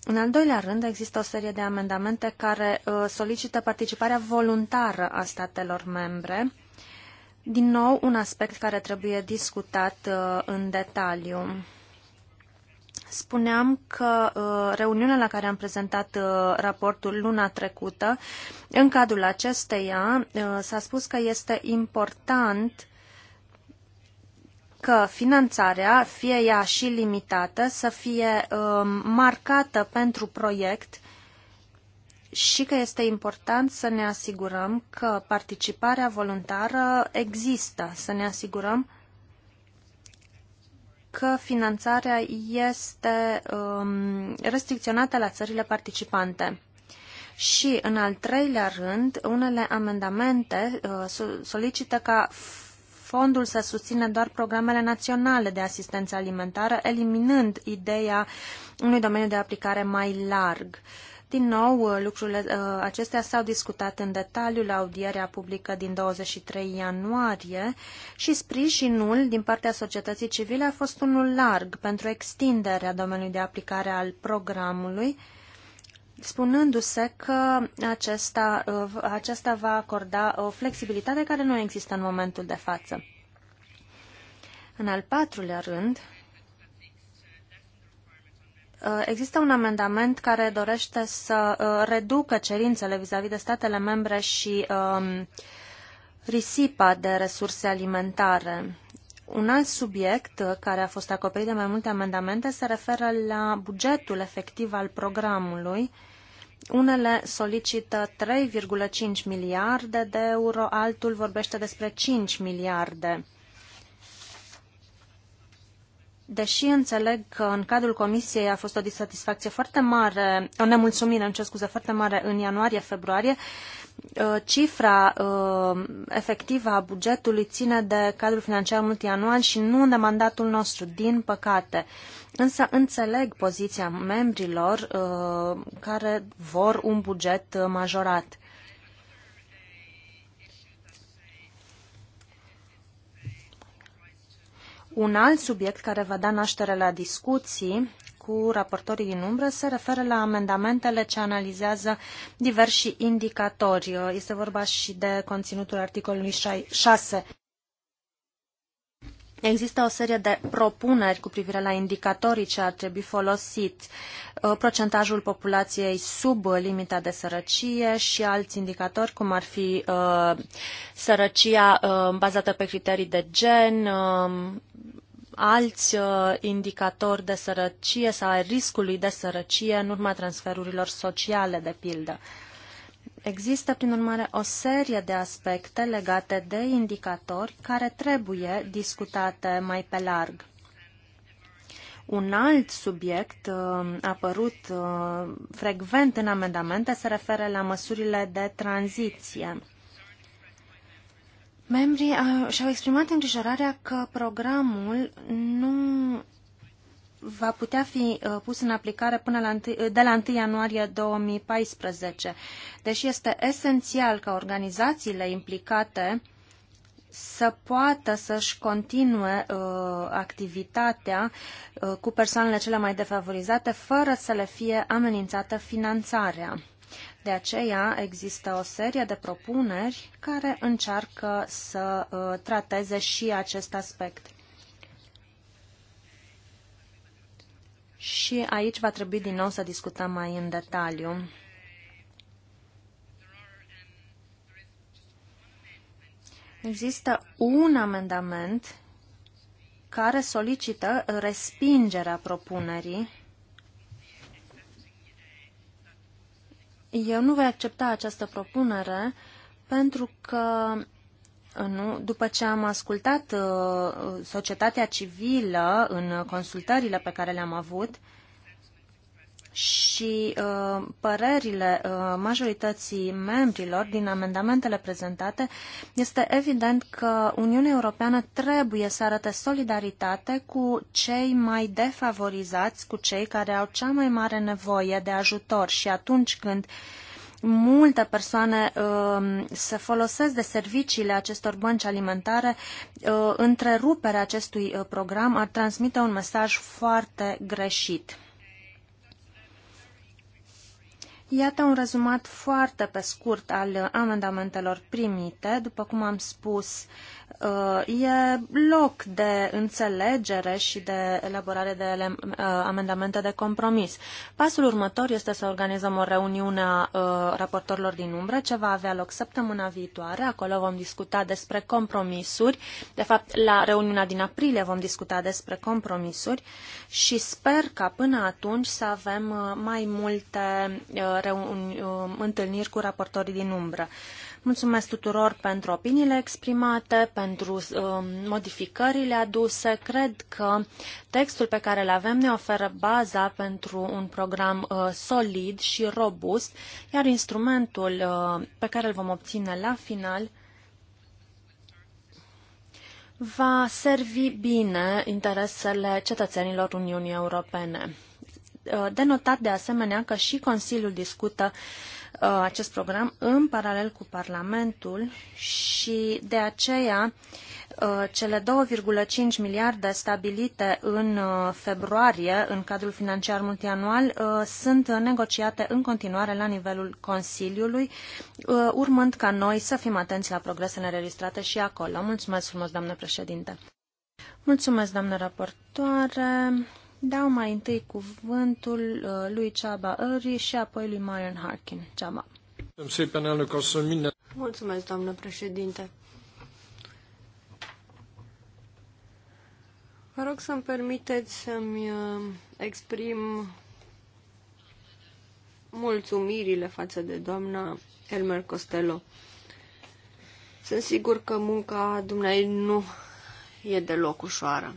În al doilea rând, există o serie de amendamente care uh, solicită participarea voluntară a statelor membre. Din nou, un aspect care trebuie discutat uh, în detaliu spuneam că uh, reuniunea la care am prezentat uh, raportul luna trecută, în cadrul acesteia uh, s-a spus că este important că finanțarea, fie ea și limitată, să fie um, marcată pentru proiect și că este important să ne asigurăm că participarea voluntară există, să ne asigurăm că finanțarea este um, restricționată la țările participante. Și, în al treilea rând, unele amendamente uh, solicită ca fondul să susțină doar programele naționale de asistență alimentară, eliminând ideea unui domeniu de aplicare mai larg. Uh, din nou, uh, lucrurile uh, acestea s-au discutat în detaliu la audierea publică din 23 ianuarie și sprijinul din partea societății civile a fost unul larg pentru extinderea domeniului de aplicare al programului, spunându-se că acesta, uh, acesta va acorda o flexibilitate care nu există în momentul de față. În al patrulea rând, Uh, există un amendament care dorește să uh, reducă cerințele vis-a-vis de statele membre și um, risipa de resurse alimentare. Un alt subiect uh, care a fost acoperit de mai multe amendamente se referă la bugetul efectiv al programului. Unele solicită 3,5 miliarde de euro, altul vorbește despre 5 miliarde deși înțeleg că în cadrul comisiei a fost o disatisfacție foarte mare, o nemulțumire, îmi cer scuze, foarte mare în ianuarie-februarie, uh, cifra uh, efectivă a bugetului ține de cadrul financiar multianual și nu de mandatul nostru, din păcate. Însă înțeleg poziția membrilor uh, care vor un buget majorat. Un alt subiect care va da naștere la discuții cu raportorii din umbră se referă la amendamentele ce analizează diversi indicatori. Este vorba și de conținutul articolului 6 Există o serie de propuneri cu privire la indicatorii ce ar trebui folosiți, uh, procentajul populației sub limita de sărăcie și alți indicatori, cum ar fi uh, sărăcia uh, bazată pe criterii de gen, uh, alți uh, indicatori de sărăcie sau riscului de sărăcie în urma transferurilor sociale, de pildă. Uh, Există, prin urmare, o serie de aspecte legate de indicatori care trebuie discutate mai pe larg. Un alt subiect uh, apărut uh, frecvent în amendamente se referă la măsurile de tranziție. Membrii uh, și-au exprimat îngrijorarea că programul nu va putea fi uh, pus în aplicare până la 1, uh, de la 1 ianuarie 2014. Deci este esențial ca organizațiile implicate să poată să-și continue uh, activitatea uh, cu persoanele cele mai defavorizate fără să le fie amenințată finanțarea. De aceea există o serie de propuneri care încearcă să uh, trateze și acest aspect. Și aici va trebui din nou să discutăm mai în detaliu. Există un amendament care solicită respingerea propunerii. Eu nu voi accepta această propunere pentru că Uh, nu, după ce am ascultat uh, uh, societatea civilă în consultările pe care le-am avut și părerile majorității membrilor din amendamentele prezentate, este evident că Uniunea Europeană trebuie să arate solidaritate cu cei mai defavorizați, cu cei care au cea mai mare nevoie de ajutor și atunci când uh, multe persoane um, să folosesc de serviciile acestor bănci alimentare, uh, întreruperea acestui uh, program ar transmite un mesaj foarte greșit. Iată un rezumat foarte pe scurt al uh, amendamentelor primite. După cum am spus, uh, e loc de înțelegere și de elaborare de uh, amendamente de compromis. Pasul următor este să organizăm o reuniune a raportorilor din umbră, ce va avea loc săptămâna viitoare. Acolo vom discuta despre compromisuri. De fapt, la reuniunea din aprilie vom discuta despre compromisuri și sper ca până atunci să avem mai multe reuni, um, întâlniri cu raportorii din umbră. Mulțumesc tuturor pentru opiniile exprimate, pentru uh, modificările aduse. Cred că textul pe care îl avem ne oferă baza pentru un program uh, solid și robust, iar instrumentul uh, pe care îl vom obține la final va servi bine interesele cetățenilor Uniunii Europene. Uh, de notat de asemenea că și Consiliul discută uh, acest program în paralel cu Parlamentul și de aceea uh, cele 2,5 miliarde stabilite în februarie în cadrul financiar multianual sunt negociate în continuare la nivelul Consiliului, urmând ca noi să fim atenți la progresele înregistrate și acolo. Mulțumesc frumos, doamnă președinte! Mulțumesc, doamnă raportoare. Dau mai întâi cuvântul uh, lui Ceaba Ari și apoi lui Marion Harkin. Ceaba. Mulțumesc, doamnă președinte. Vă rog să-mi permiteți să-mi uh, exprim mulțumirile față de doamna Elmer Costello. Sunt sigur că munca dumneai nu e deloc ușoară.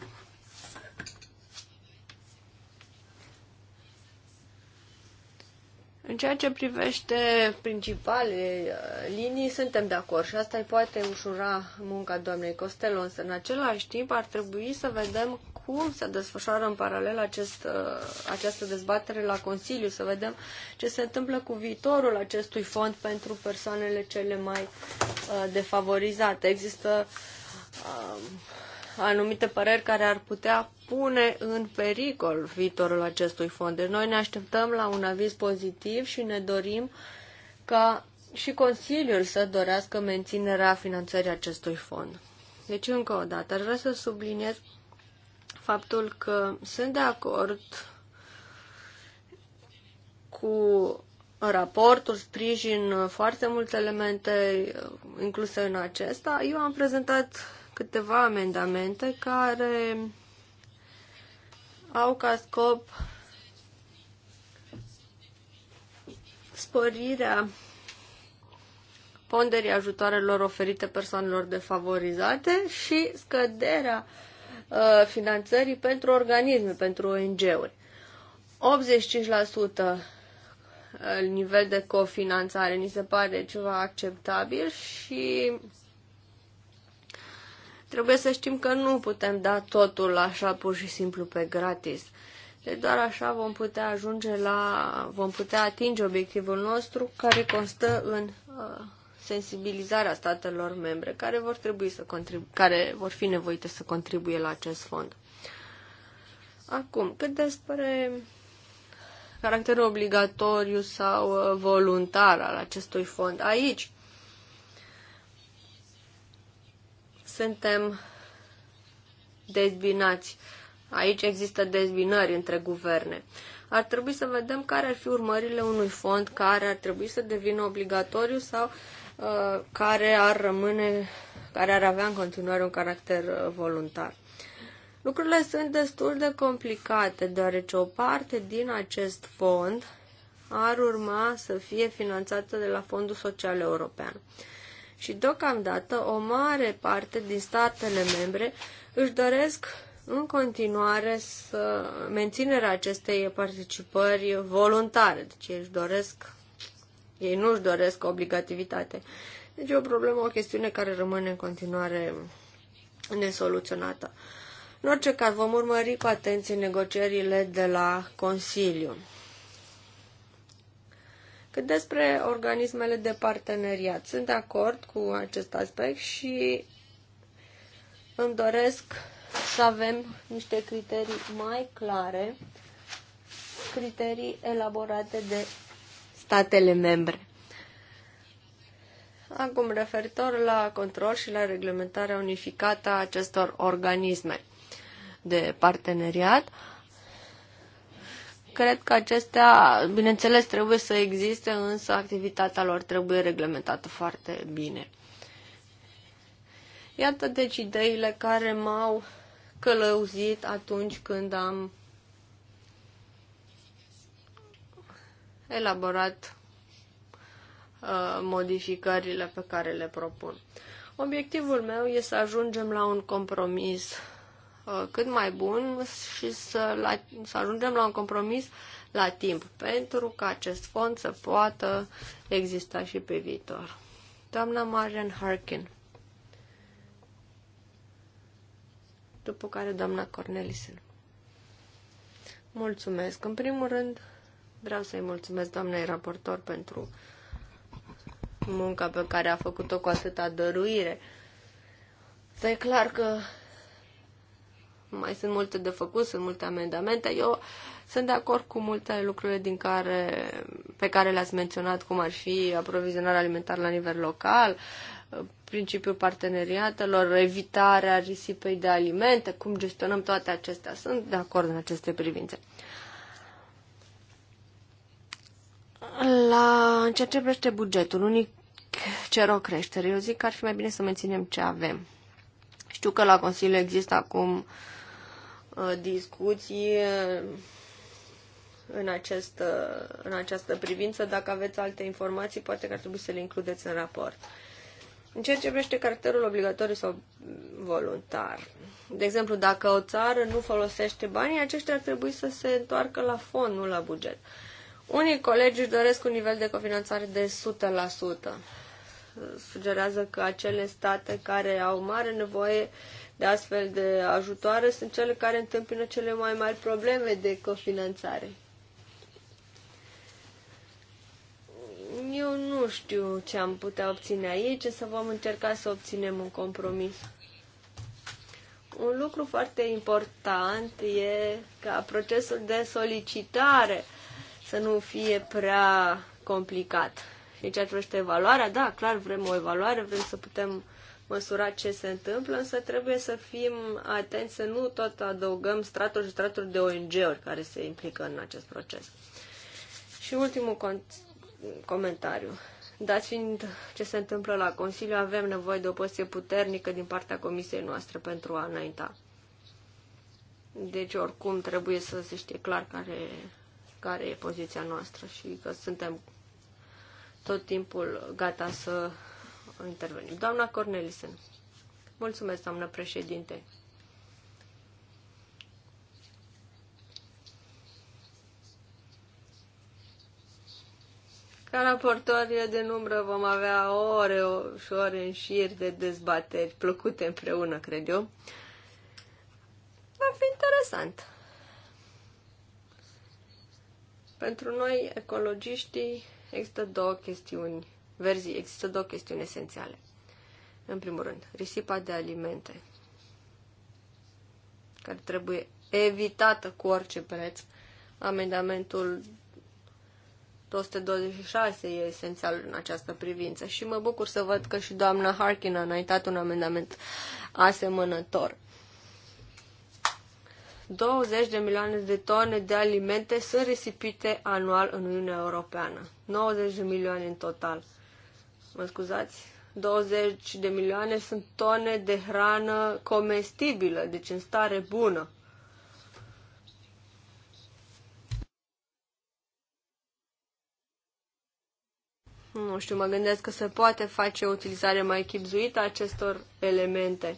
În ceea ce privește principale uh, linii, suntem de acord și asta îi poate ușura munca doamnei Costello, însă în același timp ar trebui să vedem cum se desfășoară în paralel acest, uh, această dezbatere la Consiliu, să vedem ce se întâmplă cu viitorul acestui fond pentru persoanele cele mai uh, defavorizate. Există anumite păreri care ar putea pune în pericol viitorul acestui fond. Deci noi ne așteptăm la un aviz pozitiv și ne dorim ca și Consiliul să dorească menținerea finanțării acestui fond. Deci, încă o dată, vreau să subliniez faptul că sunt de acord cu raportul, sprijin foarte multe elemente incluse în acesta. Eu am prezentat câteva amendamente care au ca scop sporirea ponderii ajutoarelor oferite persoanelor defavorizate și scăderea uh, finanțării pentru organisme, pentru ONG-uri. 85% uh, nivel de cofinanțare ni se pare ceva acceptabil și Trebuie să știm că nu putem da totul așa pur și simplu pe gratis. Deci doar așa vom putea ajunge la, vom putea atinge obiectivul nostru care constă în uh, sensibilizarea statelor membre care vor trebui să contribu- care vor fi nevoite să contribuie la acest fond. Acum, cât despre caracterul obligatoriu sau uh, voluntar al acestui fond. Aici suntem dezbinați. Aici există dezbinări între guverne. Ar trebui să vedem care ar fi urmările unui fond care ar trebui să devină obligatoriu sau uh, care ar rămâne, care ar avea în continuare un caracter uh, voluntar. Lucrurile sunt destul de complicate, deoarece o parte din acest fond ar urma să fie finanțată de la Fondul Social European. Uh, și deocamdată o mare parte din statele membre își doresc în continuare să menținerea acestei participări voluntare. Deci ei își doresc, ei nu își doresc obligativitate. Deci e o problemă, o chestiune care rămâne în continuare nesoluționată. În orice caz, vom urmări cu atenție negocierile de la Consiliu. Cât despre organismele de parteneriat, sunt de acord cu acest aspect și îmi doresc să avem niște criterii mai clare, criterii elaborate de statele membre. Acum, referitor la control și la reglementarea unificată a acestor organisme de parteneriat, uh, Cred că acestea, bineînțeles, trebuie să existe, însă activitatea lor trebuie reglementată foarte bine. Iată deci ideile care m-au călăuzit atunci când am elaborat uh, modificările pe care le propun. Obiectivul meu este să ajungem la un compromis Uh, cât mai bun și să, la, să ajungem la un compromis la timp, pentru ca acest fond să poată exista și pe viitor. Doamna Marian Harkin. După care doamna Cornelisen. Mulțumesc. În primul rând, vreau să-i mulțumesc doamnei raportor pentru munca pe care a făcut-o cu atâta dăruire. Dar e clar că mai sunt multe de făcut, sunt multe amendamente. Eu sunt de acord cu multe lucruri din care, pe care le-ați menționat, cum ar fi aprovizionarea alimentară la nivel local, principiul parteneriatelor, evitarea risipei de alimente, cum gestionăm toate acestea. Sunt de acord în aceste privințe. La în ceea ce privește bugetul, unic cer o creștere. Eu zic că ar fi mai bine să menținem ce avem. Știu că la Consiliu există acum uh, Uh, discuții uh, în, acest, uh, în această privință. Dacă aveți alte informații, poate că ar trebui să le includeți în raport. În ceea ce privește caracterul obligatoriu sau voluntar. De exemplu, dacă o țară nu folosește banii, aceștia ar trebui să se întoarcă la fond, nu la buget. Unii colegi își doresc un nivel de cofinanțare de 100%. Sugerează că acele state care au mare nevoie uh, de astfel de ajutoare sunt cele care întâmpină cele mai mari probleme de cofinanțare. Eu nu știu ce am putea obține aici, să vom încerca să obținem un compromis. Un lucru foarte important e ca procesul de solicitare să nu fie prea complicat. Și în ceea ce evaluarea, da, clar vrem o evaluare, vrem să putem măsura ce se întâmplă, însă trebuie să fim atenți să nu tot adăugăm straturi și straturi de ONG-uri care se implică în acest proces. Și ultimul comentariu. Dat fiind ce se întâmplă la Consiliu, avem nevoie de o poziție puternică din partea comisiei noastre pentru a înainta. Deci, oricum, trebuie să se știe clar care, care e poziția noastră și că suntem tot timpul gata să intervenim. Doamna Cornelisen. Mulțumesc, doamnă președinte. Ca raportoare de numbră vom avea ore și ore în șir de dezbateri plăcute împreună, cred eu. Va fi interesant. Pentru noi, ecologiștii, există două chestiuni verzii, există două chestiuni esențiale. În primul rând, risipa de alimente, care trebuie evitată cu orice preț. Amendamentul 226 e esențial în această privință și mă bucur să văd că și doamna Harkin a înaintat un amendament asemănător. 20 de milioane de tone de alimente sunt risipite anual în Uniunea Europeană. 90 de milioane în total mă scuzați, 20 de milioane sunt tone de hrană comestibilă, deci în stare bună. Nu știu, mă gândesc că se poate face o utilizare mai chipzuită a acestor elemente,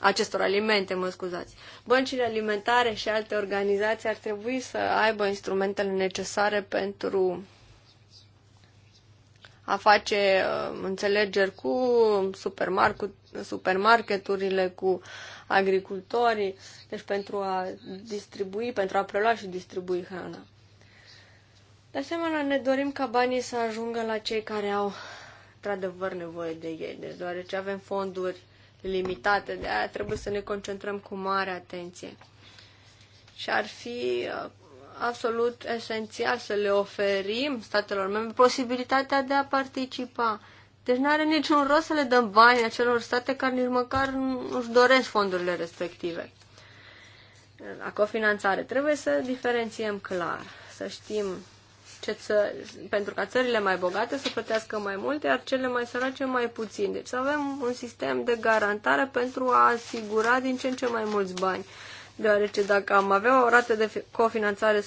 acestor alimente, mă scuzați. Băncile alimentare și alte organizații ar trebui să aibă instrumentele necesare pentru a face uh, înțelegeri cu supermarketurile, cu agricultorii, deci pentru a distribui, pentru a prelua și distribui hrana. De asemenea, ne dorim ca banii să ajungă la cei care au într-adevăr nevoie de ei, deci deoarece avem fonduri limitate, de aia trebuie să ne concentrăm cu mare atenție. Și ar fi uh, absolut esențial să le oferim statelor membre posibilitatea de a participa. Deci nu are niciun rost să le dăm bani acelor state care nici măcar nu-și doresc fondurile respective. La cofinanțare trebuie să diferențiem clar, să știm ce țări, pentru ca țările mai bogate să plătească mai mult, iar cele mai sărace mai puțin. Deci să avem un sistem de garantare pentru a asigura din ce în ce mai mulți bani deoarece dacă am avea o rată de cofinanțare 100%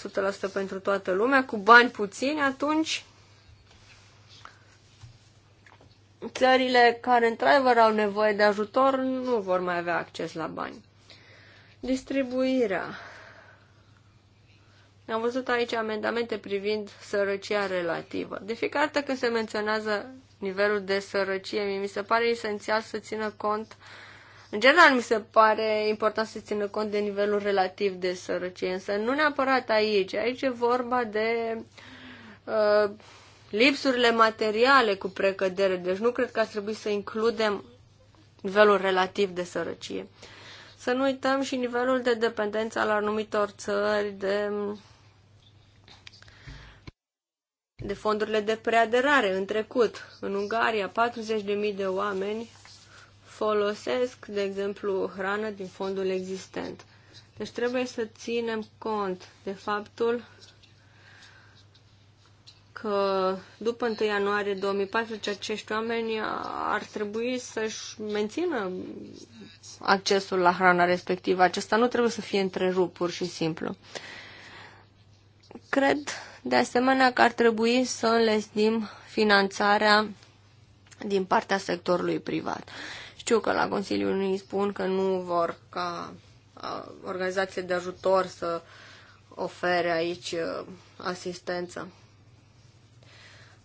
pentru toată lumea, cu bani puțini, atunci țările care într-adevăr au nevoie de ajutor nu vor mai avea acces la bani. Distribuirea. Am văzut aici amendamente privind sărăcia relativă. De fiecare dată când se menționează nivelul de sărăcie, mi se pare esențial să țină cont uh, în general, mi se pare important să țină cont de nivelul relativ de sărăcie, însă nu neapărat aici. Aici e vorba de uh, lipsurile materiale cu precădere, deci nu cred că ar trebui să includem nivelul relativ de sărăcie. Să nu uităm și nivelul de dependență al anumitor țări de, de fondurile de preaderare în trecut. În Ungaria, 40.000 de oameni folosesc, de exemplu, hrană din fondul existent. Deci trebuie să ținem cont de faptul că după 1 ianuarie 2014 acești oameni ar trebui să-și mențină accesul la hrana respectivă. Acesta nu trebuie să fie întrerupt pur și simplu. Cred de asemenea că ar trebui să înlesnim finanțarea din partea sectorului privat. Știu că la Consiliul unii spun că nu vor ca organizațiile de ajutor să ofere aici asistență.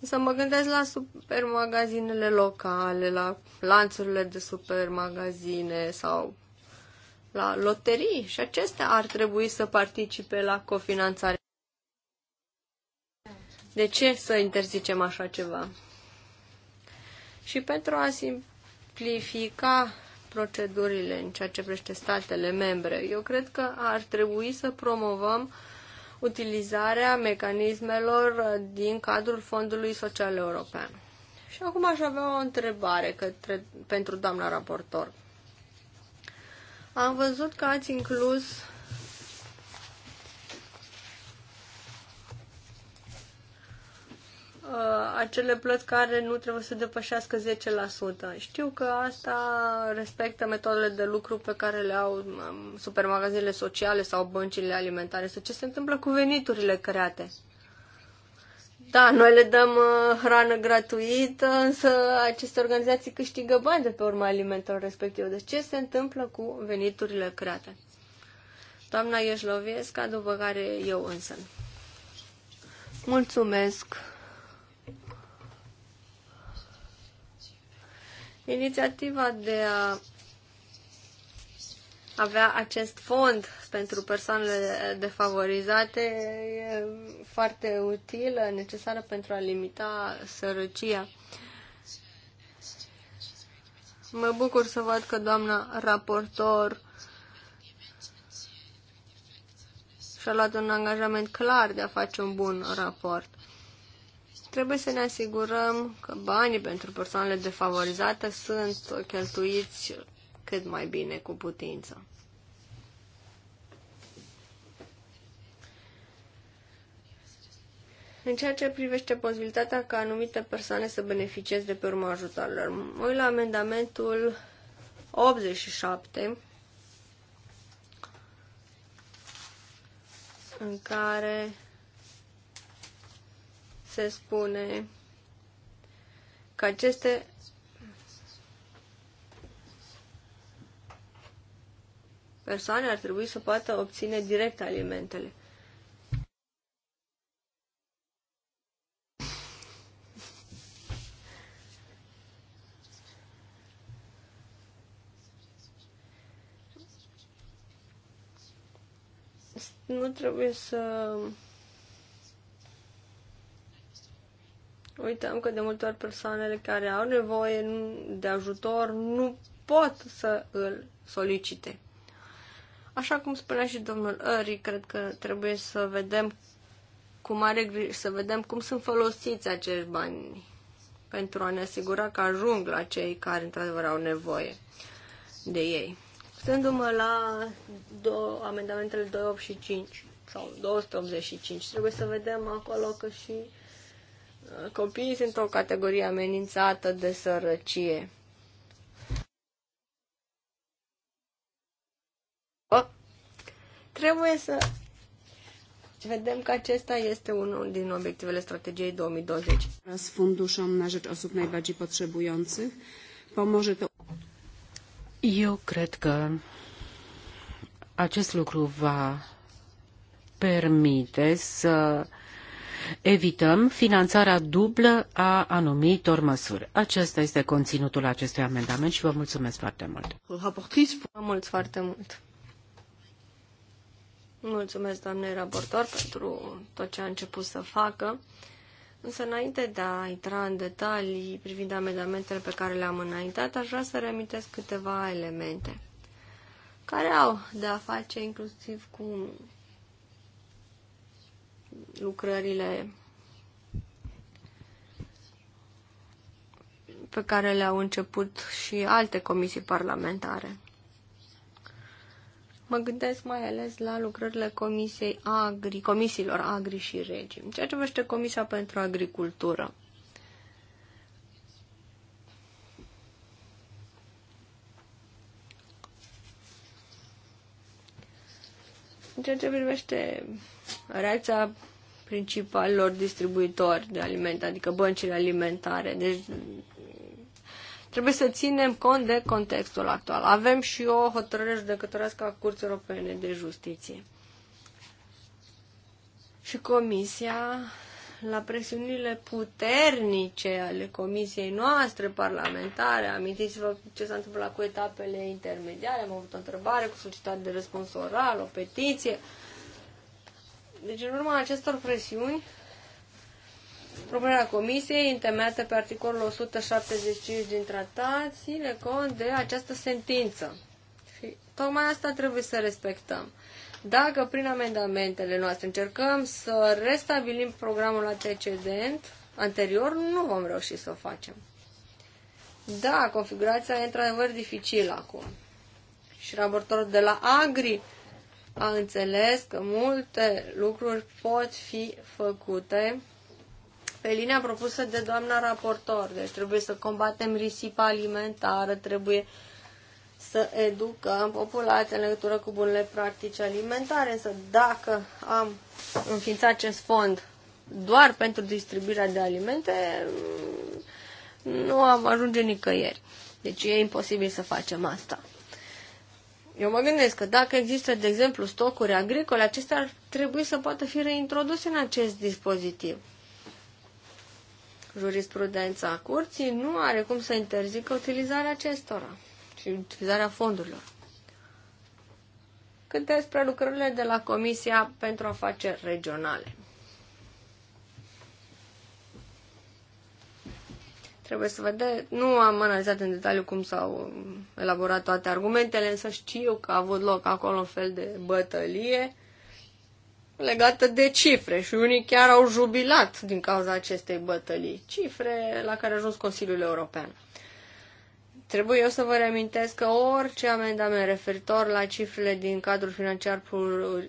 Să mă gândesc la supermagazinele locale, la lanțurile de supermagazine sau la loterii și acestea ar trebui să participe la cofinanțare. De ce să interzicem așa ceva? Și pentru a simți simplifica procedurile în ceea ce privește statele membre. Eu cred că ar trebui să promovăm utilizarea mecanismelor din cadrul Fondului Social European. Și acum aș avea o întrebare către, pentru doamna raportor. Am văzut că ați inclus Uh, acele plăți care nu trebuie să depășească 10%. Știu că asta respectă metodele de lucru pe care le au um, supermagazinele sociale sau băncile alimentare. Sau ce se întâmplă cu veniturile create? Da, noi le dăm uh, hrană gratuită, însă aceste organizații câștigă bani de pe urma alimentelor respective. Deci ce se întâmplă cu veniturile create? Doamna Ieșloviesca, după care eu însă. Mulțumesc! Inițiativa de a avea acest fond pentru persoanele defavorizate e foarte utilă, necesară pentru a limita sărăcia. Mă bucur să văd că doamna raportor și-a luat un angajament clar de a face un bun raport. Trebuie să ne asigurăm că banii pentru persoanele defavorizate sunt cheltuiți cât mai bine cu putință. În ceea ce privește posibilitatea ca anumite persoane să beneficieze de pe urma ajutorilor, mă uit la amendamentul 87, în care se spune că aceste persoane ar trebui să poată obține direct alimentele. Nu trebuie să Uităm că de multe ori persoanele care au nevoie de ajutor nu pot să îl solicite. Așa cum spunea și domnul Ari, cred că trebuie să vedem cu mare grijă, să vedem cum sunt folosiți acești bani pentru a ne asigura că ajung la cei care într-adevăr au nevoie de ei. Stându-mă la două, amendamentele 285 și 5 sau 285, trebuie să vedem acolo că și copiii sunt o categorie amenințată de sărăcie. Trebuie să vedem că acesta este unul din obiectivele strategiei 2020. Z funduszom na rzecz osób pomoże to... Eu cred că acest lucru va permite să evităm finanțarea dublă a anumitor măsuri. Acesta este conținutul acestui amendament și vă mulțumesc foarte mult. Vă mulțumesc foarte mult. Mulțumesc, doamnei raportor, pentru tot ce a început să facă. Însă, înainte de a intra în detalii privind amendamentele pe care le-am înaintat, aș vrea să reamintesc câteva elemente care au de a face inclusiv cu lucrările pe care le-au început și alte comisii parlamentare. Mă gândesc mai ales la lucrările comisiei agri, comisiilor agri și regim. ceea ce vește Comisia pentru Agricultură. În ceea ce privește reacția principalilor distribuitori de alimente, adică băncile alimentare. Deci trebuie să ținem cont de contextul actual. Avem și o hotărâre judecătorească a Curții Europene de Justiție. Și Comisia, la presiunile puternice ale Comisiei noastre parlamentare, amintiți-vă ce s-a întâmplat cu etapele intermediare, am avut o întrebare cu solicitare de răspuns oral, o petiție, deci, în urma acestor presiuni, propunerea comisiei, întemeiată pe articolul 175 din tratat, ține cont de această sentință. Și tocmai asta trebuie să respectăm. Dacă prin amendamentele noastre încercăm să restabilim programul antecedent, anterior, nu vom reuși să o facem. Da, configurația e într-adevăr dificilă acum. Și raportorul de la Agri a înțeles că multe lucruri pot fi făcute pe linia propusă de doamna raportor. Deci trebuie să combatem risipa alimentară, trebuie să educăm populația în legătură cu bunele practici alimentare. Însă dacă am înființat acest fond doar pentru distribuirea de alimente, mm, nu am ajunge nicăieri. Deci e imposibil să facem asta. Eu mă gândesc că dacă există, de exemplu, stocuri agricole, acestea ar trebui să poată fi reintroduse în acest dispozitiv. Jurisprudența curții nu are cum să interzică utilizarea acestora și utilizarea fondurilor. Cât despre lucrările de la Comisia pentru Afaceri Regionale. Trebuie să vede. Nu am analizat în detaliu cum s-au elaborat toate argumentele, însă știu că a avut loc acolo un fel de bătălie legată de cifre și unii chiar au jubilat din cauza acestei bătălii, cifre la care a ajuns Consiliul European. Trebuie eu să vă reamintesc că orice amendament referitor la cifrele din cadrul financiar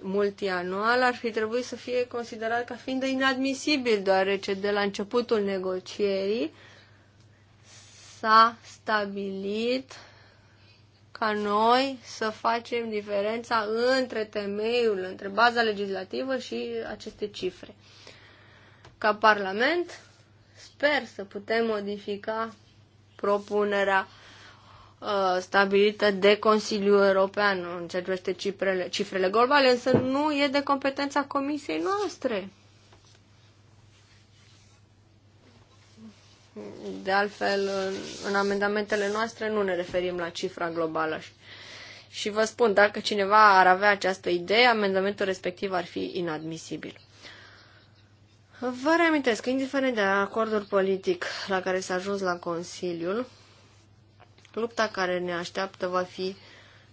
multianual ar fi trebuit să fie considerat ca fiind inadmisibil, deoarece de la începutul negocierii s-a stabilit ca noi să facem diferența între temeiul, între baza legislativă și aceste cifre. Ca Parlament, sper să putem modifica propunerea uh, stabilită de Consiliul European în ceea ce privește cifrele, cifrele globale, însă nu e de competența Comisiei noastre. De altfel, în, în amendamentele noastre nu ne referim la cifra globală. Și vă spun, dacă cineva ar avea această idee, amendamentul respectiv ar fi inadmisibil. Vă reamintesc indiferent de acordul politic la care s-a ajuns la Consiliul, lupta care ne așteaptă va fi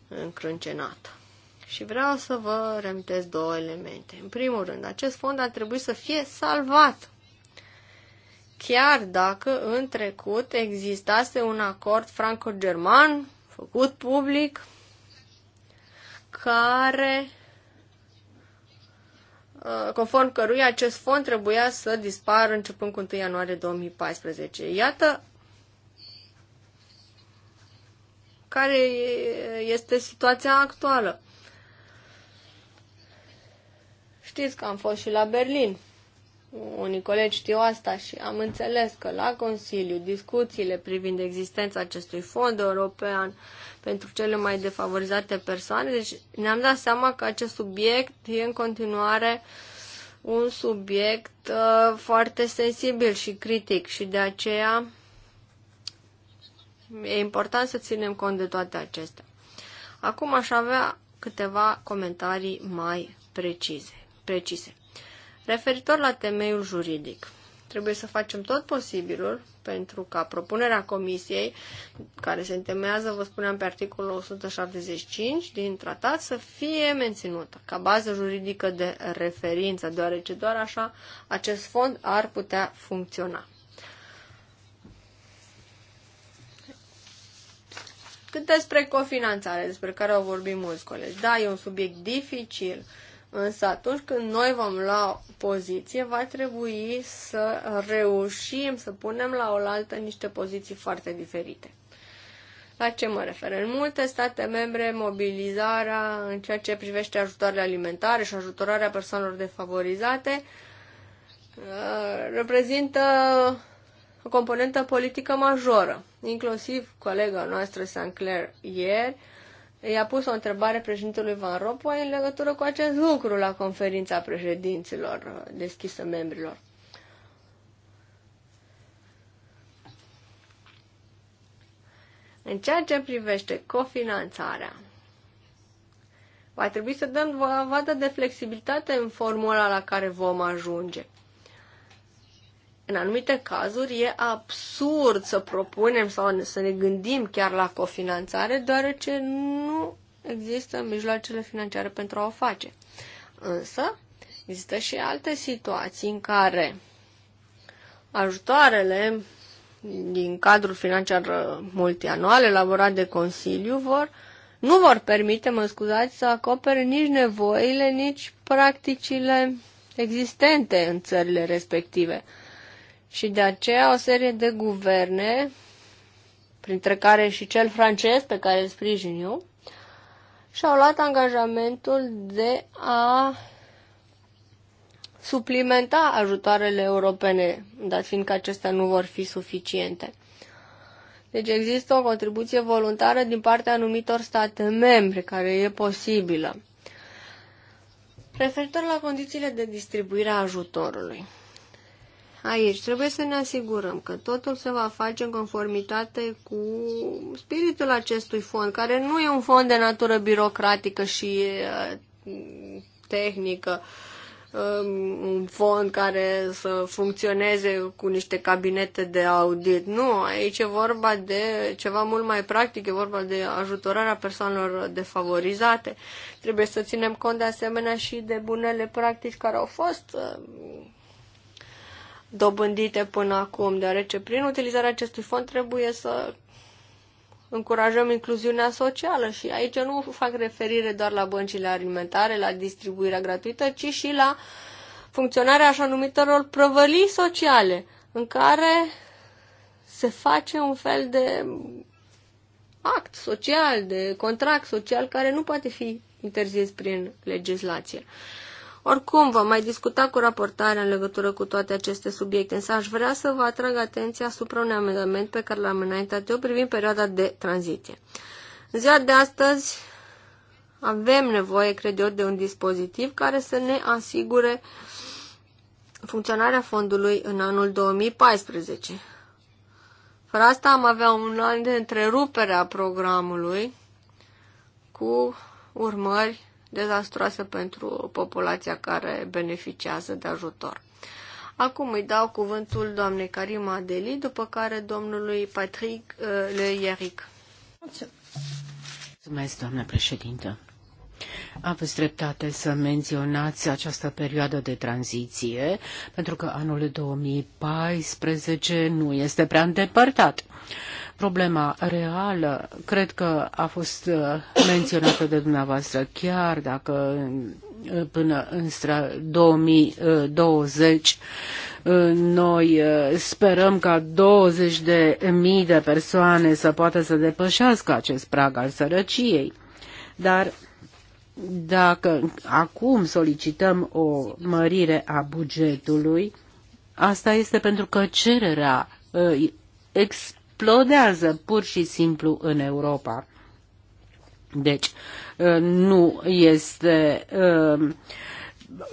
încrâncenată. Și vreau să vă reamintesc două elemente. În primul rând, acest fond ar trebui să fie salvat chiar dacă în trecut existase un acord franco-german făcut public care uh, conform căruia acest fond trebuia să dispară începând cu 1 ianuarie 2014. Iată care este situația actuală. Știți că am fost și la Berlin. Unii colegi știu asta și am înțeles că la Consiliu discuțiile privind existența acestui fond european pentru cele mai defavorizate persoane, deci ne-am dat seama că acest subiect e în continuare un subiect uh, foarte sensibil și critic și de aceea e important să ținem cont de toate acestea. Acum aș avea câteva comentarii mai precise. precise. Referitor la temeiul juridic, trebuie să facem tot posibilul pentru ca propunerea comisiei, care se întemeiază, vă spuneam, pe articolul 175 din tratat, să fie menținută ca bază juridică de referință, deoarece doar așa acest fond ar putea funcționa. Cât despre cofinanțare, despre care au vorbit mulți colegi, da, e un subiect dificil. Uh, Însă atunci când noi vom lua poziție, va trebui să reușim să punem la oaltă niște poziții foarte diferite. La ce mă refer? În multe state membre, mobilizarea în ceea ce privește ajutoarele alimentare și ajutorarea persoanelor defavorizate uh, reprezintă o componentă politică majoră. Inclusiv colega noastră Sinclair ieri i-a pus o întrebare președintelui Van Rompuy în legătură cu acest lucru la conferința președinților uh, deschisă membrilor. În ceea ce privește cofinanțarea, va trebui să dăm vadă de flexibilitate în formula la care vom ajunge în anumite cazuri e absurd să propunem sau să ne gândim chiar la cofinanțare, deoarece nu există mijloacele financiare pentru a o face. Însă, există și alte situații în care ajutoarele din cadrul financiar multianual elaborat de Consiliu vor nu vor permite, mă scuzați, să acopere nici nevoile, nici practicile existente în țările respective. Și de aceea o serie de guverne, printre care și cel francez pe care îl sprijin eu, și-au luat angajamentul de a suplimenta ajutoarele europene, dat fiind că acestea nu vor fi suficiente. Deci există o contribuție voluntară din partea anumitor state membre care e posibilă. Referitor la condițiile de distribuire a ajutorului aici. Trebuie să ne asigurăm că totul se va face în conformitate cu spiritul acestui fond, care nu e un fond de natură birocratică și uh, tehnică, um, un fond care să funcționeze cu niște cabinete de audit. Nu, aici e vorba de ceva mult mai practic, e vorba de ajutorarea persoanelor defavorizate. Trebuie să ținem cont de asemenea și de bunele practici care au fost uh, dobândite până acum, deoarece prin utilizarea acestui fond trebuie să încurajăm incluziunea socială și aici nu fac referire doar la băncile alimentare, la distribuirea gratuită, ci și la funcționarea așa numitorilor prăvălii sociale, în care se face un fel de act social, de contract social care nu poate fi interzis prin legislație. Oricum, vom mai discuta cu raportarea în legătură cu toate aceste subiecte, însă aș vrea să vă atrag atenția asupra unui amendament pe care l-am înaintat eu privind perioada de tranziție. În ziua de astăzi avem nevoie, cred eu, de un dispozitiv care să ne asigure funcționarea fondului în anul 2014. Fără asta am avea un an de întrerupere a programului cu urmări dezastroasă pentru populația care beneficiază de ajutor. Acum îi dau cuvântul doamnei Karima Deli, după care domnului Patrick uh, Le Ieric. Mulțumesc, doamnă președintă. Aveți dreptate să menționați această perioadă de tranziție, pentru că anul 2014 nu este prea îndepărtat. Problema reală, cred că a fost uh, menționată de dumneavoastră, chiar dacă uh, până în 2020 uh, noi sperăm ca 20 de mii de persoane să poată să depășească acest prag al sărăciei. Dar dacă acum solicităm o mărire a bugetului, asta este pentru că cererea uh, explodează pur și simplu în Europa. Deci, uh, nu este uh,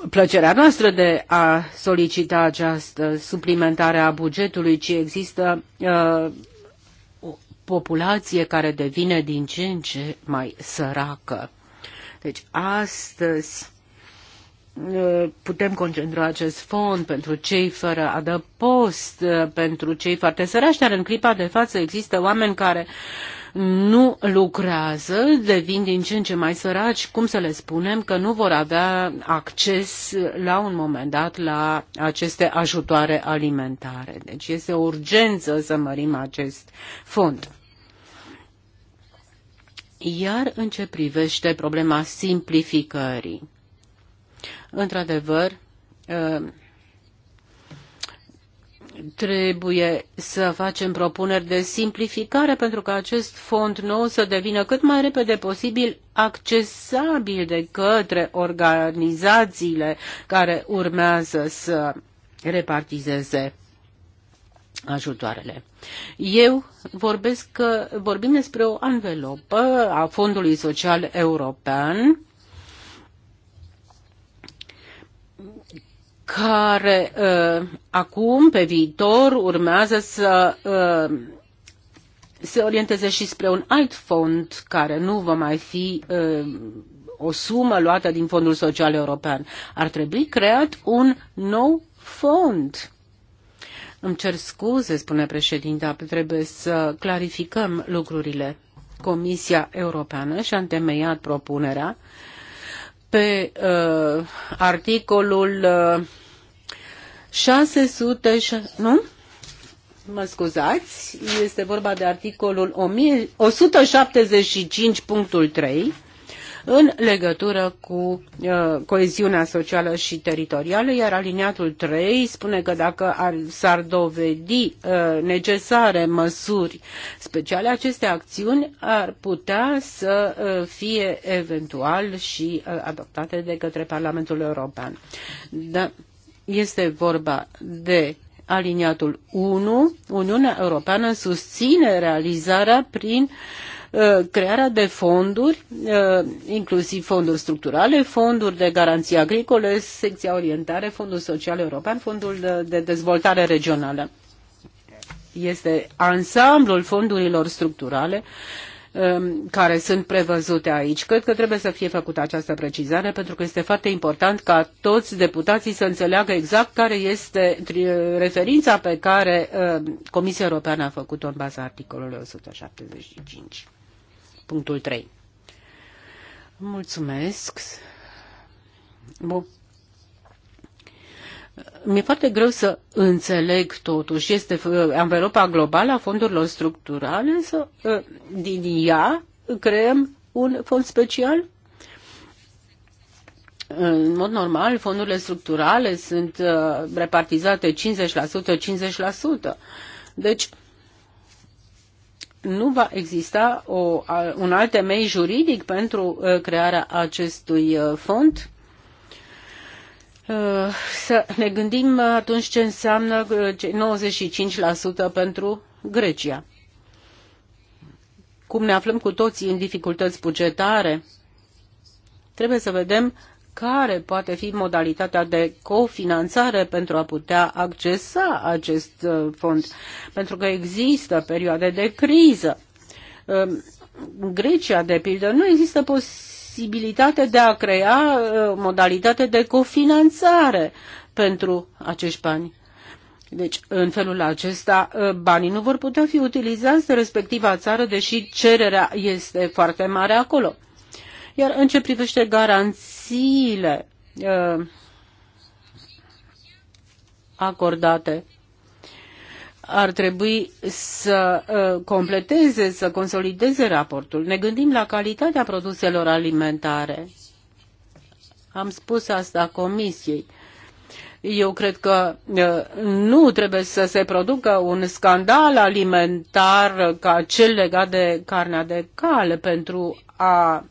plăcerea noastră de a solicita această suplimentare a bugetului, ci există o populație care devine din ce în ce mai săracă. Deci astăzi uh, putem concentra acest fond pentru cei fără adăpost, uh, pentru cei foarte sărași, dar în clipa de față există oameni care nu lucrează, devin din ce în ce mai săraci, cum să le spunem că nu vor avea acces la un moment dat la aceste ajutoare alimentare. Deci este o urgență să mărim acest fond. Iar în ce privește problema simplificării, într-adevăr, uh, trebuie să facem propuneri de simplificare pentru ca acest fond nou să devină cât mai repede posibil accesabil de către organizațiile care urmează să repartizeze ajutoarele. Eu vorbesc că vorbim despre o anvelopă a Fondului Social European care uh, acum, pe viitor, urmează să uh, se orienteze și spre un alt fond care nu va mai fi uh, o sumă luată din Fondul Social European. Ar trebui creat un nou fond îmi cer scuze, spune președinta, trebuie să clarificăm lucrurile. Comisia Europeană și-a întemeiat propunerea pe uh, articolul uh, 600, nu? Mă scuzați, este vorba de articolul 175.3 în legătură cu uh, coeziunea socială și teritorială, iar aliniatul 3 spune că dacă ar, s-ar dovedi uh, necesare măsuri speciale, aceste acțiuni ar putea să uh, fie eventual și uh, adoptate de către Parlamentul European. Da, este vorba de aliniatul 1, Uniunea Europeană susține realizarea prin uh, Uh, crearea de fonduri, uh, inclusiv fonduri structurale, fonduri de garanții agricole, secția orientare, fondul social european, fondul de dezvoltare regională. Este ansamblul fondurilor structurale um, care sunt prevăzute aici. Cred că trebuie să fie făcută această precizare pentru că este foarte important ca toți deputații să înțeleagă exact care este referința pe care uh, Comisia Europeană a făcut-o în baza articolului 175 punctul 3. Mulțumesc. Bun. Mi-e foarte greu să înțeleg totuși. Este anvelopa globală a fondurilor structurale să ă, din ea creăm un fond special? În mod normal, fondurile structurale sunt ă, repartizate 50%-50%. Deci, nu va exista o, un alt temei juridic pentru uh, crearea acestui uh, fond? Uh, să ne gândim atunci ce înseamnă 95% pentru Grecia. Cum ne aflăm cu toții în dificultăți bugetare, trebuie să vedem care poate fi modalitatea de cofinanțare pentru a putea accesa acest uh, fond, pentru că există perioade de criză. În um, Grecia, de pildă, nu există posibilitate de a crea uh, modalitate de cofinanțare pentru acești bani. Deci, în felul acesta, uh, banii nu vor putea fi utilizați de respectiva țară, deși cererea este foarte mare acolo. Iar în ce privește garanții, garanțiile uh, acordate ar trebui să uh, completeze, să consolideze raportul. Ne gândim la calitatea produselor alimentare. Am spus asta comisiei. Eu cred că uh, nu trebuie să se producă un scandal alimentar ca cel legat de carnea de cal pentru a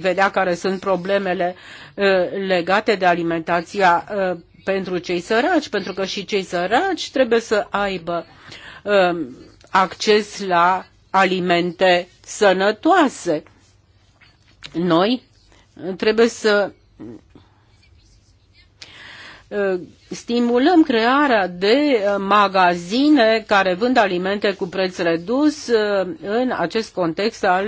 vedea care sunt problemele uh, legate de alimentația uh, pentru cei săraci, pentru că și cei săraci trebuie să aibă um, acces la alimente sănătoase. Noi trebuie să uh, stimulăm crearea de magazine care vând alimente cu preț redus în acest context al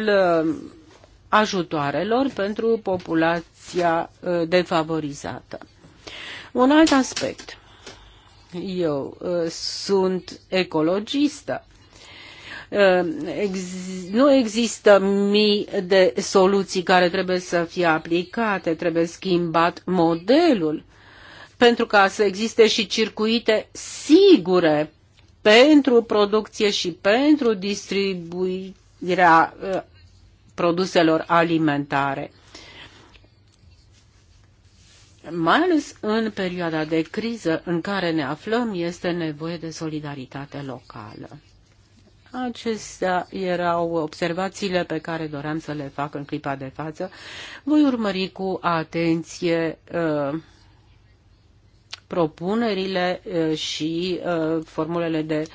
ajutoarelor pentru populația ă, defavorizată. Un alt aspect. Eu ă, sunt ecologistă. Nu există mii de soluții care trebuie să fie aplicate, trebuie schimbat modelul pentru ca să existe și circuite sigure pentru producție și pentru distribuirea ă, produselor alimentare. Mai ales în perioada de criză în care ne aflăm, este nevoie de solidaritate locală. Acestea erau observațiile pe care doream să le fac în clipa de față. Voi urmări cu atenție uh, propunerile uh, și uh, formulele de uh,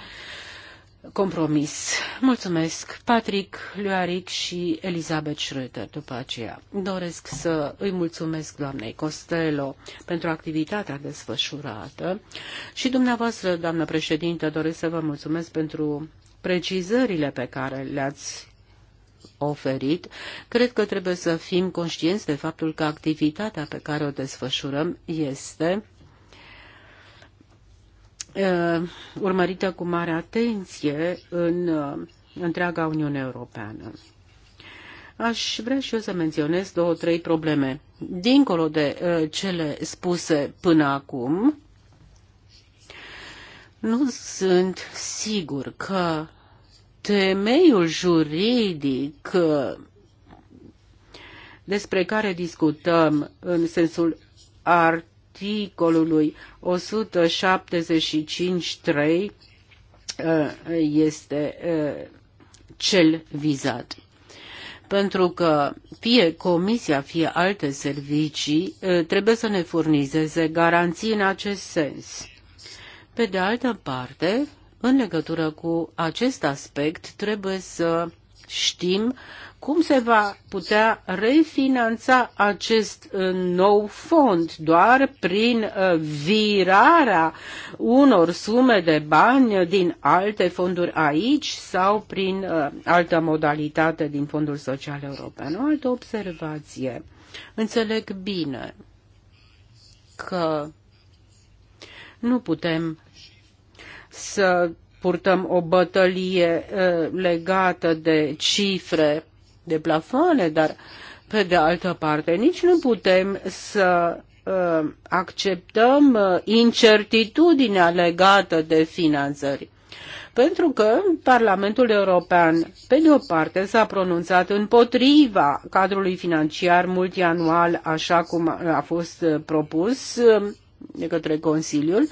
compromis. Mulțumesc Patrick Luaric și Elizabeth Schröter după aceea. Doresc să îi mulțumesc doamnei Costello pentru activitatea desfășurată și dumneavoastră, doamnă președintă, doresc să vă mulțumesc pentru precizările pe care le-ați oferit, cred că trebuie să fim conștienți de faptul că activitatea pe care o desfășurăm este urmărită cu mare atenție în întreaga Uniune Europeană. Aș vrea și eu să menționez două, trei probleme. Dincolo de cele spuse până acum, nu sunt sigur că temeiul juridic despre care discutăm în sensul art articolului 175.3 uh, este uh, cel vizat. Pentru că fie comisia, fie alte servicii uh, trebuie să ne furnizeze garanții în acest sens. Pe de altă parte, în legătură cu acest aspect, trebuie să știm cum se va putea refinanța acest uh, nou fond? Doar prin uh, virarea unor sume de bani din alte fonduri aici sau prin uh, altă modalitate din Fondul Social European? O altă observație. Înțeleg bine că nu putem să purtăm o bătălie legată de cifre de plafoane, dar pe de altă parte nici nu putem să uh, acceptăm ă, incertitudinea legată de finanțări. Pentru că Parlamentul European, pe de o parte, s-a pronunțat împotriva cadrului financiar multianual, așa cum a fost ă, propus de către Consiliul,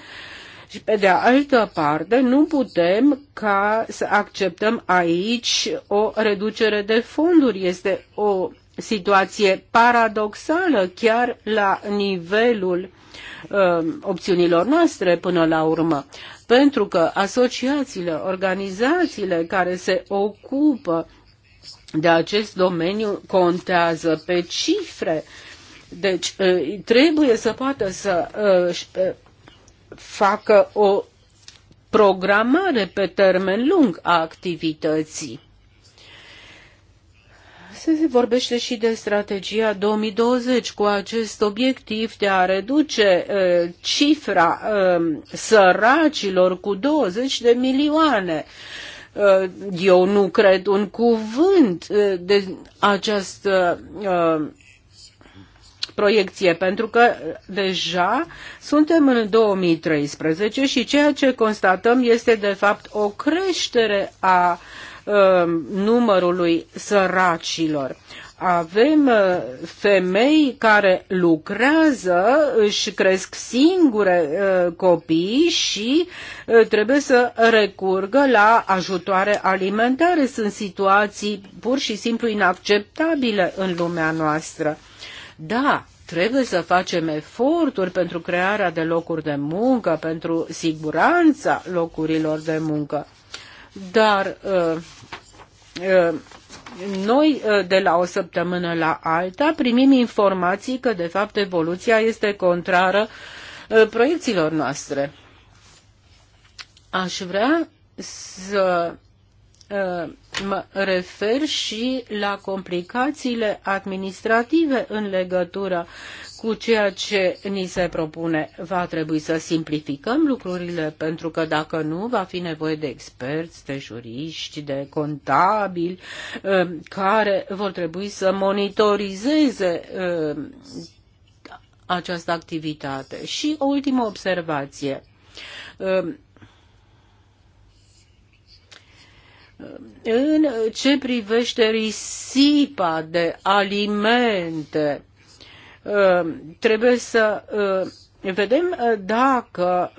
și pe de altă parte, nu putem ca să acceptăm aici o reducere de fonduri. Este o situație paradoxală chiar la nivelul uh, opțiunilor noastre până la urmă. Pentru că asociațiile, organizațiile care se ocupă de acest domeniu contează pe cifre. Deci uh, trebuie să poată să uh, uh, facă o programare pe termen lung a activității. Se vorbește și de strategia 2020 cu acest obiectiv de a reduce uh, cifra uh, săracilor cu 20 de milioane. Uh, eu nu cred un cuvânt uh, de această uh, proiecție, pentru că deja suntem în 2013 și ceea ce constatăm este de fapt o creștere a um, numărului săracilor. Avem uh, femei care lucrează, își cresc singure uh, copii și uh, trebuie să recurgă la ajutoare alimentare. Sunt situații pur și simplu inacceptabile în lumea noastră. Da, trebuie să facem eforturi pentru crearea de locuri de muncă, pentru siguranța locurilor de muncă. Dar uh, uh, noi uh, de la o săptămână la alta primim informații că de fapt evoluția este contrară uh, proiecțiilor noastre. Aș vrea să Uh, mă refer și la complicațiile administrative în legătură cu ceea ce ni se propune. Va trebui să simplificăm lucrurile, pentru că dacă nu, va fi nevoie de experți, de juriști, de contabili, uh, care vor trebui să monitorizeze uh, această activitate. Și o ultimă observație În ce privește risipa de alimente, uh, trebuie să uh, vedem uh, dacă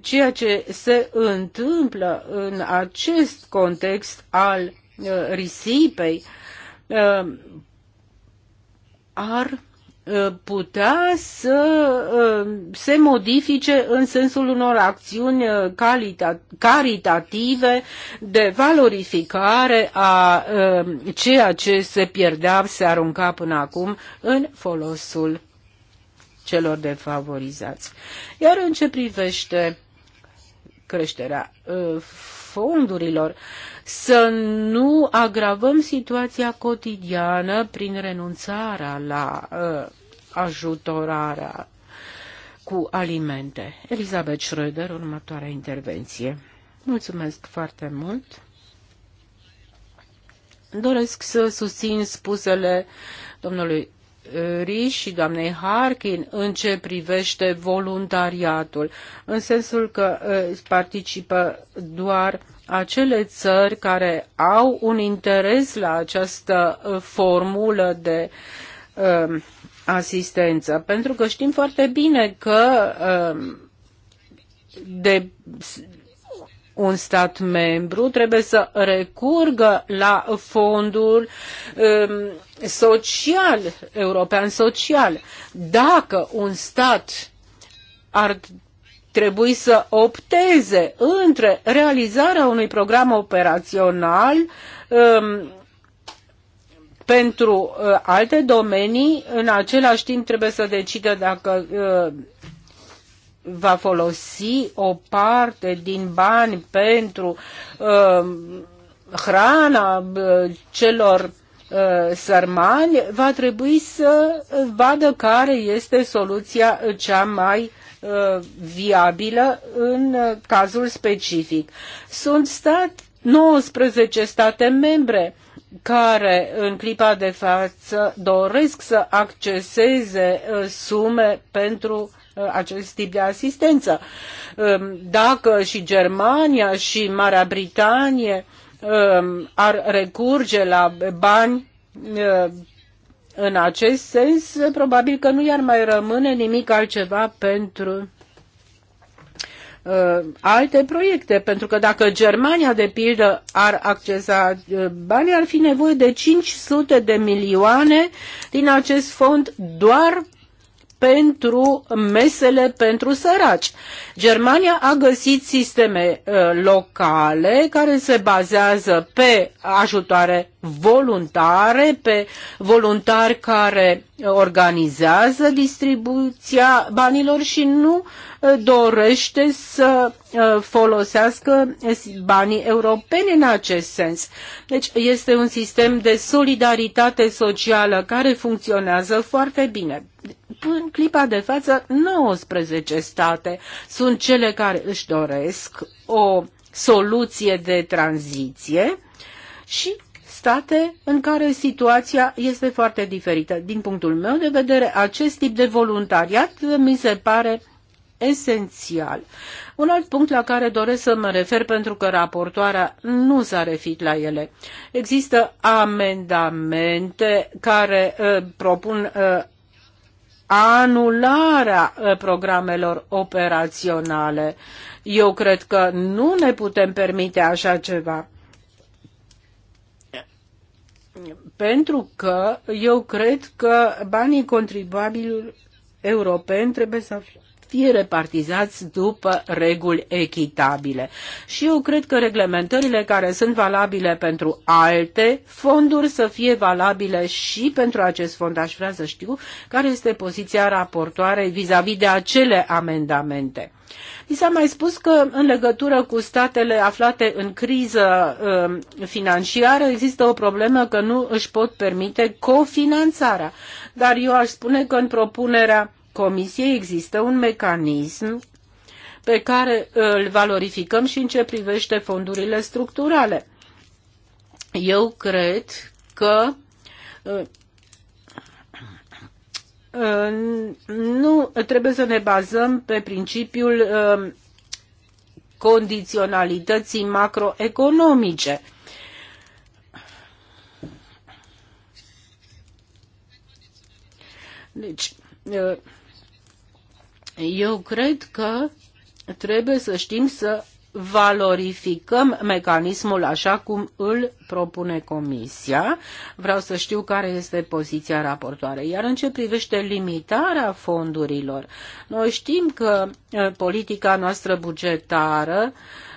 ceea ce se întâmplă în acest context al risipei ar putea să uh, se modifice în sensul unor acțiuni uh, caritative de valorificare a uh, ceea ce se pierdea, se arunca până acum în folosul celor defavorizați. Iar în ce privește creșterea fondurilor, să nu agravăm situația cotidiană prin renunțarea la uh, ajutorarea cu alimente. Elizabeth Schröder, următoarea intervenție. Mulțumesc foarte mult. Doresc să susțin spusele domnului uh, Riș și doamnei Harkin în ce privește voluntariatul, în sensul că uh, participă doar acele țări care au un interes la această uh, formulă de uh, asistență, pentru că știm foarte bine că um, de un stat membru trebuie să recurgă la fondul um, social, european social. Dacă un stat ar trebui să opteze între realizarea unui program operațional um, pentru uh, alte domenii, în același timp trebuie să decidă dacă uh, va folosi o parte din bani pentru uh, hrana celor sărmani, va trebui să vadă care este soluția cea mai viabilă în cazul specific. Sunt stat 19 state membre care în clipa de față doresc să acceseze uh, sume pentru uh, acest tip de asistență. Um, dacă și Germania și Marea Britanie um, ar recurge la bani uh, în acest sens, probabil că nu i-ar mai rămâne nimic altceva pentru Uh, alte proiecte, pentru că dacă Germania, de pildă, ar accesa uh, bani, ar fi nevoie de 500 de milioane din acest fond doar pentru mesele pentru săraci. Germania a găsit sisteme uh, locale care se bazează pe ajutoare voluntare, pe voluntari care organizează distribuția banilor și nu uh, dorește să uh, folosească banii europeni în acest sens. Deci este un sistem de solidaritate socială care funcționează foarte bine. În clipa de față, 19 state sunt cele care își doresc o soluție de tranziție și state în care situația este foarte diferită. Din punctul meu de vedere, acest tip de voluntariat mi se pare esențial. Un alt punct la care doresc să mă refer pentru că raportoarea nu s-a referit la ele. Există amendamente care uh, propun uh, anularea uh, programelor operaționale. Eu cred că nu ne putem permite așa ceva. Pentru că eu cred că banii contribuabili europeni trebuie să fie fie repartizați după reguli echitabile. Și eu cred că reglementările care sunt valabile pentru alte fonduri să fie valabile și pentru acest fond. Aș vrea să știu care este poziția raportoarei vis-a-vis -vis de acele amendamente. Mi s-a mai spus că în legătură cu statele aflate în criză um, financiară există o problemă că nu își pot permite cofinanțarea. Dar eu aș spune că în propunerea Comisiei există un mecanism pe care îl valorificăm și în ce privește fondurile structurale. Eu cred că uh, uh, nu trebuie să ne bazăm pe principiul uh, condiționalității macroeconomice. Deci, eu cred că trebuie să știm să valorificăm mecanismul așa cum îl propune Comisia. Vreau să știu care este poziția raportoarei. Iar în ce privește limitarea fondurilor, noi știm că eh, politica noastră bugetară uh,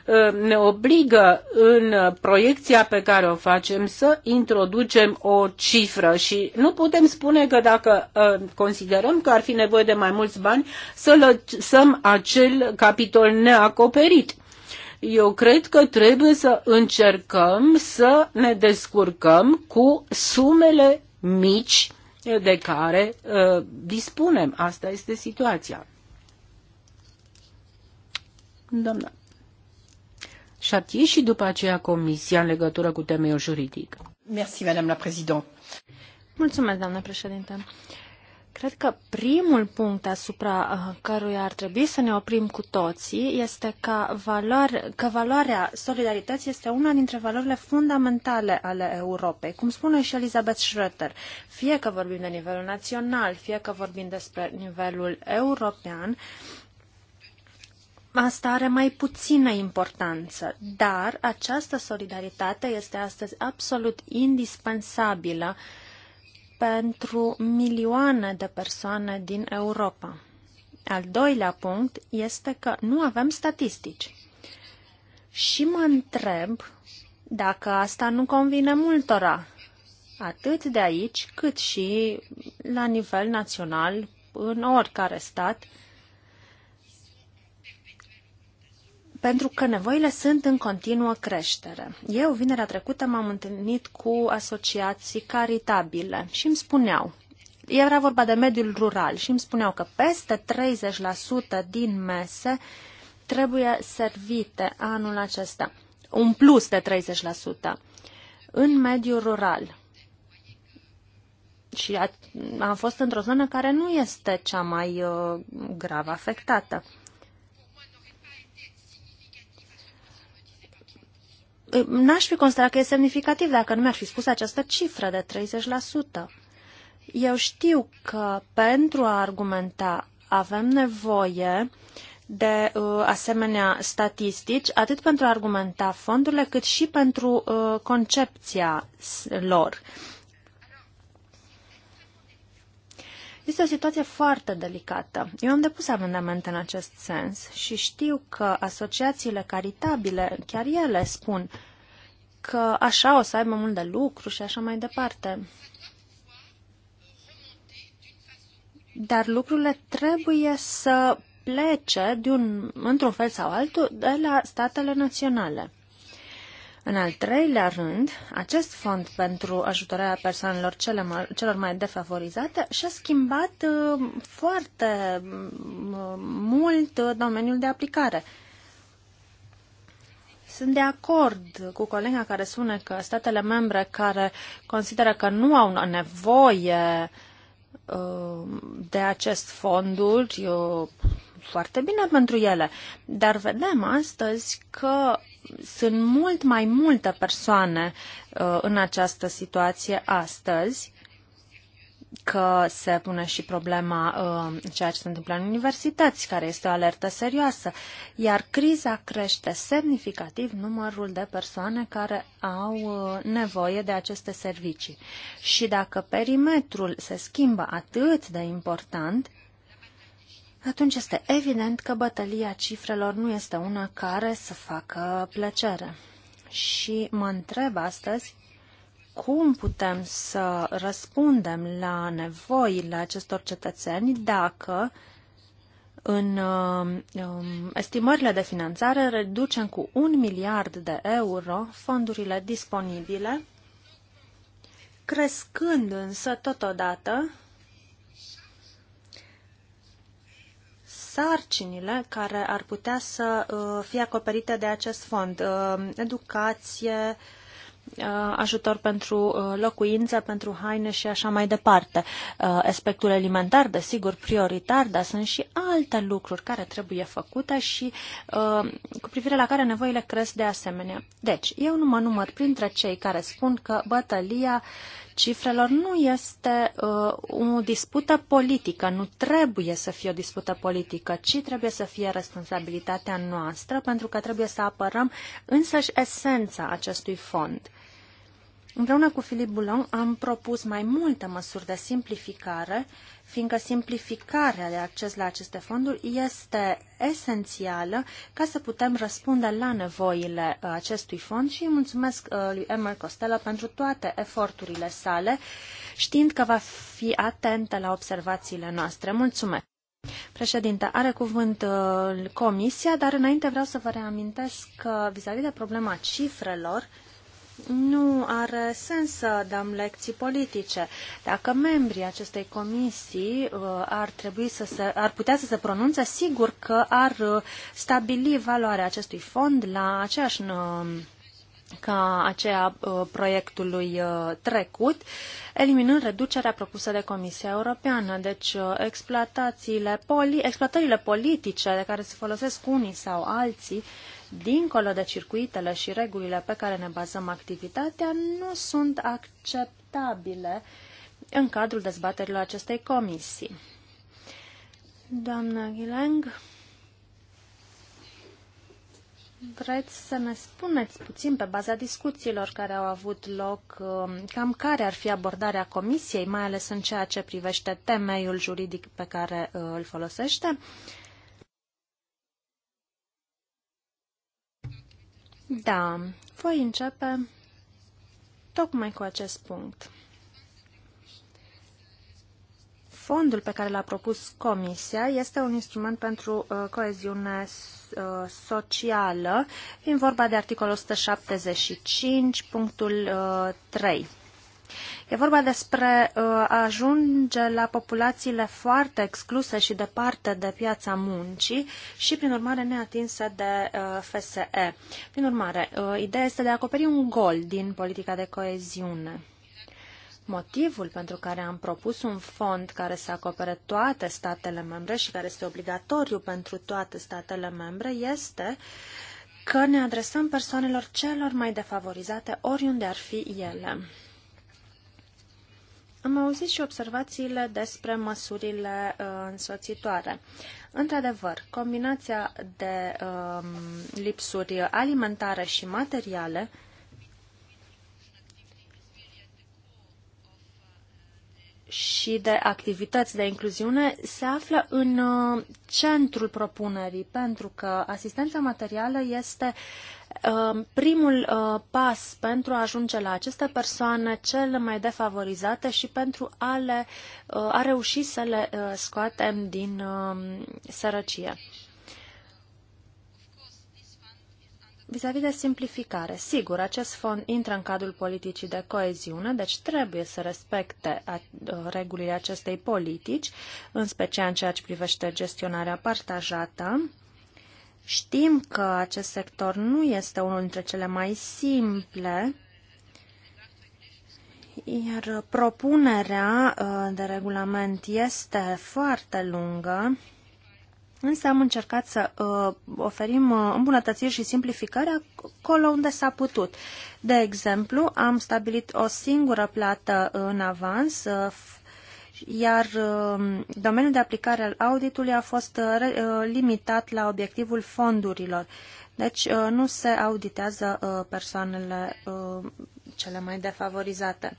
Ă, ne obligă în proiecția pe care o facem să introducem o cifră și nu putem spune că dacă ă, considerăm că ar fi nevoie de mai mulți bani, să lăsăm acel capitol neacoperit. Eu cred că trebuie să încercăm să ne descurcăm cu sumele mici de care uh, dispunem. Asta este situația. Doamna și și după aceea Comisia în legătură cu temeiul juridic. Merci, Madame la Président. Mulțumesc, doamnă președinte. Cred că primul punct asupra uh, căruia ar trebui să ne oprim cu toții este că, valoare, că valoarea solidarității este una dintre valorile fundamentale ale Europei. Cum spune și Elizabeth Schröter, fie că vorbim de nivelul național, fie că vorbim despre nivelul european, uh, asta are mai puțină importanță, dar această solidaritate este astăzi absolut indispensabilă pentru milioane de persoane din Europa. Al doilea punct este că nu avem statistici. Și mă întreb dacă asta nu convine multora, atât de aici cât și la nivel național, în oricare stat, pentru că nevoile sunt în continuă creștere. Eu, vinerea trecută, m-am întâlnit cu asociații caritabile și îmi spuneau, era vorba de mediul rural, și îmi spuneau că peste 30% din mese trebuie servite anul acesta, un plus de 30% în mediul rural. Și a, am fost într-o zonă care nu este cea mai uh, grav afectată. n-aș fi considerat că e semnificativ dacă nu mi-ar fi spus această cifră de 30%. Eu știu că pentru a argumenta avem nevoie de uh, asemenea statistici, atât pentru a argumenta fondurile, cât și pentru uh, concepția lor. Este o situație foarte delicată. Eu am depus amendamente în acest sens și știu că asociațiile caritabile, chiar ele spun că așa o să aibă mult de lucru și așa mai departe. Dar lucrurile trebuie să plece, într-un fel sau altul, de la statele naționale. În al treilea rând, acest fond pentru ajutorarea persoanelor cele mai, celor mai defavorizate și-a schimbat uh, foarte mm, uh, mult domeniul de aplicare. Sunt de acord cu colega care spune că statele membre care consideră că nu au nevoie uh, de acest fonduri, foarte bine pentru ele. Dar vedem astăzi că sunt mult mai multe persoane uh, în această situație astăzi că se pune și problema uh, ceea ce se întâmplă în universități, care este o alertă serioasă, iar criza crește semnificativ numărul de persoane care au uh, nevoie de aceste servicii. Și dacă perimetrul se schimbă atât de important, atunci este evident că bătălia cifrelor nu este una care să facă plăcere. Și mă întreb astăzi cum putem să răspundem la nevoile acestor cetățeni dacă în um, estimările de finanțare reducem cu un miliard de euro fondurile disponibile, crescând însă totodată sarcinile care ar putea să uh, fie acoperite de acest fond? Uh, educație, uh, ajutor pentru locuință, pentru haine și așa mai departe. Aspectul alimentar, desigur, prioritar, dar sunt și alte lucruri care trebuie făcute și cu privire la care nevoile cresc de asemenea. Deci, eu nu mă număr printre cei care spun că bătălia cifrelor nu este uh, o dispută politică, nu trebuie să fie o dispută politică, ci trebuie să fie responsabilitatea noastră, pentru că trebuie să apărăm însăși esența acestui fond. Împreună cu Filip Boulon am propus mai multe măsuri de simplificare, fiindcă simplificarea de acces la aceste fonduri este esențială ca să putem răspunde la nevoile uh, acestui fond și îi mulțumesc uh, lui emer Costello pentru toate eforturile sale, știind că va fi atentă la observațiile noastre. Mulțumesc! Președinte, are cuvânt uh, comisia, dar înainte vreau să vă reamintesc că vis-a-vis -vis de problema cifrelor, nu are sens să dăm lecții politice. Dacă membrii acestei comisii uh, ar, trebui să se, ar putea să se pronunțe, sigur că ar uh, stabili valoarea acestui fond la aceeași uh, ca aceea proiectului trecut, eliminând reducerea propusă de Comisia Europeană. Deci, exploatațiile poli, exploatările politice de care se folosesc unii sau alții dincolo de circuitele și regulile pe care ne bazăm activitatea, nu sunt acceptabile în cadrul dezbaterilor acestei comisii. Doamna Ghileng, vreți să ne spuneți puțin pe baza discuțiilor care au avut loc, um, cam care ar fi abordarea comisiei, mai ales în ceea ce privește temeiul juridic pe care uh, îl folosește? Uh, Da, voi începe tocmai cu acest punct. Fondul pe care l-a propus Comisia este un instrument pentru uh, coeziune uh, socială, fiind vorba de articolul 175, punctul uh, 3. E vorba despre uh, a ajunge la populațiile foarte excluse și departe de piața muncii și, prin urmare, neatinse de uh, FSE. Prin urmare, uh, ideea este de a acoperi un gol din politica de coeziune. Motivul pentru care am propus un fond care să acopere toate statele membre și care este obligatoriu pentru toate statele membre este că ne adresăm persoanelor celor mai defavorizate oriunde ar fi ele. Am auzit și observațiile despre măsurile uh, însoțitoare. Într-adevăr, combinația de uh, lipsuri alimentare și materiale și de activități de incluziune se află în uh, centrul propunerii, pentru că asistența materială este uh, Ehm, primul ehm, pas pentru a ajunge la aceste persoane cele mai defavorizate și pentru a, le, ehm, a reuși să le scoatem din sărăcie. Vis-a-vis -vis de simplificare, sigur, acest fond intră în cadrul politicii de coeziune, deci trebuie să respecte regulile acestei politici, în special în ceea ce privește gestionarea partajată Știm că acest sector nu este unul dintre cele mai simple, iar propunerea uh, de regulament este foarte lungă, însă am încercat să uh, oferim uh, îmbunătățiri și simplificări acolo unde s-a putut. De exemplu, am stabilit o singură plată în avans iar um, domeniul de aplicare al auditului a fost uh, uh, limitat la obiectivul fondurilor. Deci uh, nu se auditează persoanele cele mai defavorizate.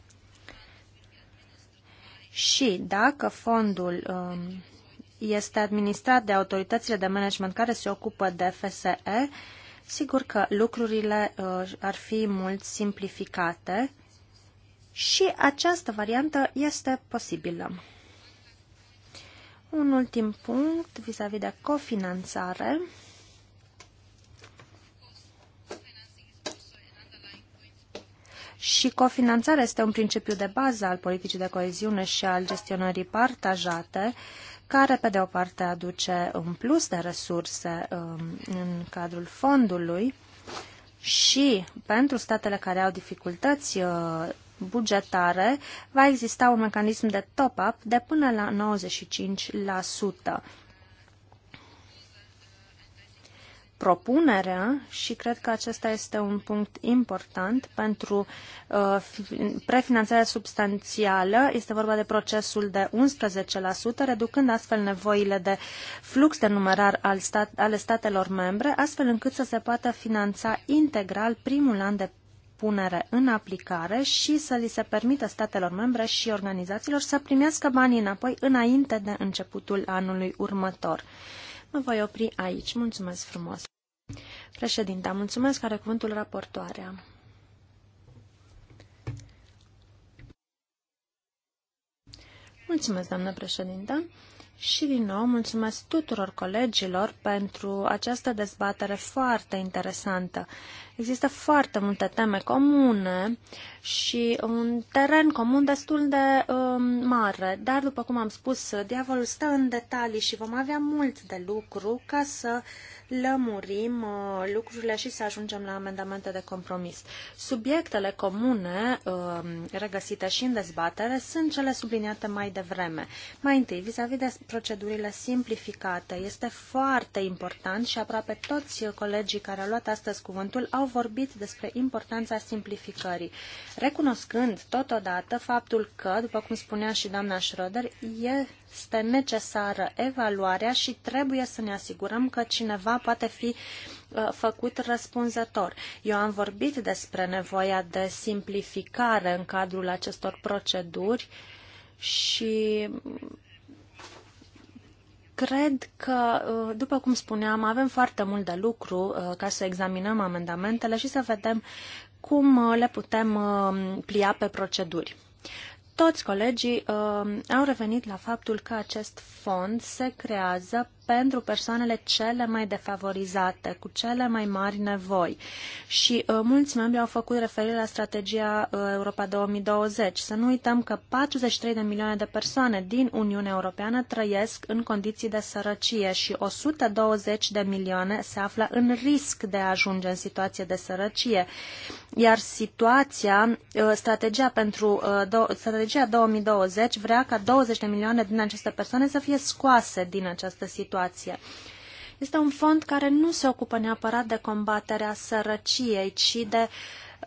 Și dacă fondul um, este administrat de autoritățile de management care se ocupă de FSE, sigur că lucrurile ar fi mult simplificate și această variantă este posibilă. Un ultim punct vis-a-vis -vis de cofinanțare. Și cofinanțarea este un principiu de bază al politicii de coeziune și al gestionării partajate, care, pe de o parte, aduce un plus de resurse um, în cadrul fondului și pentru statele care au dificultăți uh, bugetare, va exista un mecanism de top-up de până la 95%. propunerea și cred că acesta este un punct important pentru uh, prefinanțarea substanțială. Este vorba de procesul de 11%, reducând astfel nevoile de flux de numerar al stat, ale statelor membre, astfel încât să se poată finanța integral primul an de punere în aplicare și să li se permită statelor membre și organizațiilor să primească banii înapoi înainte de începutul anului următor. Mă voi opri aici. Mulțumesc frumos. Președinte, mulțumesc. Are cuvântul raportoarea. Mulțumesc, doamnă președinte Și din nou mulțumesc tuturor colegilor pentru această dezbatere foarte interesantă. Există foarte multe teme comune și un teren comun destul de um, mare, dar, după cum am spus, diavolul stă în detalii și vom avea mult de lucru ca să lămurim uh, lucrurile și să ajungem la amendamente de compromis. Subiectele comune uh, regăsite și în dezbatere sunt cele subliniate mai devreme. Mai întâi, vis-a-vis -vis de procedurile simplificate, este foarte important și aproape toți colegii care au luat astăzi cuvântul au au vorbit despre importanța simplificării, recunoscând totodată faptul că, după cum spunea și doamna Schroeder, este necesară evaluarea și trebuie să ne asigurăm că cineva poate fi uh, făcut răspunzător. Eu am vorbit despre nevoia de simplificare în cadrul acestor proceduri și Cred că, uh, după cum spuneam, avem foarte mult de lucru uh, ca să examinăm amendamentele și să vedem cum uh, le putem plia pe proceduri. Toți colegii uh, au revenit la faptul că acest fond se creează pentru persoanele cele mai defavorizate, cu cele mai mari nevoi. Și uh, mulți membri au făcut referire la strategia uh, Europa 2020. Să nu uităm că 43 de milioane de persoane din Uniunea Europeană trăiesc în condiții de sărăcie și 120 de milioane se află în risc de a ajunge în situație de sărăcie. Iar situația, uh, strategia pentru uh, strategia 2020 vrea ca 20 de milioane din aceste persoane să fie scoase din această situație situație. Este un fond care nu se ocupă neapărat de combaterea sărăciei, ci de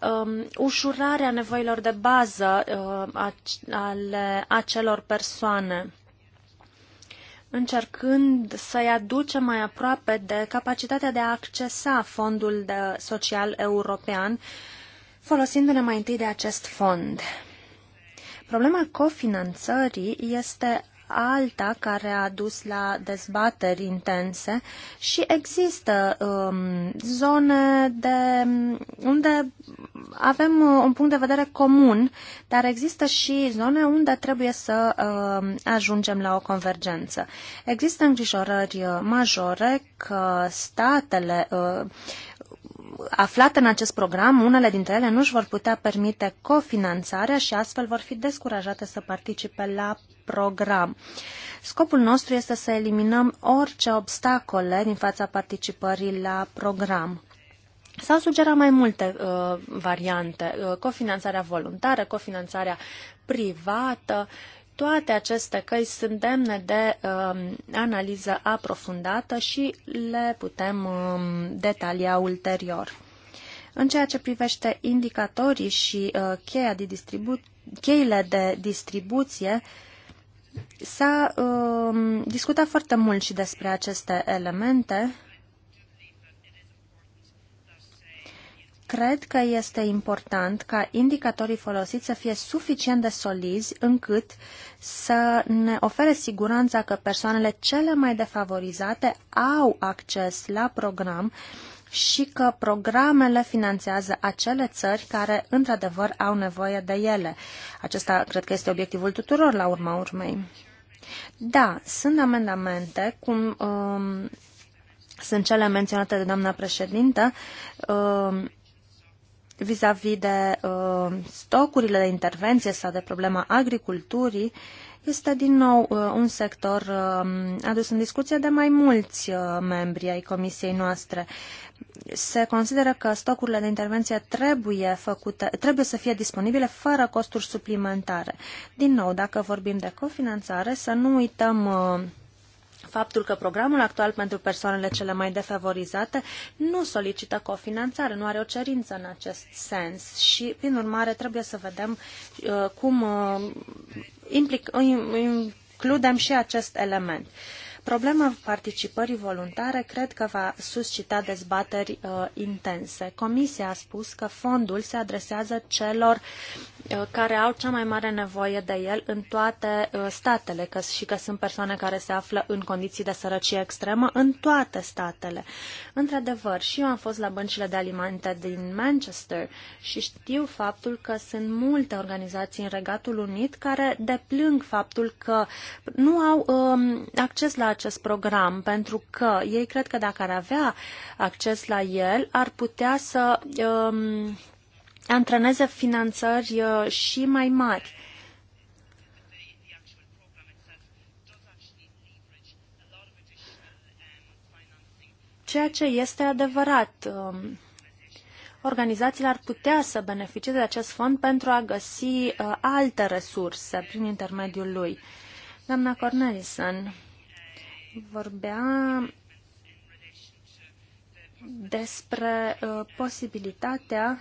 um, ușurarea nevoilor de bază uh, ale acelor persoane încercând să-i aduce mai aproape de capacitatea de a accesa fondul de social european, folosindu-ne mai întâi de acest fond. Problema cofinanțării este alta care a dus la dezbateri intense și există um, zone de, unde avem uh, un punct de vedere comun, dar există și zone unde trebuie să um, ajungem la o convergență. Există îngrijorări uh, majore că statele uh, aflate în acest program, unele dintre ele nu își vor putea permite cofinanțarea și astfel vor fi descurajate să participe la program. Scopul nostru este să eliminăm orice obstacole din fața participării la program. S-au sugerat mai multe uh, variante, uh, cofinanțarea voluntară, cofinanțarea privată. Toate aceste căi sunt demne de uh, analiză aprofundată și le putem uh, detalia ulterior. În ceea ce privește indicatorii și uh, cheia de distribu- cheile de distribuție, uh, S-a um, discutat foarte mult și despre aceste elemente. Cred că este important ca indicatorii folosiți să fie suficient de solizi încât să ne ofere siguranța că persoanele cele mai defavorizate au acces la program uh, și că programele finanțează acele țări care, într-adevăr, au nevoie de ele. Acesta cred că este obiectivul tuturor, la urma urmei. Da, sunt amendamente, cum um, sunt cele menționate de doamna președintă, um, vis-a-vis -vis de uh, stocurile de intervenție sau de problema agriculturii, este din nou uh, un sector um, adus în discuție de mai mulți uh, membri ai comisiei noastre. Se consideră că stocurile de intervenție trebuie, făcute, trebuie să fie disponibile fără costuri suplimentare. Din nou, dacă vorbim de cofinanțare, să nu uităm uh, faptul că programul actual pentru persoanele cele mai defavorizate nu solicită cofinanțare, nu are o cerință în acest sens și, prin urmare, trebuie să vedem uh, cum uh, implic, includem și acest element. Problema participării voluntare cred că va suscita dezbateri uh, intense. Comisia a spus că fondul se adresează celor Uh, care au cea mai mare nevoie de el în toate uh, statele că, și că sunt persoane care se află în condiții de sărăcie extremă în toate statele. Într-adevăr, și eu am fost la băncile de alimente din Manchester și știu faptul că sunt multe organizații în Regatul Unit care deplâng faptul că nu au um, acces la acest program pentru că ei cred că dacă ar avea acces la el, ar putea să um, antreneze finanțări uh, și mai mari. Ceea ce este adevărat, um, organizațiile ar putea să beneficieze de acest fond pentru a găsi uh, alte resurse prin intermediul lui. Doamna Cornelison vorbea despre uh, posibilitatea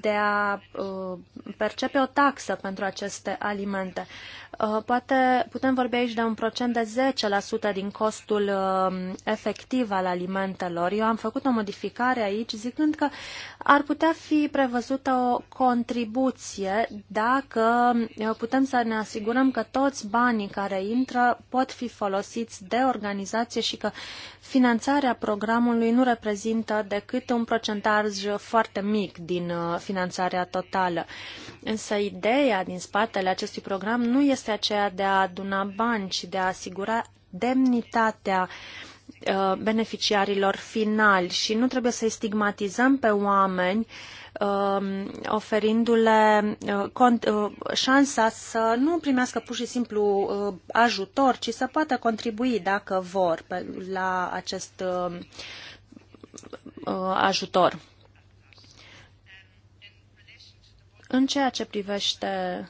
de a uh, percepe o taxă pentru aceste alimente. Uh, poate putem vorbi aici de un procent de 10% din costul um, efectiv al alimentelor. Eu am făcut o modificare aici zicând că ar putea fi prevăzută o contribuție dacă uh, putem să ne asigurăm că toți banii care intră pot fi folosiți de organizație și că finanțarea programului nu reprezintă decât un procentaj foarte mic din uh, finanțarea totală. Însă ideea din spatele acestui program nu este motivația aceea de a aduna bani și de a asigura demnitatea uh, beneficiarilor finali și nu trebuie să-i stigmatizăm pe oameni um, oferindu-le uh, uh, șansa să nu primească pur și simplu ajutor, ci să poată contribui dacă vor la acest um, ajutor. În ceea ce privește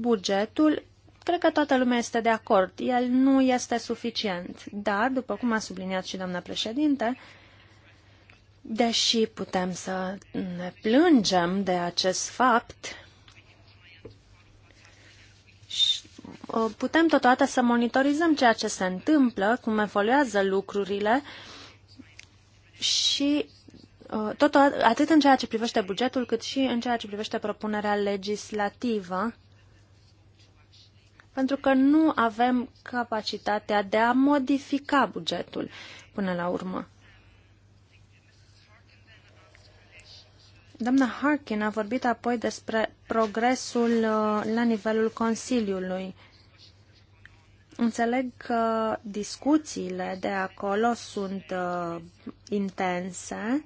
bugetul, cred că toată lumea este de acord. El nu este suficient. Dar, după cum a subliniat și doamna președinte, deși putem să ne plângem de acest fapt, uh, putem totodată să monitorizăm ceea ce se întâmplă, cum evoluează lucrurile și uh, tot, atât în ceea ce privește bugetul, cât și în ceea ce privește propunerea legislativă pentru că nu avem capacitatea de a modifica bugetul până la urmă. Doamna Harkin a vorbit apoi despre progresul uh, la nivelul Consiliului. Înțeleg că discuțiile de acolo sunt uh, intense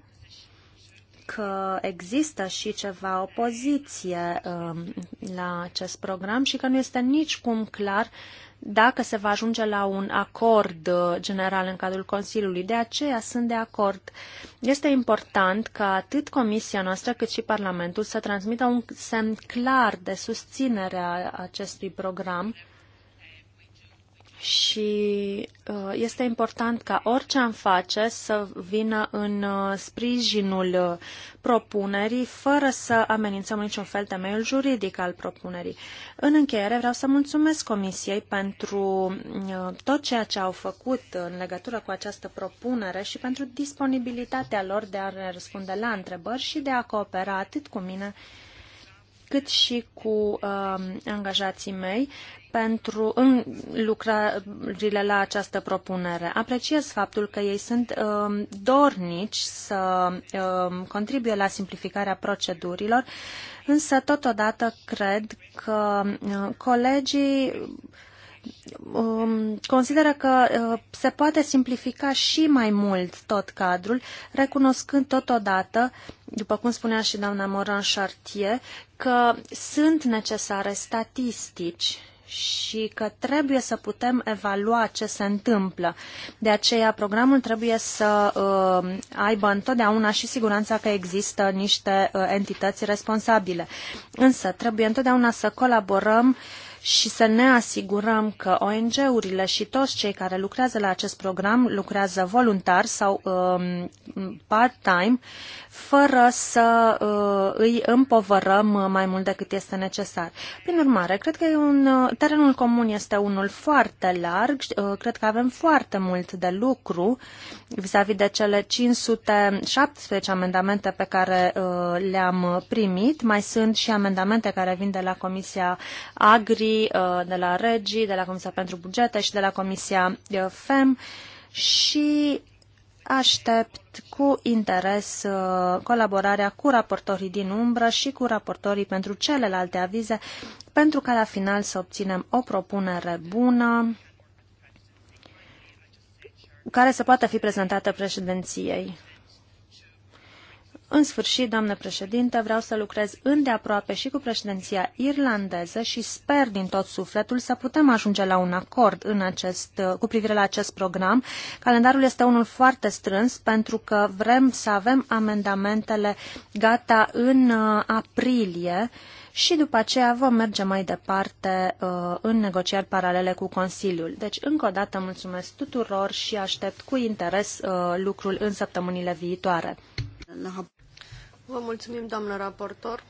că există și ceva opoziție um, la acest program și că nu este nicicum clar dacă se va ajunge la un acord uh, general în cadrul Consiliului. De aceea sunt de acord. Este important ca atât Comisia noastră cât și Parlamentul să transmită un semn clar de susținere a acestui program și uh, este important ca orice am face să vină în uh, sprijinul uh, propunerii, fără să amenințăm niciun fel temeiul juridic al propunerii. În încheiere vreau să mulțumesc Comisiei pentru tot ceea ce au făcut în legătură cu această propunere și pentru disponibilitatea lor de a ne răspunde la întrebări și de a coopera atât cu mine cât și cu uh, angajații mei pentru în lucrările la această propunere. Apreciez faptul că ei sunt um, dornici să um, contribuie la simplificarea procedurilor, însă totodată cred că uh, um, colegii consideră că uh, se poate simplifica și mai mult tot cadrul, recunoscând totodată, după cum spunea și doamna Moran Chartier, că sunt necesare statistici și că trebuie să putem evalua ce se întâmplă. De aceea, programul trebuie să uh, aibă întotdeauna și siguranța că există niște uh, entități responsabile. Însă, trebuie întotdeauna să colaborăm uh, și să ne asigurăm că ONG-urile și toți cei care lucrează la acest program lucrează voluntar sau um, part-time, fără să uh, îi împovărăm uh, mai mult decât este necesar. Prin urmare, cred că e un, uh, terenul comun este unul foarte larg, uh, cred că avem foarte mult de lucru vis-a-vis -vis de cele 517 amendamente pe care uh, le-am primit. Mai sunt și amendamente care vin de la Comisia Agri, Uh, de la Regi, de la Comisia pentru Bugete și de la Comisia uh, FEM și aștept cu interes uh, colaborarea cu raportorii din umbră și cu raportorii pentru celelalte avize pentru ca la final să obținem o propunere bună care să poată fi prezentată președinției. În sfârșit, doamnă președinte, vreau să lucrez îndeaproape și cu președinția irlandeză și sper din tot sufletul să putem ajunge la un acord în acest, uh, cu privire la acest program. Calendarul este unul foarte strâns pentru că vrem să avem amendamentele gata în uh, aprilie și după aceea vom merge mai departe uh, în negocieri paralele cu Consiliul. Deci, încă o dată, mulțumesc tuturor și aștept cu interes uh, lucrul în săptămânile viitoare. Vă mulțumim, doamnă raportor.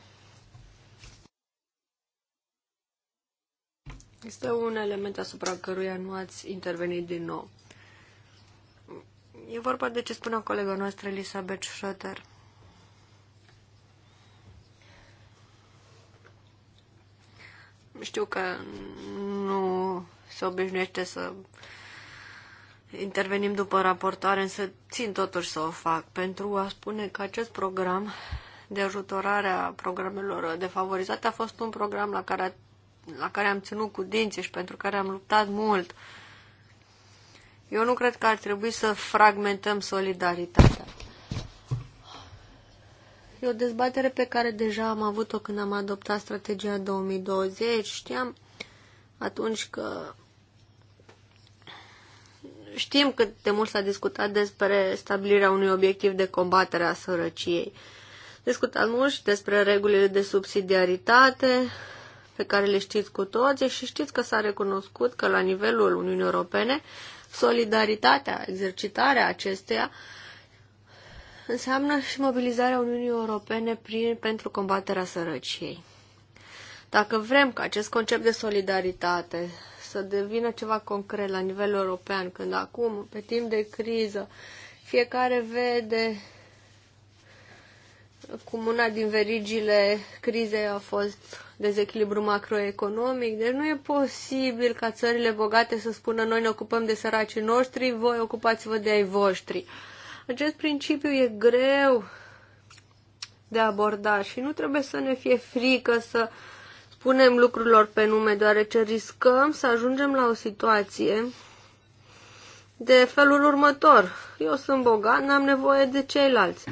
Este un element asupra căruia nu ați intervenit din nou. E vorba de ce spunea colega noastră Elisabeth Schroeder. Știu că nu se obișnuiește să intervenim după raportare, însă țin totuși să o fac pentru a spune că acest program de ajutorare a programelor defavorizate a fost un program la care, la care am ținut cu dinții și pentru care am luptat mult. Eu nu cred că ar trebui să fragmentăm solidaritatea. E o dezbatere pe care deja am avut-o când am adoptat strategia 2020. Știam atunci că Știm cât de mult s-a discutat despre stabilirea unui obiectiv de combatere a sărăciei. Discutat mult și despre regulile de subsidiaritate, pe care le știți cu toții și știți că s-a recunoscut că la nivelul Uniunii Europene solidaritatea, exercitarea acesteia înseamnă și mobilizarea Uniunii Europene prin, pentru combaterea sărăciei. Dacă vrem ca acest concept de solidaritate să devină ceva concret la nivel european, când acum, pe timp de criză, fiecare vede cum una din verigile crizei a fost dezechilibru macroeconomic, deci nu e posibil ca țările bogate să spună noi ne ocupăm de săracii noștri, voi ocupați-vă de ai voștri. Acest principiu e greu de abordat și nu trebuie să ne fie frică să uh, punem lucrurilor pe nume, deoarece riscăm să ajungem la o situație de felul următor. Eu sunt bogat, n-am nevoie de ceilalți.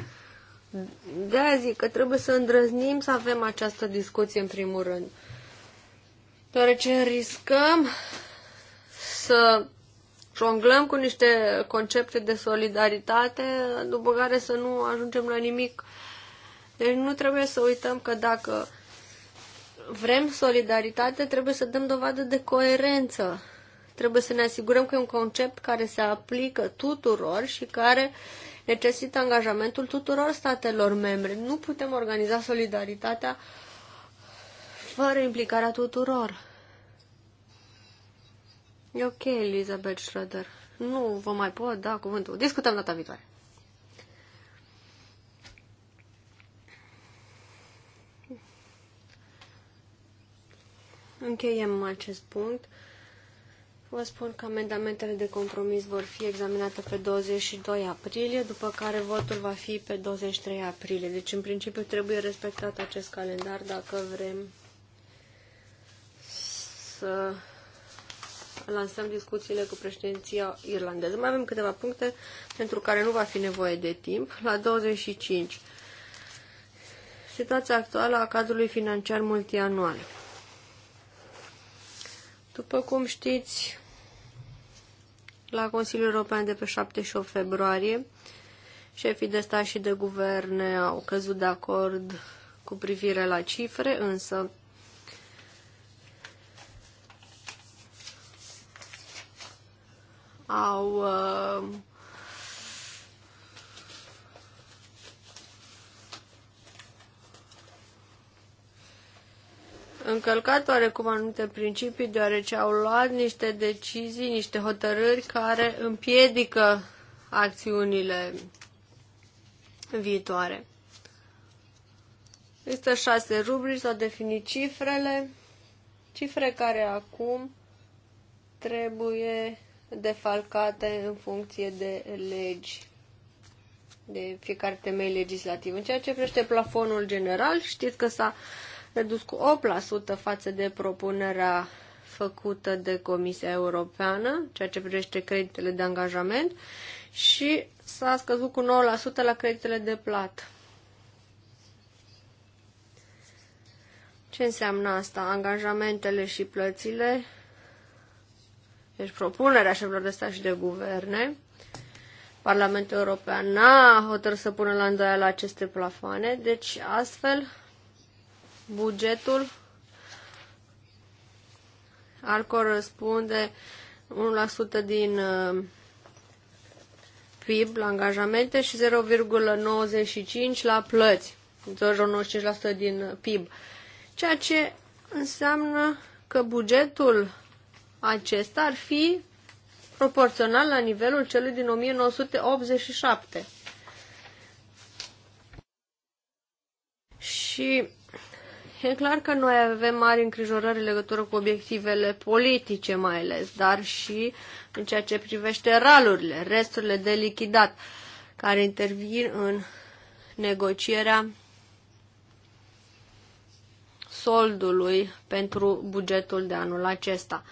De aia zic că trebuie să îndrăznim să avem această discuție în primul rând. Deoarece riscăm să jonglăm cu niște concepte de solidaritate, după care să nu ajungem la nimic. Deci nu trebuie să uităm că dacă vrem solidaritate, trebuie să dăm dovadă de coerență. Trebuie să ne asigurăm că e un concept care se aplică tuturor și care necesită angajamentul tuturor statelor membre. Nu putem organiza solidaritatea fără implicarea tuturor. E ok, Elizabeth Schroeder. Nu vă mai pot da cuvântul. Discutăm data viitoare. Încheiem acest punct. Vă spun că amendamentele de compromis vor fi examinate pe 22 aprilie, după care votul va fi pe 23 aprilie. Deci, în principiu, trebuie respectat acest calendar dacă vrem să lansăm discuțiile cu președinția irlandeză. Mai avem câteva puncte pentru care nu va fi nevoie de timp. La 25. Situația actuală a cadrului financiar multianual. După cum știți, la Consiliul European de pe 7 și 8 februarie, șefii de stat și de guverne au căzut de acord cu privire la cifre, însă au uh, încălcat oarecum anumite principii, deoarece au luat niște decizii, niște hotărâri care împiedică acțiunile viitoare. Există șase rubrici, s-au definit cifrele, cifre care acum trebuie defalcate în funcție de legi, de fiecare temei legislativ. În ceea ce privește plafonul general, știți că s-a uh, redus cu 8% față de propunerea făcută de Comisia Europeană, ceea ce privește creditele de angajament, și s-a scăzut cu 9% la creditele de plată. Ce înseamnă asta? Angajamentele și plățile, deci propunerea șefilor de stat și de guverne, Parlamentul European n-a hotărât să pună la îndoială aceste plafoane, deci astfel bugetul ar corespunde 1% din uh, PIB la angajamente și 0,95% la plăți, 0,95% din uh, PIB. Ceea ce înseamnă că bugetul acesta ar fi proporțional la nivelul celui din 1987. Și E clar că noi avem mari îngrijorări în legătură cu obiectivele politice mai ales, dar și în ceea ce privește ralurile, resturile de lichidat, care intervin în negocierea soldului pentru bugetul de anul acesta.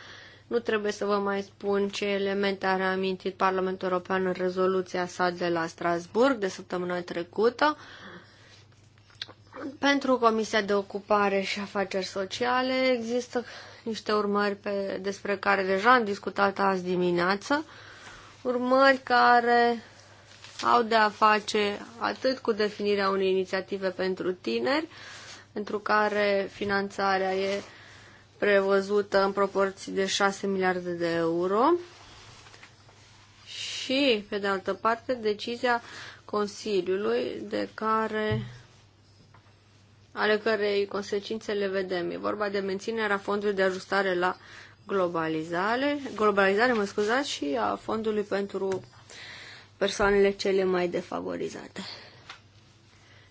Nu trebuie să vă mai spun ce elemente a reamintit Parlamentul European în rezoluția sa de la Strasburg de săptămâna trecută. Pentru Comisia de Ocupare și Afaceri Sociale există niște urmări pe, despre care deja am discutat azi dimineață, urmări care au de a face atât cu definirea unei inițiative pentru tineri, pentru care finanțarea e prevăzută în proporții de 6 miliarde de euro și, pe de altă parte, decizia Consiliului de care ale cărei consecințe le vedem. E vorba de menținerea fondului de ajustare la globalizare, globalizare mă scuzați, și a fondului pentru persoanele cele mai defavorizate.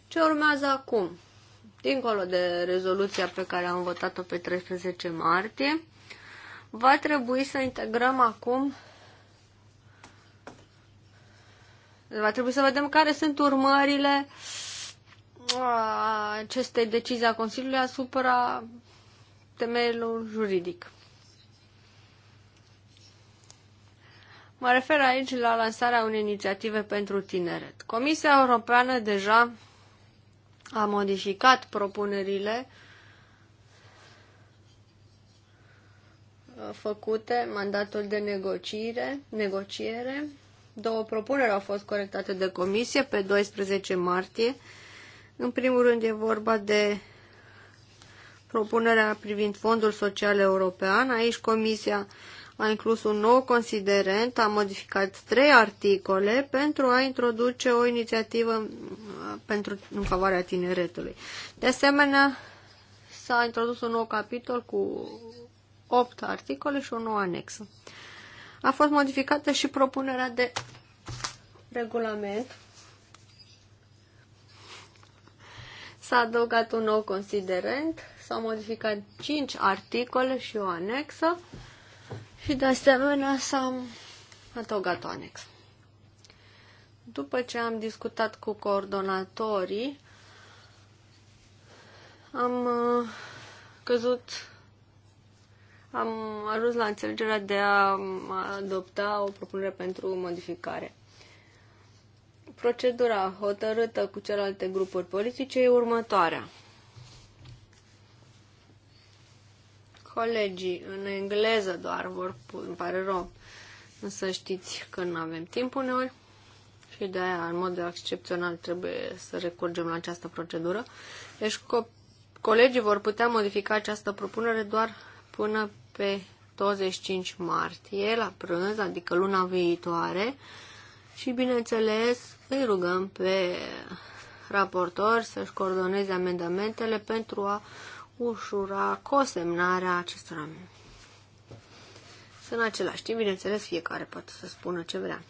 Ce urmează acum? Dincolo de rezoluția pe care am votat-o pe 13 martie, va trebui să integrăm acum va trebui să vedem care sunt urmările uh, acestei decizii a Consiliului asupra temeiului juridic. Mă refer aici la lansarea unei inițiative pentru tineret. Comisia Europeană deja a modificat propunerile făcute, mandatul de negociere, negociere. Două propuneri au fost corectate de comisie pe 12 martie în primul rând e vorba de propunerea privind Fondul Social European. Aici Comisia a inclus un nou considerent, a modificat trei articole pentru a introduce o inițiativă uh, pentru, în favoarea tineretului. De asemenea, s-a introdus un nou capitol cu opt articole și o nouă anexă. A fost modificată și propunerea de regulament S-a adăugat un nou considerent, s-au modificat 5 articole și o anexă și de asemenea s-a adăugat o anexă. După ce am discutat cu coordonatorii, am uh, căzut, am ajuns la înțelegerea de a adopta o propunere pentru modificare. Procedura hotărâtă cu celelalte grupuri politice e următoarea. Colegii, în engleză doar vor, îmi pare rău, însă știți că nu avem timp uneori și de aia, în mod excepțional, trebuie să recurgem la această procedură. Deci, co- colegii vor putea modifica această propunere doar până pe 25 martie, la prânz, adică luna viitoare. Și, bineînțeles, îi rugăm pe raportor să-și coordoneze amendamentele pentru a ușura cosemnarea acestora. Să în același timp, bineînțeles, fiecare poate să spună ce vrea.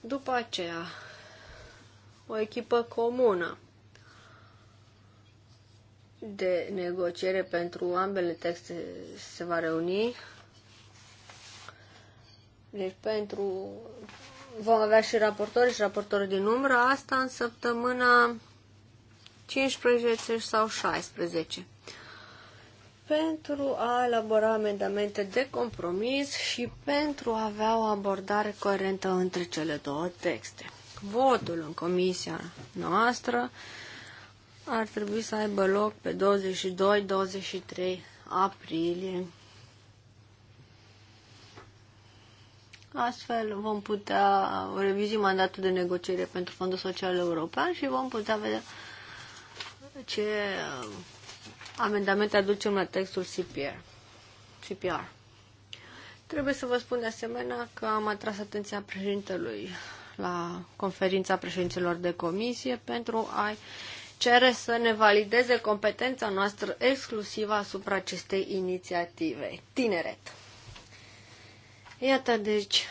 După aceea, o echipă comună de negociere pentru ambele texte se va reuni. Deci pentru Vom avea și raportori și raportori din umbră, asta în săptămâna 15 sau 16 pentru a elabora amendamente de compromis și pentru a avea o abordare coerentă între cele două texte. Votul în comisia noastră ar trebui să aibă loc pe 22-23 aprilie Astfel vom putea revizui mandatul de negociere pentru Fondul Social European și vom putea vedea ce amendamente aducem la textul CPR. CPR. Trebuie să vă spun de asemenea că am atras atenția președintelui la conferința președinților de comisie pentru a cere să ne valideze competența noastră exclusivă asupra acestei inițiative. Tineret. Iată, deci,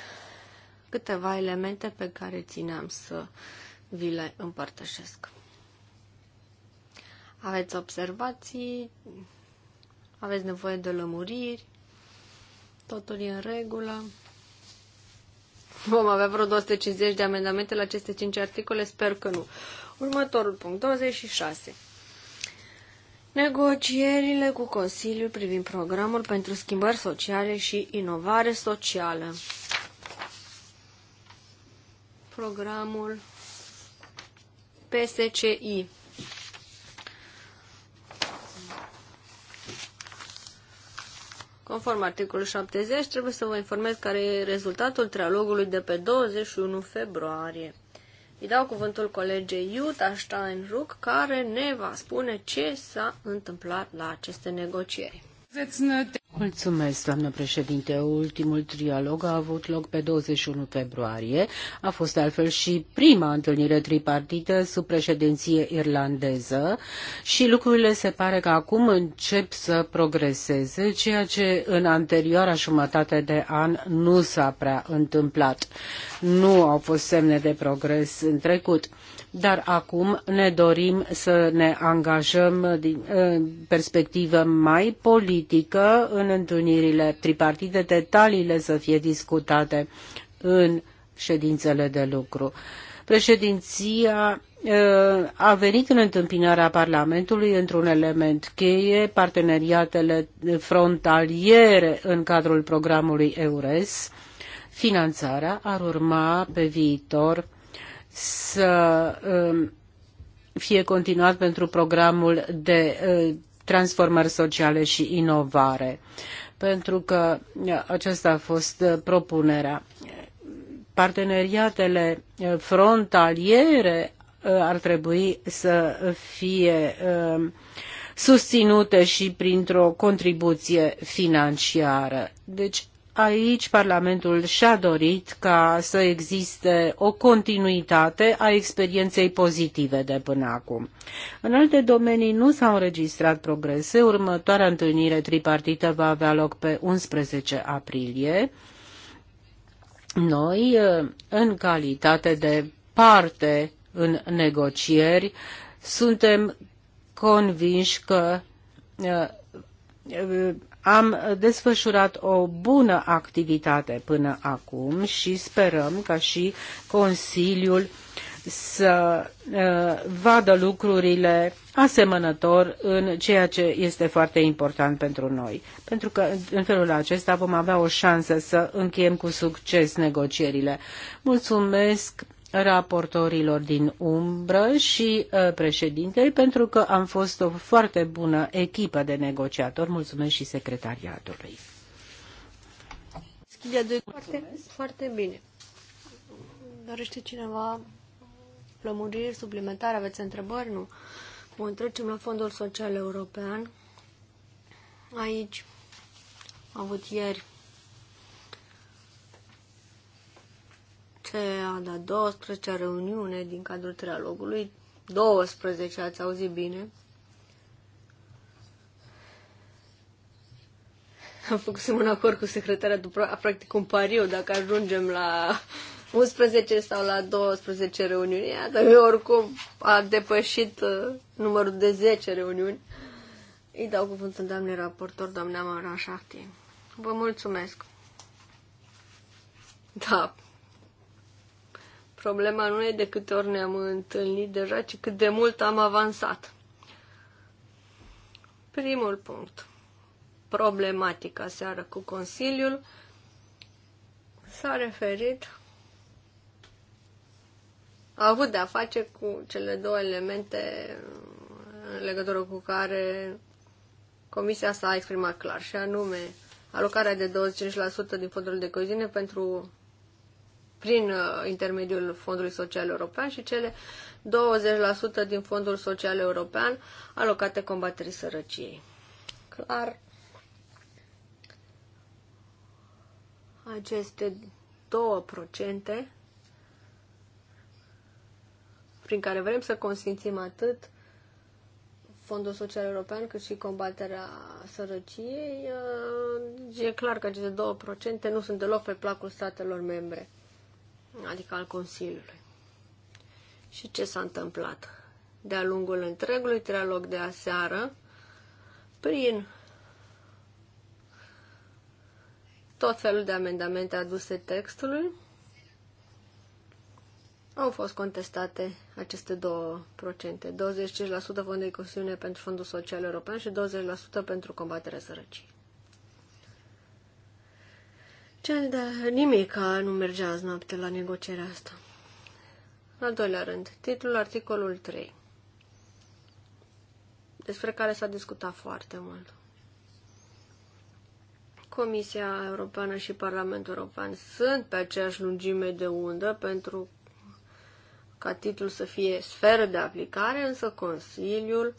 câteva elemente pe care țineam să vi le împărtășesc. Aveți observații, aveți nevoie de lămuriri, totul e în regulă. Vom avea vreo 250 de amendamente la aceste 5 articole? Sper că nu. Următorul punct, 26. Negocierile cu Consiliul privind programul pentru schimbări sociale și inovare socială. Programul PSCI. Conform articolului 70, trebuie să vă informez care e rezultatul trialogului de pe 21 februarie. Îi dau cuvântul colegei Iuta Steinruck, care ne va spune ce s-a întâmplat la aceste negocieri. Mulțumesc, doamnă președinte. Ultimul trialog a avut loc pe 21 februarie. A fost altfel și prima întâlnire tripartită sub președinție irlandeză și lucrurile se pare că acum încep să progreseze, ceea ce în anterioara jumătate de an nu s-a prea întâmplat. Nu au fost semne de progres în trecut dar acum ne dorim să ne angajăm din perspectivă mai politică în întâlnirile tripartite, detaliile să fie discutate în ședințele de lucru. Președinția ă, a venit în întâmpinarea Parlamentului într-un element cheie, parteneriatele frontaliere în cadrul programului EURES. Finanțarea ar urma pe viitor să ă, fie continuat pentru programul de ă, transformări sociale și inovare. Pentru că aceasta a fost uh, propunerea. Parteneriatele uh, frontaliere uh, ar trebui să fie susținute și printr-o contribuție financiară. Deci aici Parlamentul și-a dorit ca să existe o continuitate a experienței pozitive de până acum. În alte domenii nu s-au înregistrat progrese. Următoarea întâlnire tripartită va avea loc pe 11 aprilie. Noi, în calitate de parte în negocieri, suntem convinși că uh, uh, am desfășurat o bună activitate până acum și sperăm ca și Consiliul să uh, vadă lucrurile asemănător în ceea ce este foarte important pentru noi. Pentru că în felul acesta vom avea o șansă să încheiem cu succes negocierile. Mulțumesc raportorilor din umbră și uh, președintei pentru că am fost o foarte bună echipă de negociatori. Mulțumesc și secretariatului. Foarte, foarte bine. Dorește cineva plămuriri suplimentare? Aveți întrebări? Nu. Bun, trecem la Fondul Social European. Aici am avut ieri cea de-a 12 reuniune din cadrul trialogului, 12 ați auzit bine, am făcut un acord cu secretarea după, practic un pariu, dacă ajungem la 11 sau la 12 reuniuni, Iată, eu oricum a depășit uh, numărul de 10 reuniuni. Îi dau cuvântul doamne raportor, doamna Mara Vă mulțumesc. Da, Problema nu e de câte ori ne-am întâlnit deja, ci cât de mult am avansat. Primul punct. Problematica seară cu Consiliul s-a referit a avut de a face cu cele două elemente în legătură cu care Comisia s-a exprimat clar, și anume alocarea de 25% din fondul de coziune pentru prin uh, intermediul Fondului Social European și cele 20% din Fondul Social European alocate combaterii sărăciei. Clar, aceste două procente, prin care vrem să consimțim atât Fondul Social European cât și combaterea sărăciei, uh, e clar că aceste două procente nu sunt deloc pe placul statelor membre adică al Consiliului. Și ce s-a întâmplat? De-a lungul întregului trilog de aseară, prin tot felul de amendamente aduse textului, au fost contestate aceste două procente. 25% fondul de consiliune pentru Fondul Social European și 20% pentru combaterea sărăciei. Cel de nimic nu mergea azi noapte la negocierea asta. Al doilea rând, titlul articolul 3, despre care s-a discutat foarte mult. Comisia Europeană și Parlamentul European sunt pe aceeași lungime de undă pentru ca titlul să fie sferă de aplicare, însă Consiliul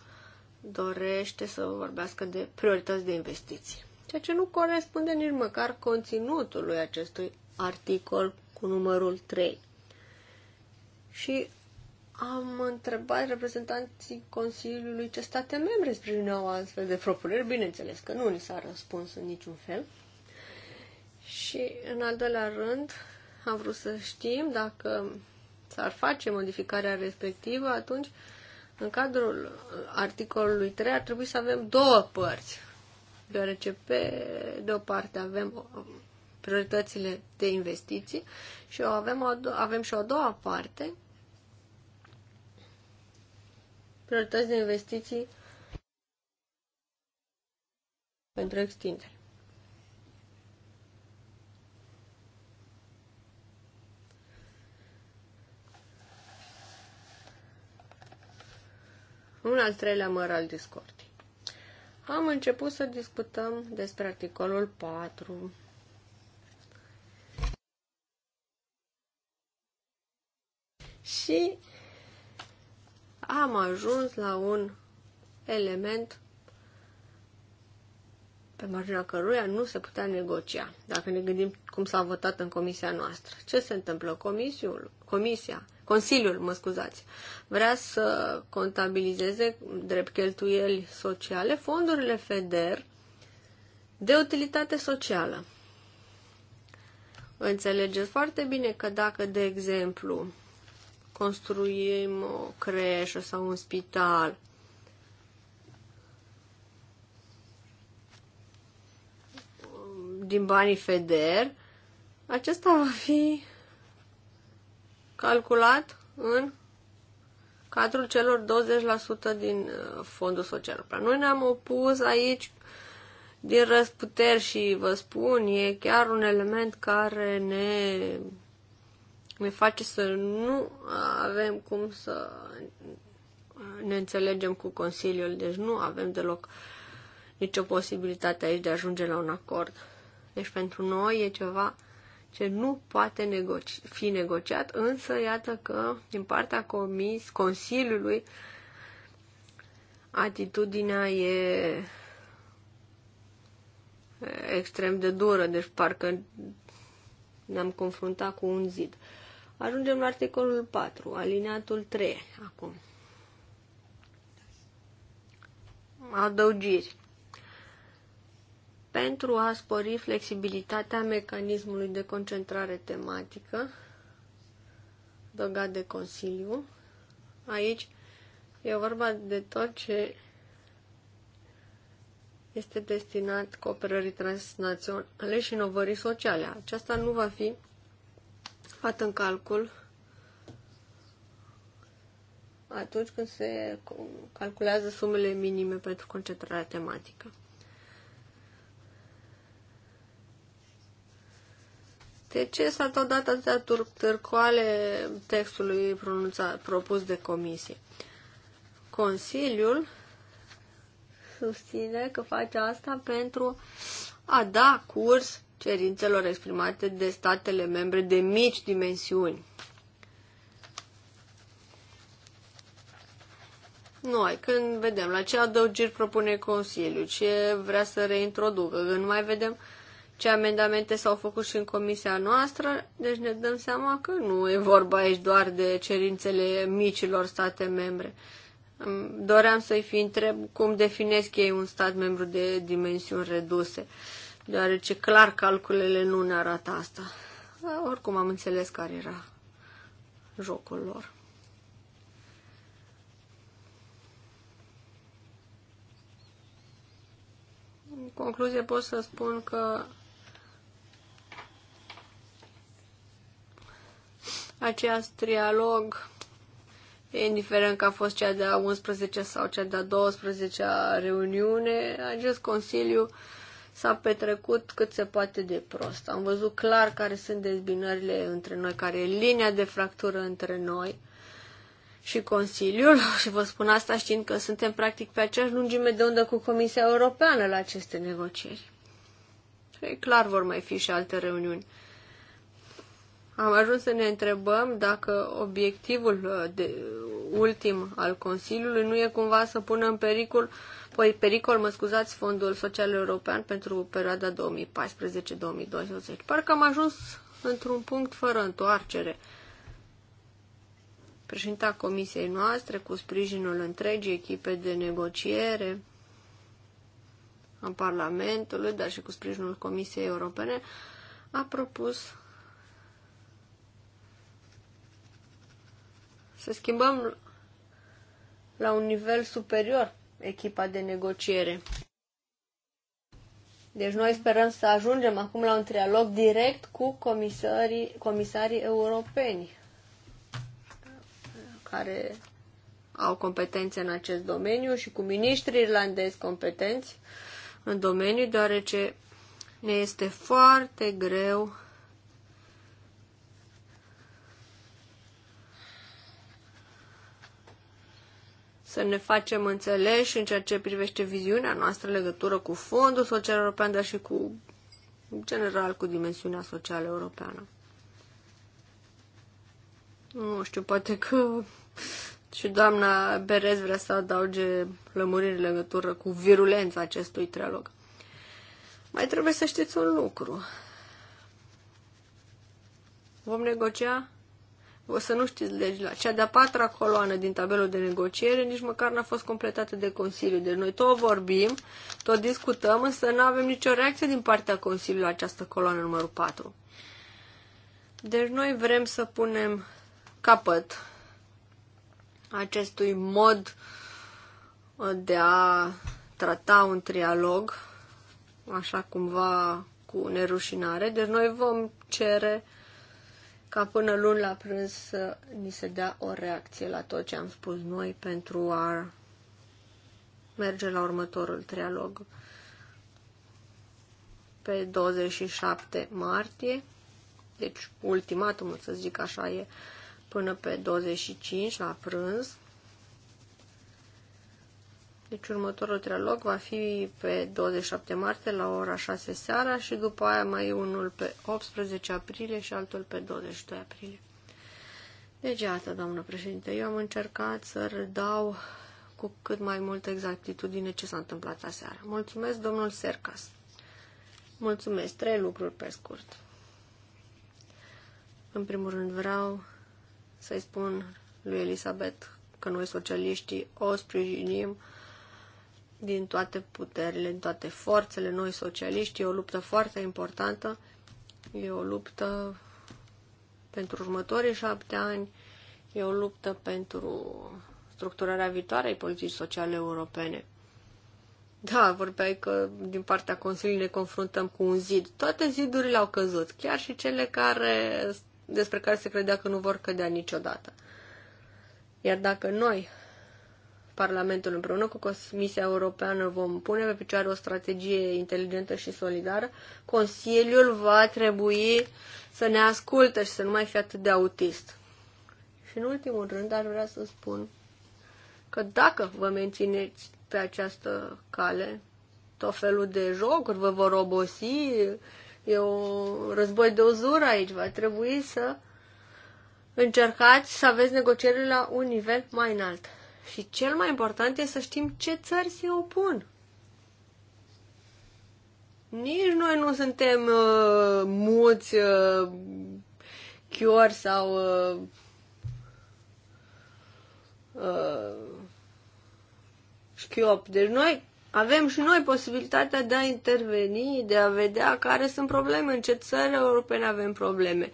dorește să vorbească de priorități de investiții ceea ce nu corespunde nici măcar conținutului acestui articol cu numărul 3. Și am întrebat reprezentanții Consiliului ce state membre sprijineau astfel de propuneri. Bineînțeles că nu ni s-a răspuns în niciun fel. Și, în al doilea rând, am vrut să știm dacă s-ar face modificarea respectivă, atunci, în cadrul articolului 3, ar trebui să avem două părți deoarece pe de o parte avem uh, prioritățile de investiții și avem, avem și o a doua parte, priorități de investiții pentru extindere. Un al treilea măr al discord am început să discutăm despre articolul 4. Și am ajuns la un element pe marginea căruia nu se putea negocia, dacă ne gândim cum s-a votat în comisia noastră. Ce se întâmplă? Comisiul, comisia, Consiliul, mă scuzați, vrea să contabilizeze drept cheltuieli sociale fondurile FEDER de utilitate socială. Înțelegeți foarte bine că dacă, de exemplu, construim o creșă sau un spital din banii FEDER, acesta va fi calculat în cadrul celor 20% din uh, fondul social. Noi ne-am opus aici din răsputeri și vă spun, e chiar un element care ne, ne face să nu avem cum să ne înțelegem cu Consiliul, deci nu avem deloc nicio posibilitate aici de a ajunge la un acord. Deci pentru noi e ceva ce nu poate negoci- fi negociat, însă iată că din partea comis, Consiliului atitudinea e extrem de dură, deci parcă ne-am confruntat cu un zid. Ajungem la articolul 4, alineatul 3, acum. Adăugiri pentru a spori flexibilitatea mecanismului de concentrare tematică adăugat de Consiliu. Aici e vorba de tot ce este destinat cooperării transnaționale și inovării sociale. Aceasta nu va fi luat în calcul atunci când se calculează sumele minime pentru concentrarea tematică. De ce s-a tot dat atâtea târcoale textului pronunțat, propus de comisie? Consiliul susține că face asta pentru a da curs cerințelor exprimate de statele membre de mici dimensiuni. Noi, când vedem la ce adăugiri propune Consiliul, ce vrea să reintroducă, când mai vedem uh, ce amendamente s-au făcut și în comisia noastră, deci ne dăm seama că nu e vorba aici doar de cerințele micilor state membre. Doream să-i fi întreb cum definesc ei un stat membru de dimensiuni reduse, deoarece clar calculele nu ne arată asta. Da, oricum am înțeles care era jocul lor. În concluzie pot să spun că acest trialog, indiferent că a fost cea de-a 11 sau cea de-a 12-a reuniune, acest Consiliu s-a petrecut cât se poate de prost. Am văzut clar care sunt dezbinările între noi, care e linia de fractură între noi și Consiliul *laughs* și vă spun asta știind că suntem practic pe aceeași lungime de undă cu Comisia Europeană la aceste negocieri. E clar vor mai fi și alte reuniuni am ajuns să ne întrebăm dacă obiectivul uh, de, ultim al Consiliului nu e cumva să pună în pericol, păi, pericol, mă scuzați, Fondul Social European pentru perioada 2014-2020. Parcă am ajuns într-un punct fără întoarcere. Președinta comisiei noastre, cu sprijinul întregii echipe de negociere în Parlamentului, dar și cu sprijinul Comisiei Europene, a propus să schimbăm la un nivel superior echipa de negociere. Deci noi sperăm să ajungem acum la un trialog direct cu comisarii, comisarii europeni care au competențe în acest domeniu și cu miniștri irlandezi competenți în domeniu, deoarece ne este foarte greu să ne facem înțeleși în ceea ce privește viziunea noastră legătură cu Fondul Social European, dar și cu, în general, cu dimensiunea socială europeană. Nu știu, poate că și doamna Berez vrea să adauge lămuriri în legătură cu virulența acestui trilog. Mai trebuie să știți un lucru. Vom negocia o să nu știți legile. Cea de-a patra coloană din tabelul de negociere nici măcar n-a fost completată de Consiliu. Deci noi tot vorbim, tot discutăm, însă nu avem nicio reacție din partea Consiliului la această coloană numărul 4. Deci noi vrem să punem capăt acestui mod de a trata un trialog așa cumva cu nerușinare. Deci noi vom cere uh, ca până luni la prânz să ni se dea o reacție la tot ce am spus noi pentru a merge la următorul trialog pe 27 martie. Deci ultimatumul, să zic așa, e până pe 25 la prânz. Deci următorul trialog va fi pe 27 martie la ora 6 seara și după aia mai unul pe 18 aprilie și altul pe 22 aprilie. Deci iată, doamnă președinte, eu am încercat să redau cu cât mai multă exactitudine ce s-a întâmplat aseară. Mulțumesc, domnul Sercas. Mulțumesc. Trei lucruri pe scurt. În primul rând vreau să-i spun lui Elisabet că noi socialiștii o sprijinim din toate puterile, din toate forțele noi socialiști. E o luptă foarte importantă, e o luptă pentru următorii șapte ani, e o luptă pentru structurarea viitoarei politici sociale europene. Da, vorbeai că din partea Consiliului ne confruntăm cu un zid. Toate zidurile au căzut, chiar și cele care, despre care se credea că nu vor cădea niciodată. Iar dacă noi Parlamentul împreună cu Comisia Europeană vom pune pe picioare o strategie inteligentă și solidară. Consiliul va trebui să ne asculte și să nu mai fie atât de autist. Și în ultimul rând ar vrea să spun că dacă vă mențineți pe această cale, tot felul de jocuri vă vor obosi, e un război de uzură aici, va trebui să încercați să aveți negocierile la un nivel mai înalt. Și cel mai important e să știm ce țări se opun. Nici noi nu suntem uh, muți, uh, chiori sau uh, uh, șchiop. Deci noi avem și noi posibilitatea de a interveni, de a vedea care sunt probleme, în ce țări europene avem probleme.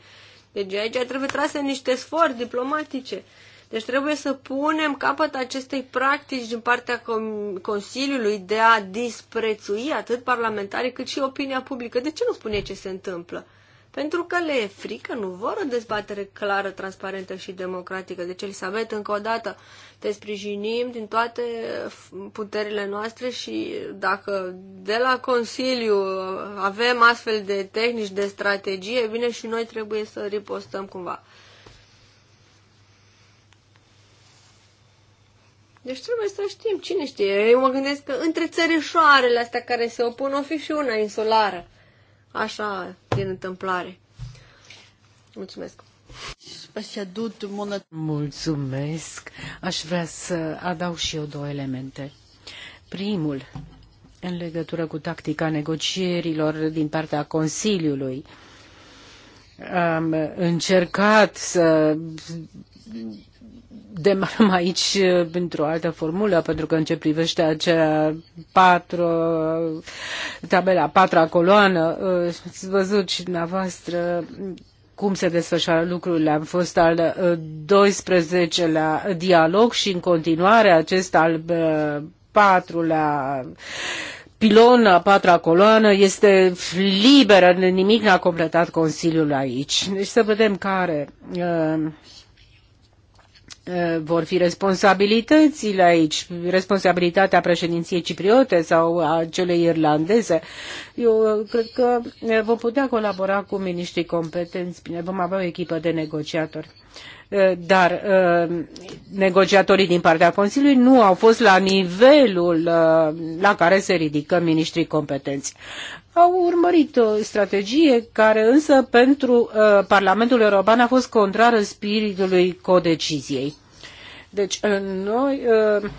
Deci aici trebuie trase niște sfori diplomatice. Uh, deci trebuie să punem capăt acestei practici din partea Consiliului de a disprețui atât parlamentarii cât și opinia publică. De ce nu spune ce se întâmplă? Pentru că le e frică, nu vor o dezbatere clară, transparentă și democratică. Deci, Elisabet, încă o dată, te sprijinim din toate puterile noastre și dacă de la Consiliu avem astfel de tehnici, de strategie, bine, și noi trebuie să ripostăm cumva. Deci trebuie să știm, cine știe. Eu mă gândesc că între țărișoarele astea care se opun o fi și una insulară. Așa, din întâmplare. Mulțumesc. Mulțumesc. Aș vrea să adaug și eu două elemente. Primul, în legătură cu tactica negocierilor din partea Consiliului. Am încercat să demarăm aici pentru o altă formulă, pentru că în ce privește acea patru, tabela patra coloană, ați văzut și dumneavoastră cum se desfășoară lucrurile. Am fost al 12-lea dialog și în continuare acest al patrulea pilon, a patra coloană, este liberă, nimic n-a completat Consiliul aici. Deci să vedem care Eh, vor fi responsabilitățile aici, responsabilitatea președinției cipriote sau a celei irlandeze. Eu eh, cred că eh, vom putea colabora cu miniștrii competenți, bine, vom avea o echipă de negociatori. Dar negociatorii din partea Consiliului nu au fost la nivelul la care se ridică miniștrii competenți au urmărit o strategie care însă pentru uh, Parlamentul European a fost contrară spiritului codeciziei. Deci uh, noi uh, uh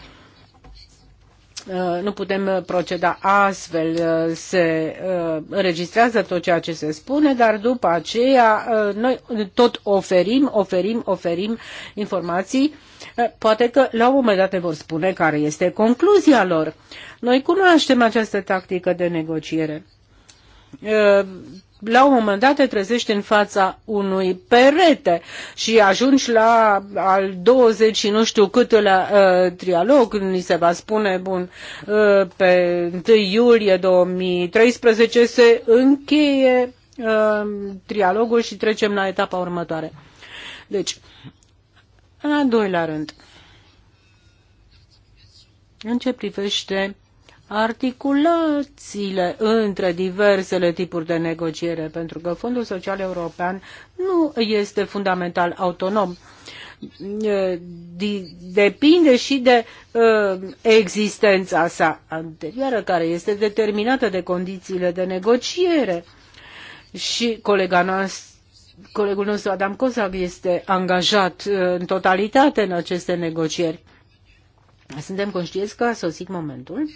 nu putem proceda astfel. Uh, se uh, înregistrează tot ceea ce se spune, dar după aceea noi tot oferim, oferim, oferim informații. Poate că la un moment dat ne vor spune care este concluzia lor. Noi cunoaștem această tactică de negociere. Uh, la un moment dat te trezești în fața unui perete și ajungi la al 20 și nu știu cât la uh, trialog, ni se va spune, bun, uh, pe 1 iulie 2013 se încheie uh, trialogul și trecem la etapa următoare. Deci, în al doilea rând, în ce privește articulațiile între diversele tipuri de negociere, pentru că Fondul Social European nu este fundamental autonom. Depinde și de existența sa anterioară, care este determinată de condițiile de negociere. Și colega noastră Colegul nostru Adam Cosac este angajat în totalitate în aceste negocieri. Suntem conștienți că a sosit momentul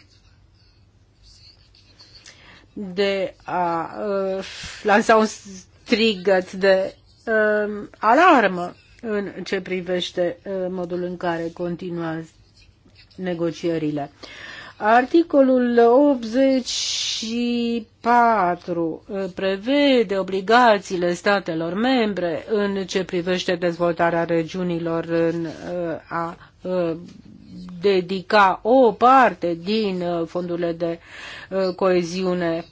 de a uh, lansa un strigăt de uh, alarmă în ce privește uh, modul în care continuă negocierile. Articolul 84 uh, prevede obligațiile statelor membre în ce privește dezvoltarea regiunilor în uh, a uh, dedica o parte din uh, fondurile de uh, coeziune.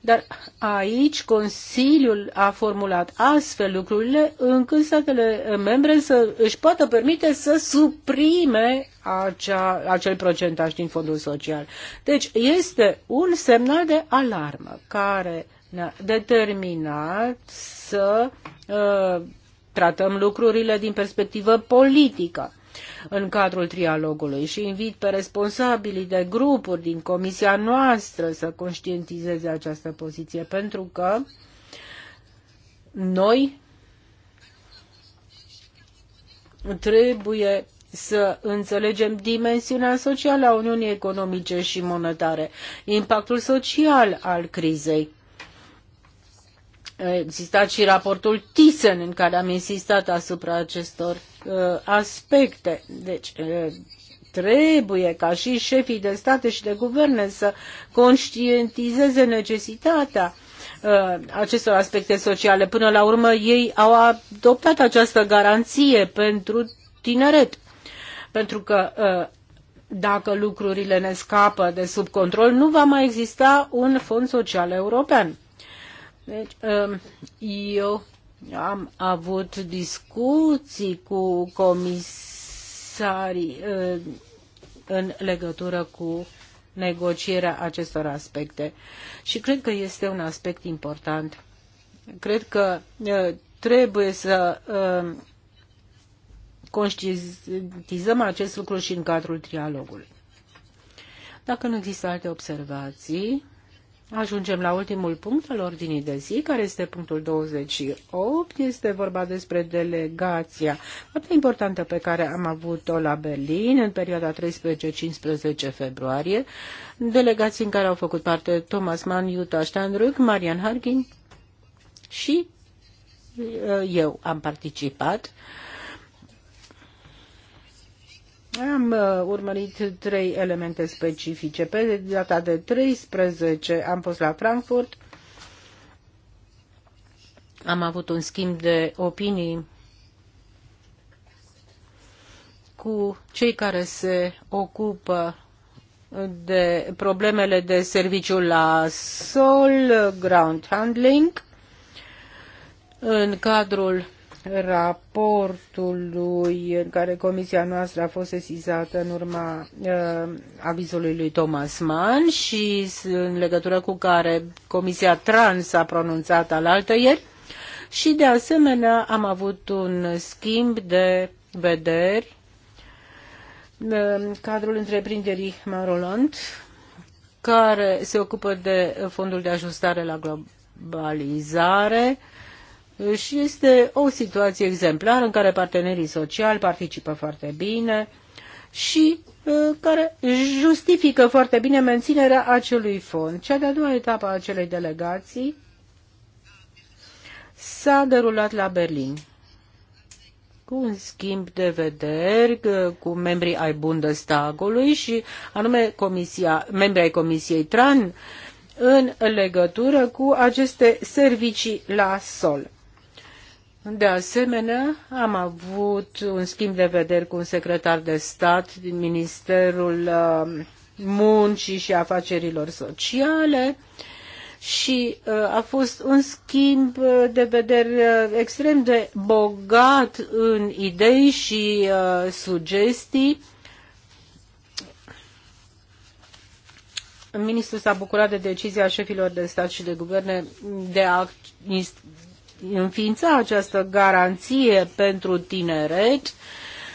Dar aici Consiliul a formulat astfel lucrurile încât statele membre să își poată permite să suprime acea, acel procentaj din fondul social. Deci este un semnal de alarmă care ne-a determinat să uh, tratăm lucrurile din perspectivă politică în cadrul trialogului și invit pe responsabilii de grupuri din comisia noastră să conștientizeze această poziție, pentru că noi trebuie să înțelegem dimensiunea socială a Uniunii Economice și Monetare, impactul social al crizei. A existat și raportul Thyssen în care am insistat asupra acestor Uh, aspecte. Deci, uh, trebuie ca și șefii de state și de guverne să conștientizeze necesitatea uh, acestor aspecte sociale. Până la urmă, ei au adoptat această garanție pentru tineret. Pentru că dacă lucrurile ne scapă de sub control, nu va mai exista un fond social european. Deci, eu am avut discuții cu comisarii uh, în legătură cu negocierea acestor aspecte și cred că este un aspect important. Cred că uh, trebuie să uh, conștientizăm acest lucru și în cadrul trialogului. Dacă nu există alte observații, Ajungem la ultimul punct al ordinii de zi, care este punctul 28. Este vorba despre delegația foarte importantă pe care am avut-o la Berlin în perioada 13-15 februarie. Delegații în care au făcut parte Thomas Mann, Jutta Steinrück, Marian Hargin și uh, eu am participat. Uh, am uh, urmărit trei elemente specifice. Pe data de 13 am fost la Frankfurt. Am avut un schimb de opinii cu cei care se ocupă de problemele de serviciu la sol, ground handling, în cadrul raportului în care comisia noastră a fost sesizată în urma uh, avizului lui Thomas Mann și în legătură cu care comisia Trans a pronunțat alaltă ieri și de asemenea am avut un schimb de vederi uh, în cadrul întreprinderii Maroland care se ocupă de fondul de ajustare la globalizare și este o situație exemplară în care partenerii sociali participă foarte bine și uh, care justifică foarte bine menținerea acelui fond. Cea de-a doua etapă a acelei delegații s-a derulat la Berlin cu un schimb de vederi uh, cu membrii ai Bundestagului și anume comisia, membrii ai Comisiei TRAN în legătură cu aceste servicii la sol. De asemenea, am avut un schimb de vederi cu un secretar de stat din Ministerul uh, Muncii și Afacerilor Sociale și uh, a fost un schimb uh, de vederi extrem de bogat în idei și sugestii. Ministrul s-a bucurat de decizia șefilor de stat și de guverne de a înființa această garanție pentru tineret,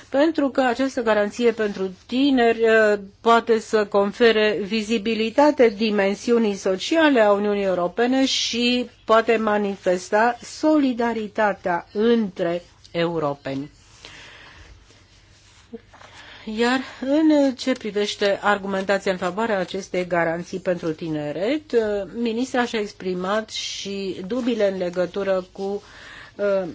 pentru că această garanție pentru tineri uh, poate să confere vizibilitate dimensiunii sociale a Uniunii Europene și poate manifesta solidaritatea între europeni. Iar în ce privește argumentația în favoarea acestei garanții pentru tineret, uh, ministra și-a exprimat și dubile în legătură cu uh,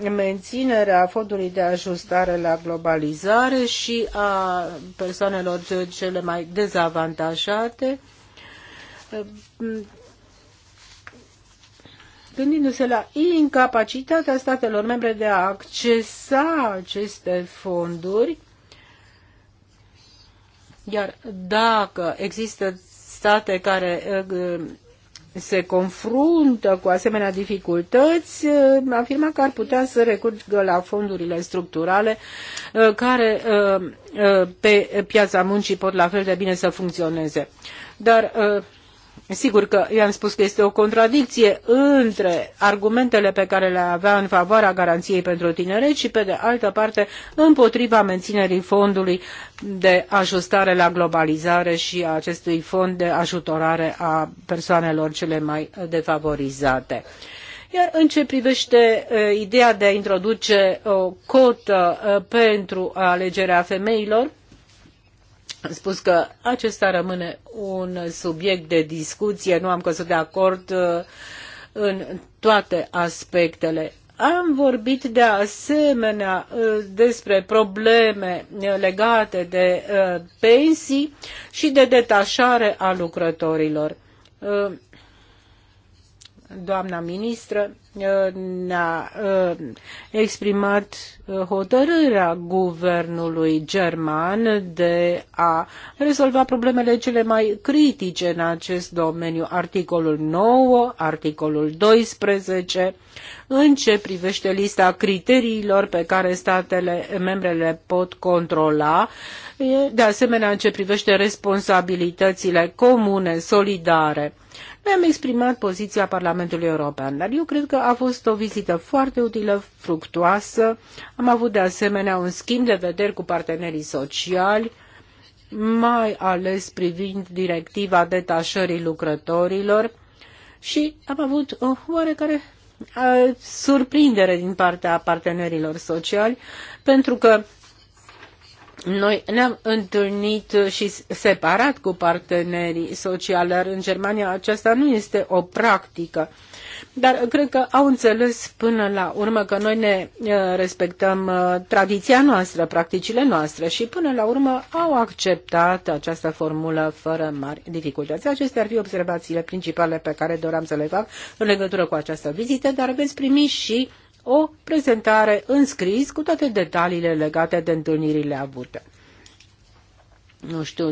menținerea fondului de ajustare la globalizare și a persoanelor cele mai dezavantajate. Uh, gândindu-se la incapacitatea statelor membre de a accesa aceste fonduri, iar dacă există state care se confruntă cu asemenea dificultăți, afirma că ar putea să recurgă la fondurile structurale care pe piața muncii pot la fel de bine să funcționeze. Dar Sigur că i-am spus că este o contradicție între argumentele pe care le avea în favoarea garanției pentru tineret și, pe de altă parte, împotriva menținerii fondului de ajustare la globalizare și a acestui fond de ajutorare a persoanelor cele mai defavorizate. Iar în ce privește ideea de a introduce o cotă pentru alegerea femeilor, am spus că acesta rămâne un subiect de discuție, nu am căzut de acord uh, în toate aspectele. Am vorbit de asemenea uh, despre probleme legate de uh, pensii și de detașare a lucrătorilor doamna ministră uh, ne-a uh, exprimat uh, hotărârea guvernului german de a rezolva problemele cele mai critice în acest domeniu, articolul 9, articolul 12, în ce privește lista criteriilor pe care statele membre le pot controla, de asemenea în ce privește responsabilitățile comune, solidare. Mi-am exprimat poziția Parlamentului European, dar eu cred că a fost o vizită foarte utilă, fructuoasă. Am avut de asemenea un schimb de vederi cu partenerii sociali, mai ales privind directiva detașării lucrătorilor și am avut o oarecare surprindere din partea partenerilor sociali, pentru că noi ne-am întâlnit și separat cu partenerii sociali, dar în Germania aceasta nu este o practică. Dar cred că au înțeles până la urmă că noi ne uh, respectăm uh, tradiția noastră, practicile noastre și până la urmă au acceptat această formulă fără mari dificultăți. Acestea ar fi observațiile principale pe care doream să le fac în legătură cu această vizită, dar veți primi și o prezentare în scris cu toate detaliile legate de întâlnirile avute. Nu știu